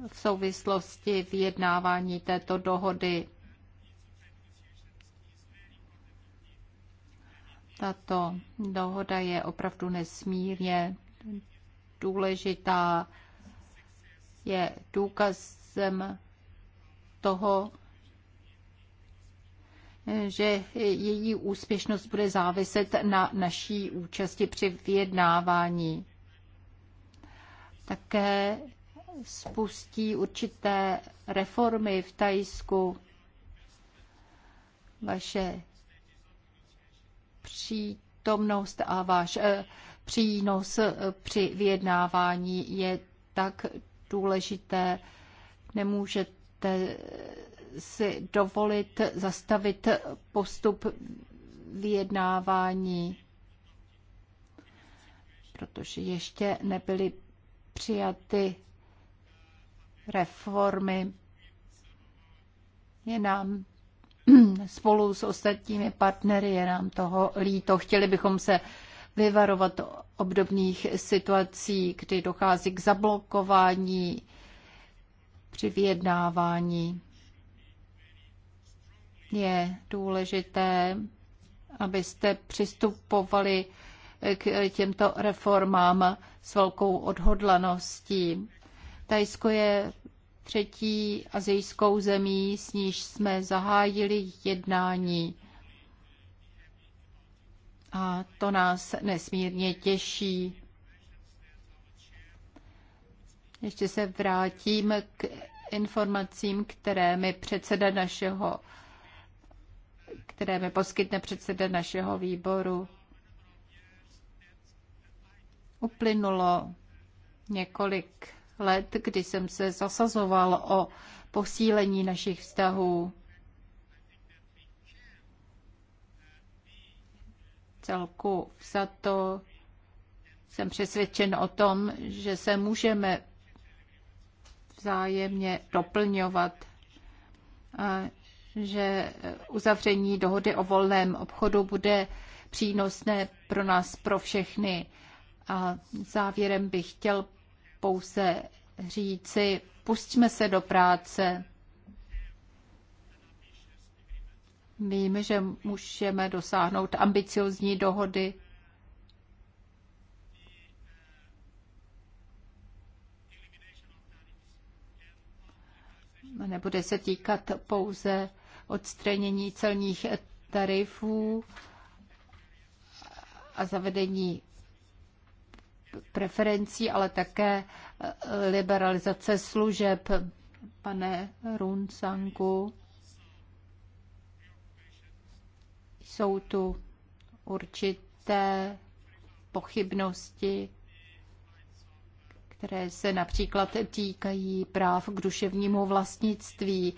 S2: v souvislosti vyjednávání této dohody. Tato dohoda je opravdu nesmírně důležitá, je důkazem toho, že její úspěšnost bude záviset na naší účasti při vyjednávání. Také spustí určité reformy v Tajsku. Vaše přítomnost a váš eh, přínos eh, při vyjednávání je tak důležité. Nemůžete si dovolit zastavit postup vyjednávání, protože ještě nebyly přijaty reformy. Je nám spolu s ostatními partnery, je nám toho líto. Chtěli bychom se vyvarovat obdobných situací, kdy dochází k zablokování při vyjednávání. Je důležité, abyste přistupovali k těmto reformám s velkou odhodlaností. Tajsko je třetí azijskou zemí, s níž jsme zahájili jednání. A to nás nesmírně těší. Ještě se vrátím k informacím, které mi předseda našeho, které mi poskytne předseda našeho výboru. Uplynulo několik let, kdy jsem se zasazoval o posílení našich vztahů. Celku za to jsem přesvědčen o tom, že se můžeme vzájemně doplňovat, a že uzavření dohody o volném obchodu bude přínosné pro nás, pro všechny. A závěrem bych chtěl pouze říci, pustíme se do práce. Víme, že můžeme dosáhnout ambiciozní dohody. Nebude se týkat pouze odstranění celních tarifů a zavedení preferencí, ale také eh, liberalizace služeb. Pane Runsanku, jsou tu určité pochybnosti, které se například týkají práv k duševnímu vlastnictví,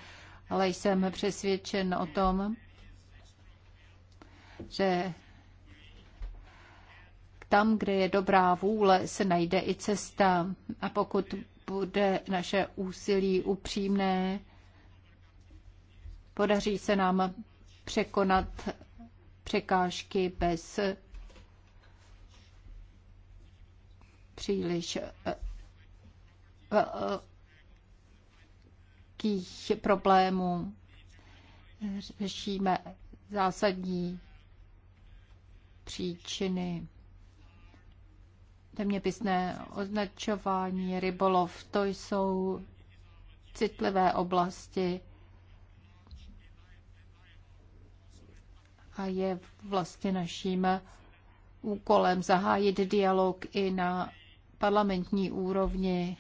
S2: ale jsem přesvědčen o tom, že tam, kde je dobrá vůle, se najde i cesta. A pokud bude naše úsilí upřímné, podaří se nám překonat překážky bez příliš eh, eh, velkých problémů. Řešíme zásadní příčiny zeměpisné označování, rybolov, to jsou citlivé oblasti a je vlastně naším úkolem zahájit dialog i na parlamentní úrovni,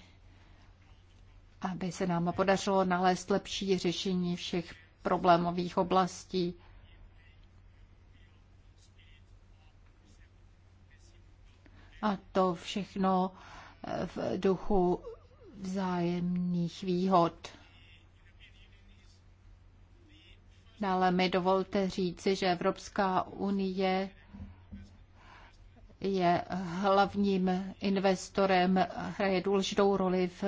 S2: aby se nám podařilo nalézt lepší řešení všech problémových oblastí. A to všechno eh, v duchu vzájemných výhod. Dále mi dovolte říci, že Evropská unie je hlavním investorem, hraje důležitou roli v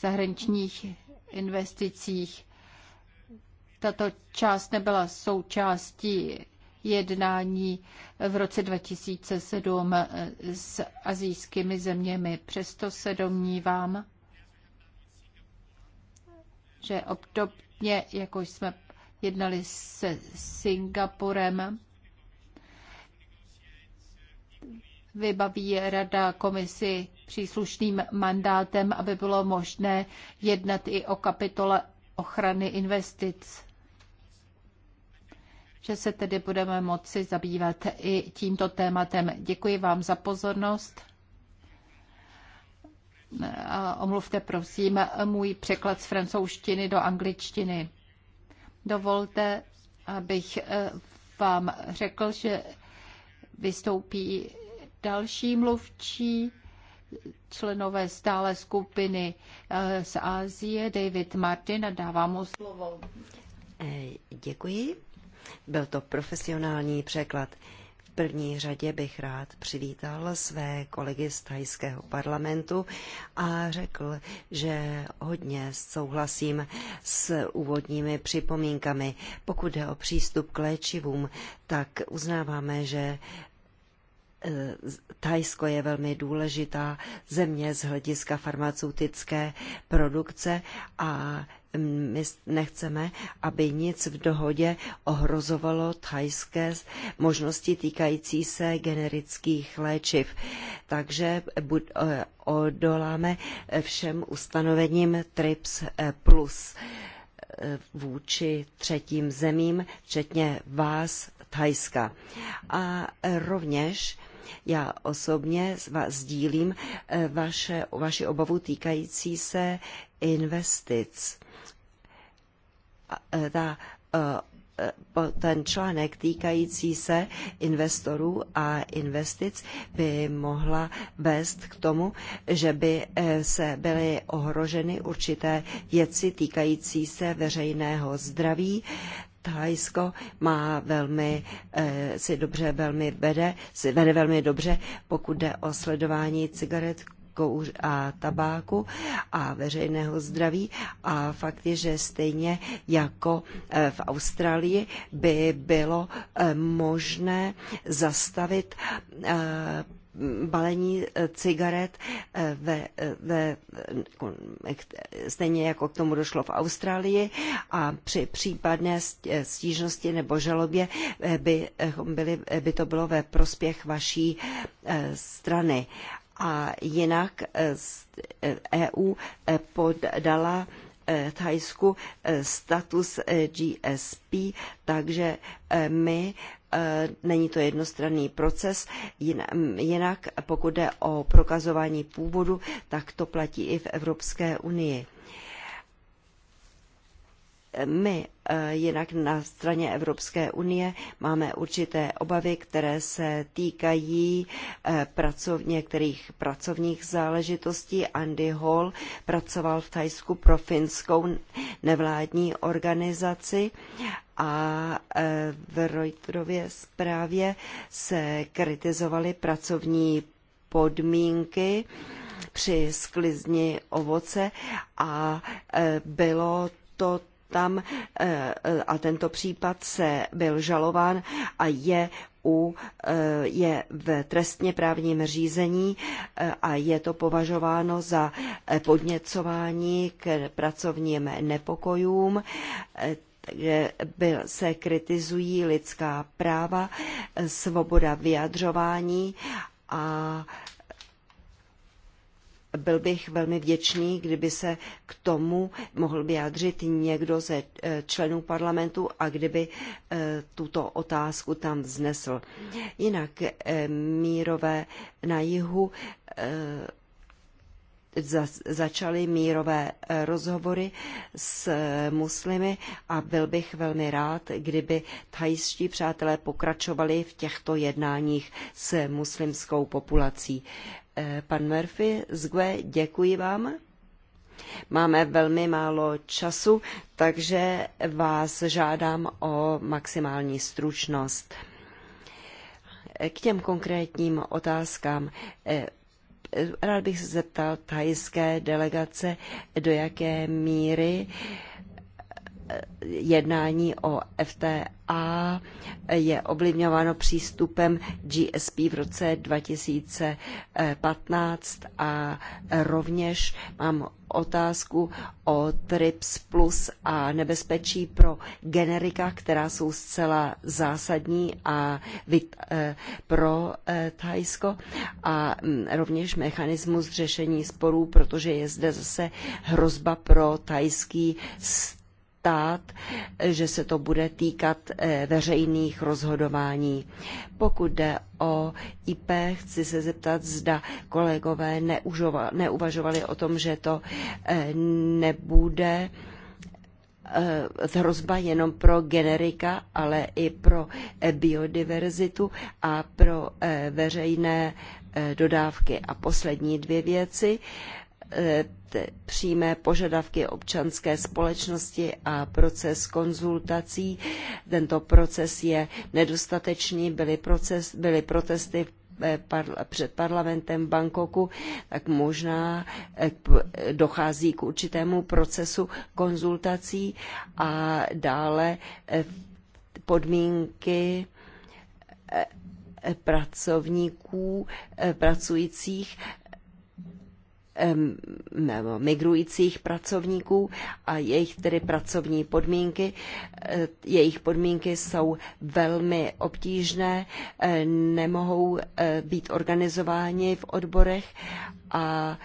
S2: zahraničních investicích. Tato část nebyla součástí jednání v roce 2007 s azijskými zeměmi. Přesto se domnívám, že obdobně, jako jsme jednali se Singapurem, vybaví Rada komisi příslušným mandátem, aby bylo možné jednat i o kapitole ochrany investic že se tedy budeme moci zabývat i tímto tématem. Děkuji vám za pozornost. A omluvte prosím můj překlad z francouzštiny do angličtiny. Dovolte, abych eh, vám řekl, že vystoupí další mluvčí, členové stále skupiny eh, z Ázie, David Martin, a dávám mu slovo.
S1: Eh, děkuji. Byl to profesionální překlad. V první řadě bych rád přivítal své kolegy z thajského parlamentu a řekl, že hodně souhlasím s úvodními připomínkami. Pokud jde o přístup k léčivům, tak uznáváme, že e, Tajsko je velmi důležitá země z hlediska farmaceutické produkce a Mm, my nechceme, aby nic v dohodě ohrozovalo thajské možnosti týkající se generických léčiv. Takže eh, odoláme eh, všem ustanovením TRIPS eh, plus vůči třetím zemím, včetně vás, Thajska. A rovněž já osobně vás sdílím vaše, vaši obavu týkající se investic ta, eh, eh, ten článek týkající se investorů a investic by mohla vést k tomu, že by eh, se byly ohroženy určité věci týkající se veřejného zdraví, Thajsko má velmi, si dobře velmi vede, si vede velmi dobře, pokud jde o sledování cigaret kouř a tabáku a veřejného zdraví a fakt je, že stejně jako e, v Austrálii by bylo e, možné zastavit e, balení cigaret ve, ve, stejně jako k tomu došlo v Austrálii a při případné stížnosti nebo žalobě by, byly, by to bylo ve prospěch vaší strany a jinak EU eh, eh, e eh, podala Thajsku status GSP, takže my Není to jednostranný proces, jinak pokud jde o prokazování původu, tak to platí i v Evropské unii. My eh, jinak na straně Evropské unie máme určité obavy, které se týkají eh, pracov, některých pracovních záležitostí. Andy Hall pracoval v Thajsku pro finskou nevládní organizaci a eh, v Reuterově zprávě se kritizovaly pracovní podmínky při sklizni ovoce a bylo to tam eh, eh, a tento případ se byl žalován a je u, eh, je v trestně právním řízení a je to považováno za podněcování k pracovním nepokojům kde se kritizují lidská práva, svoboda vyjadřování a byl bych velmi vděčný, kdyby se k tomu mohl vyjádřit někdo ze eh, členů parlamentu a kdyby eh, tuto otázku tam vznesl. Jinak eh, mírové na jihu za, začaly mírové rozhovory s muslimy a byl bych velmi rád, kdyby thajští přátelé pokračovali v těchto jednáních s muslimskou populací. Eh, pan Murphy z GUE, děkuji vám. Máme velmi málo času, takže vás žádám o maximální stručnost. Eh, k těm konkrétním otázkám. Eh, rád bych se zeptal thajské delegace, do jaké míry jednání o FTA je oblivňováno přístupem GSP v roce 2015 a rovněž mám otázku o TRIPS plus a nebezpečí pro generika, která jsou zcela zásadní a eh, pro eh, Thajsko a mm, rovněž mechanismus řešení sporů, protože je zde zase hrozba pro thajský stát stát, že se to bude týkat eh, veřejných rozhodování. Pokud jde o IP, chci se zeptat, zda kolegové neuvažovali o tom, že to eh, nebude eh, hrozba jenom pro generika, ale i pro biodiverzitu a pro veřejné dodávky. A poslední dvě věci přímé požadavky občanské společnosti a proces konzultací. Tento proces je nedostatečný, byly, proces, byly protesty eh, před parlamentem v Bangkoku, tak možná eh, dochází k určitému procesu konzultací a dále eh, podmínky pracovníků pracujících nebo migrujících pracovníků a jejich tedy pracovní podmínky. E, jejich podmínky jsou velmi obtížné, e, nemohou e, být organizováni v odborech a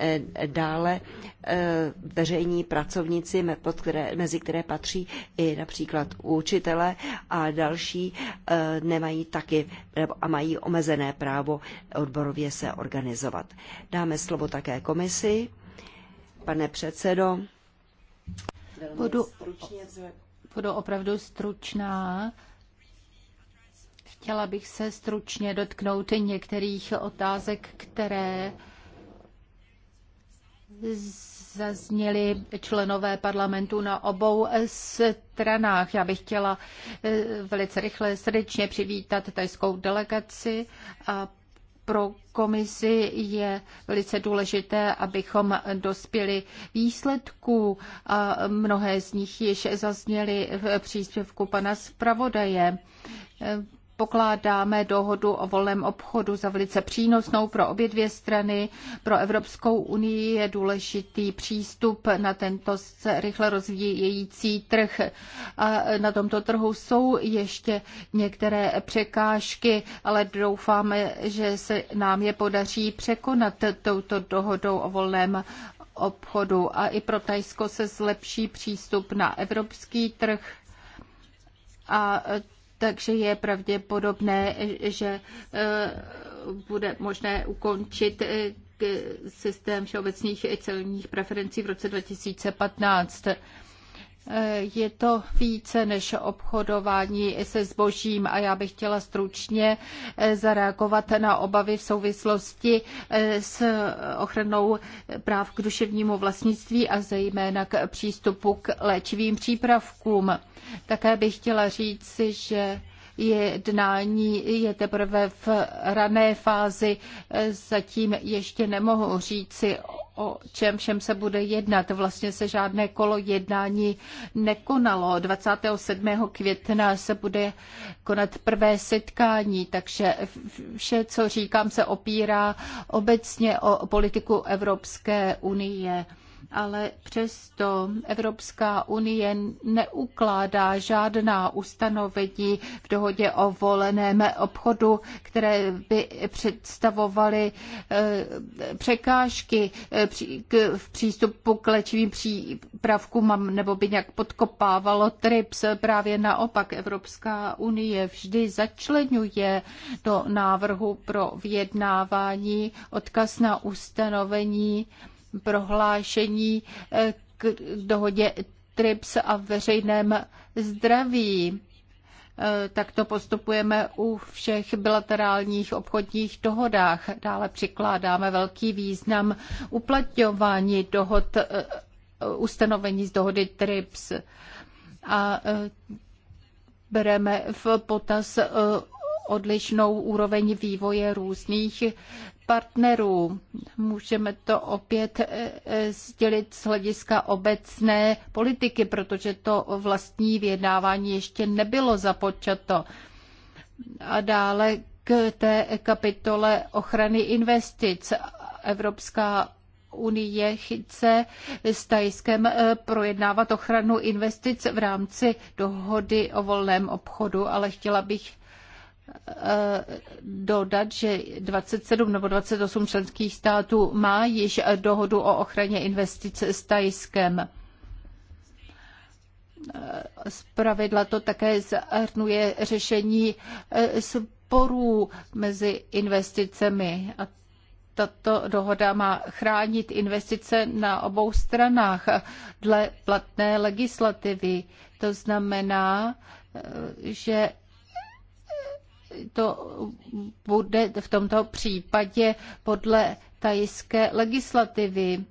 S1: Eh, dále eh, veřejní pracovníci, pod které, mezi které patří i například učitele a další, eh, nemají taky a mají omezené právo odborově se organizovat. Dáme slovo také komisi. Pane předsedo, budu, budu opravdu stručná.
S2: Chtěla bych se stručně dotknout některých otázek, které zazněli členové parlamentu na obou stranách. Já bych chtěla eh, velice rychle srdečně přivítat tajskou delegaci a pro komisi je velice důležité, abychom dospěli výsledků a mnohé z nich již zazněly v příspěvku pana zpravodaje pokládáme dohodu o volném obchodu za velice přínosnou pro obě dvě strany. Pro Evropskou unii je důležitý přístup na tento se rychle rozvíjející trh. A na tomto trhu jsou ještě některé překážky, ale doufáme, že se nám je podaří překonat touto dohodou o volném obchodu a i pro Tajsko se zlepší přístup na evropský trh a takže je pravděpodobné, že e, bude možné ukončit e, systém všeobecných celních preferencí v roce 2015 je to více než obchodování se zbožím a já bych chtěla stručně eh, zareagovat na obavy v souvislosti eh, s ochranou práv k duševnímu vlastnictví a zejména k přístupu k léčivým přípravkům. Také bych chtěla říci, že jednání je teprve v rané fázi. Eh, zatím ještě nemohu říci o čem všem se bude jednat. Vlastně se žádné kolo jednání nekonalo. 27. května se bude konat prvé setkání, takže vše, co říkám, se opírá obecně o politiku Evropské unie ale přesto Evropská unie neukládá žádná ustanovení v dohodě o voleném obchodu, které by představovaly eh, překážky eh, v přístupu k léčivým přípravkům nebo by nějak podkopávalo TRIPS. Právě naopak Evropská unie vždy začlenuje do návrhu pro vyjednávání odkaz na ustanovení prohlášení eh, k dohodě TRIPS a veřejném zdraví. Eh, Takto postupujeme u všech bilaterálních obchodních dohodách. Dále přikládáme velký význam uplatňování dohod, eh, ustanovení z dohody TRIPS a bereme v potaz odlišnou úroveň vývoje různých partnerů. Můžeme to opět eh, eh, sdělit z hlediska obecné politiky, protože to vlastní vyjednávání ještě nebylo započato. A dále k té kapitole ochrany investic. Evropská unie chce s Tajskem eh, projednávat ochranu investic v rámci dohody o volném obchodu, ale chtěla bych dodat, že 27 nebo 28 členských států má již dohodu o ochraně investic s Tajskem. Zpravidla to také zahrnuje řešení sporů mezi investicemi a tato dohoda má chránit investice na obou stranách dle platné legislativy. To znamená, že to bude v tomto případě podle tajské legislativy.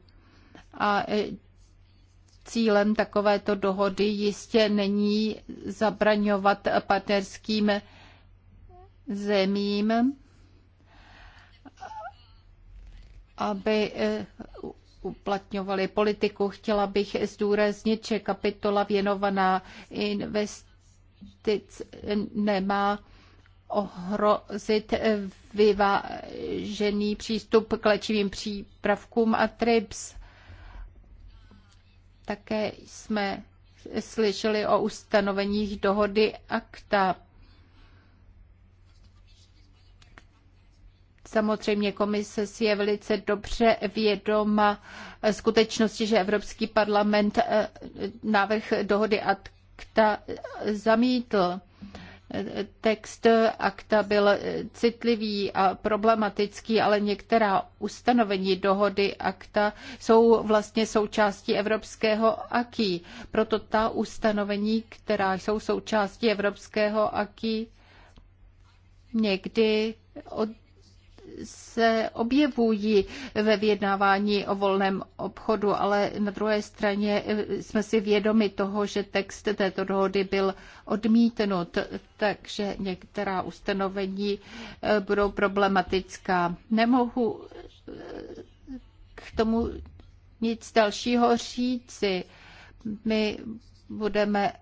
S2: A e, cílem takovéto dohody jistě není zabraňovat partnerským zemím, aby e, uplatňovali politiku. Chtěla bych zdůraznit, že kapitola věnovaná investic nemá ohrozit vyvážený přístup k léčivým přípravkům a TRIPS. Také jsme slyšeli o ustanoveních dohody akta. Samozřejmě komise si je velice dobře vědoma skutečnosti, že Evropský parlament eh, návrh dohody akta zamítl. Text akta byl citlivý a problematický, ale některá ustanovení dohody akta jsou vlastně součástí evropského aký. Proto ta ustanovení, která jsou součástí evropského aký, někdy od se objevují ve vyjednávání o volném obchodu, ale na druhé straně eh, jsme si vědomi toho, že text této dohody byl odmítnut, takže některá ustanovení eh, budou problematická. Nemohu eh, k tomu nic dalšího říci. My budeme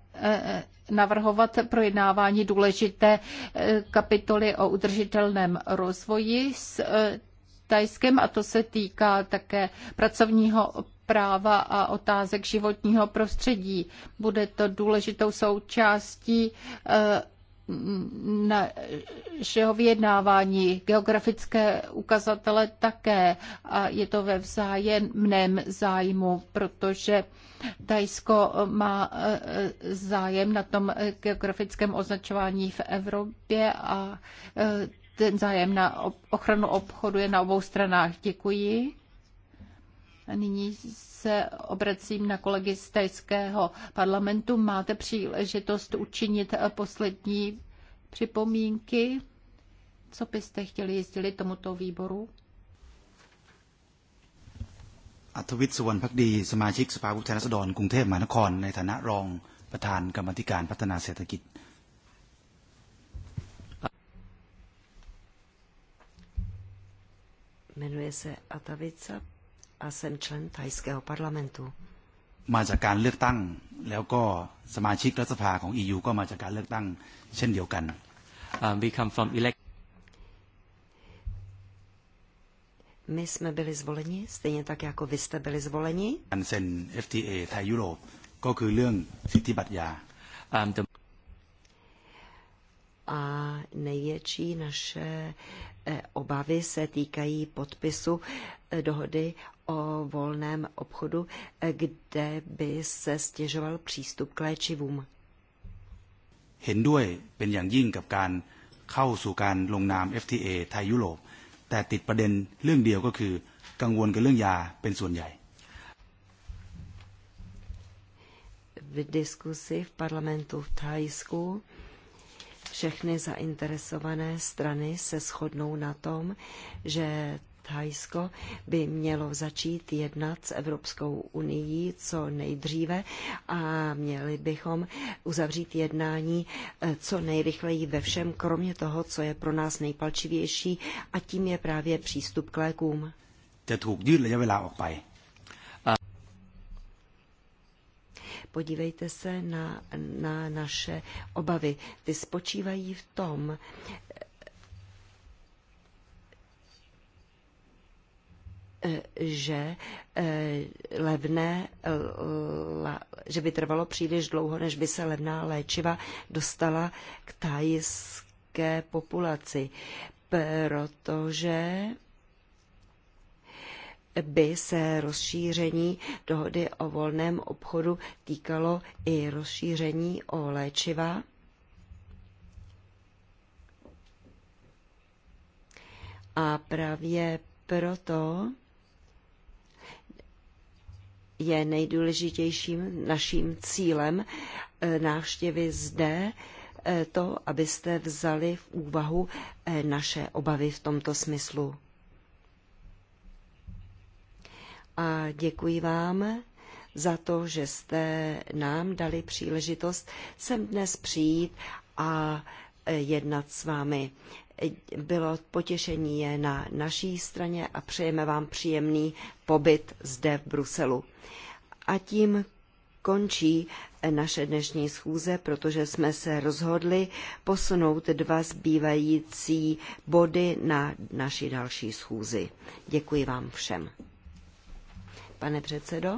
S2: navrhovat projednávání důležité eh, kapitoly o udržitelném rozvoji s eh, Tajskem a to se týká také pracovního práva a otázek životního prostředí. Bude to důležitou součástí eh, našeho vyjednávání, geografické ukazatele také a je to ve vzájemném zájmu, protože Tajsko má eh, zájem na tom geografickém označování v Evropě a eh, ten zájem na ochranu obchodu je na obou stranách. Děkuji. Nyní se obracím na kolegy z tajského parlamentu. Máte příležitost učinit poslední připomínky? Co byste chtěli jezdili tomuto výboru?
S4: อัธวิทย์สุวรรณพักดีสมาชิกสภาผู้แทนราษฎรกรุงเทพมหานครในฐานะรองประธานกรรมธิการพัฒนาเศรษฐกิจ
S1: Jmenuje se Atavica a jsem člen tajského parlamentu.
S4: มาจากการเลือกตั้งแล้วก็สมาชิกรัฐสภาของ EU ก็มาจากการเลือกตั้งเช่นเดียวกัน um, We come from elect
S1: My jsme byli zvoleni, stejně tak jako vy jste byli zvoleni.
S4: sen FTA ไทยยุโรปก็คือเรื่องสิทธิบัตรยา um, the...
S1: A největší naše eh, obavy se týkají podpisu eh, dohody o volném obchodu, kde by se stěžoval přístup k léčivům. v diskusi v parlamentu v Thajsku. Všechny zainteresované strany se shodnou na tom, že Thajsko by mělo začít jednat s Evropskou unii co nejdříve a měli bychom uzavřít jednání eh, co nejrychleji ve všem, kromě toho, co je pro nás nejpalčivější a tím je právě přístup k lékům. podívejte se na, na naše obavy. Ty spočívají v tom, že eh, levné, eh, že by trvalo příliš dlouho, než by se levná léčiva dostala k tajské populaci, protože by se rozšíření dohody o volném obchodu týkalo i rozšíření o léčiva. A právě proto je nejdůležitějším naším cílem eh, návštěvy zde eh, to, abyste vzali v úvahu eh, naše obavy v tomto smyslu. A děkuji vám za to, že jste nám dali příležitost sem dnes přijít a jednat s vámi bylo potěšení je na naší straně a přejeme vám příjemný pobyt zde v Bruselu. A tím končí naše dnešní schůze, protože jsme se rozhodli posunout dva zbývající body na naši další schůzi. Děkuji vám všem. Pane předsedo,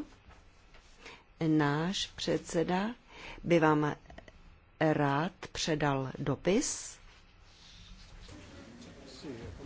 S1: náš předseda by vám rád předal dopis. しい。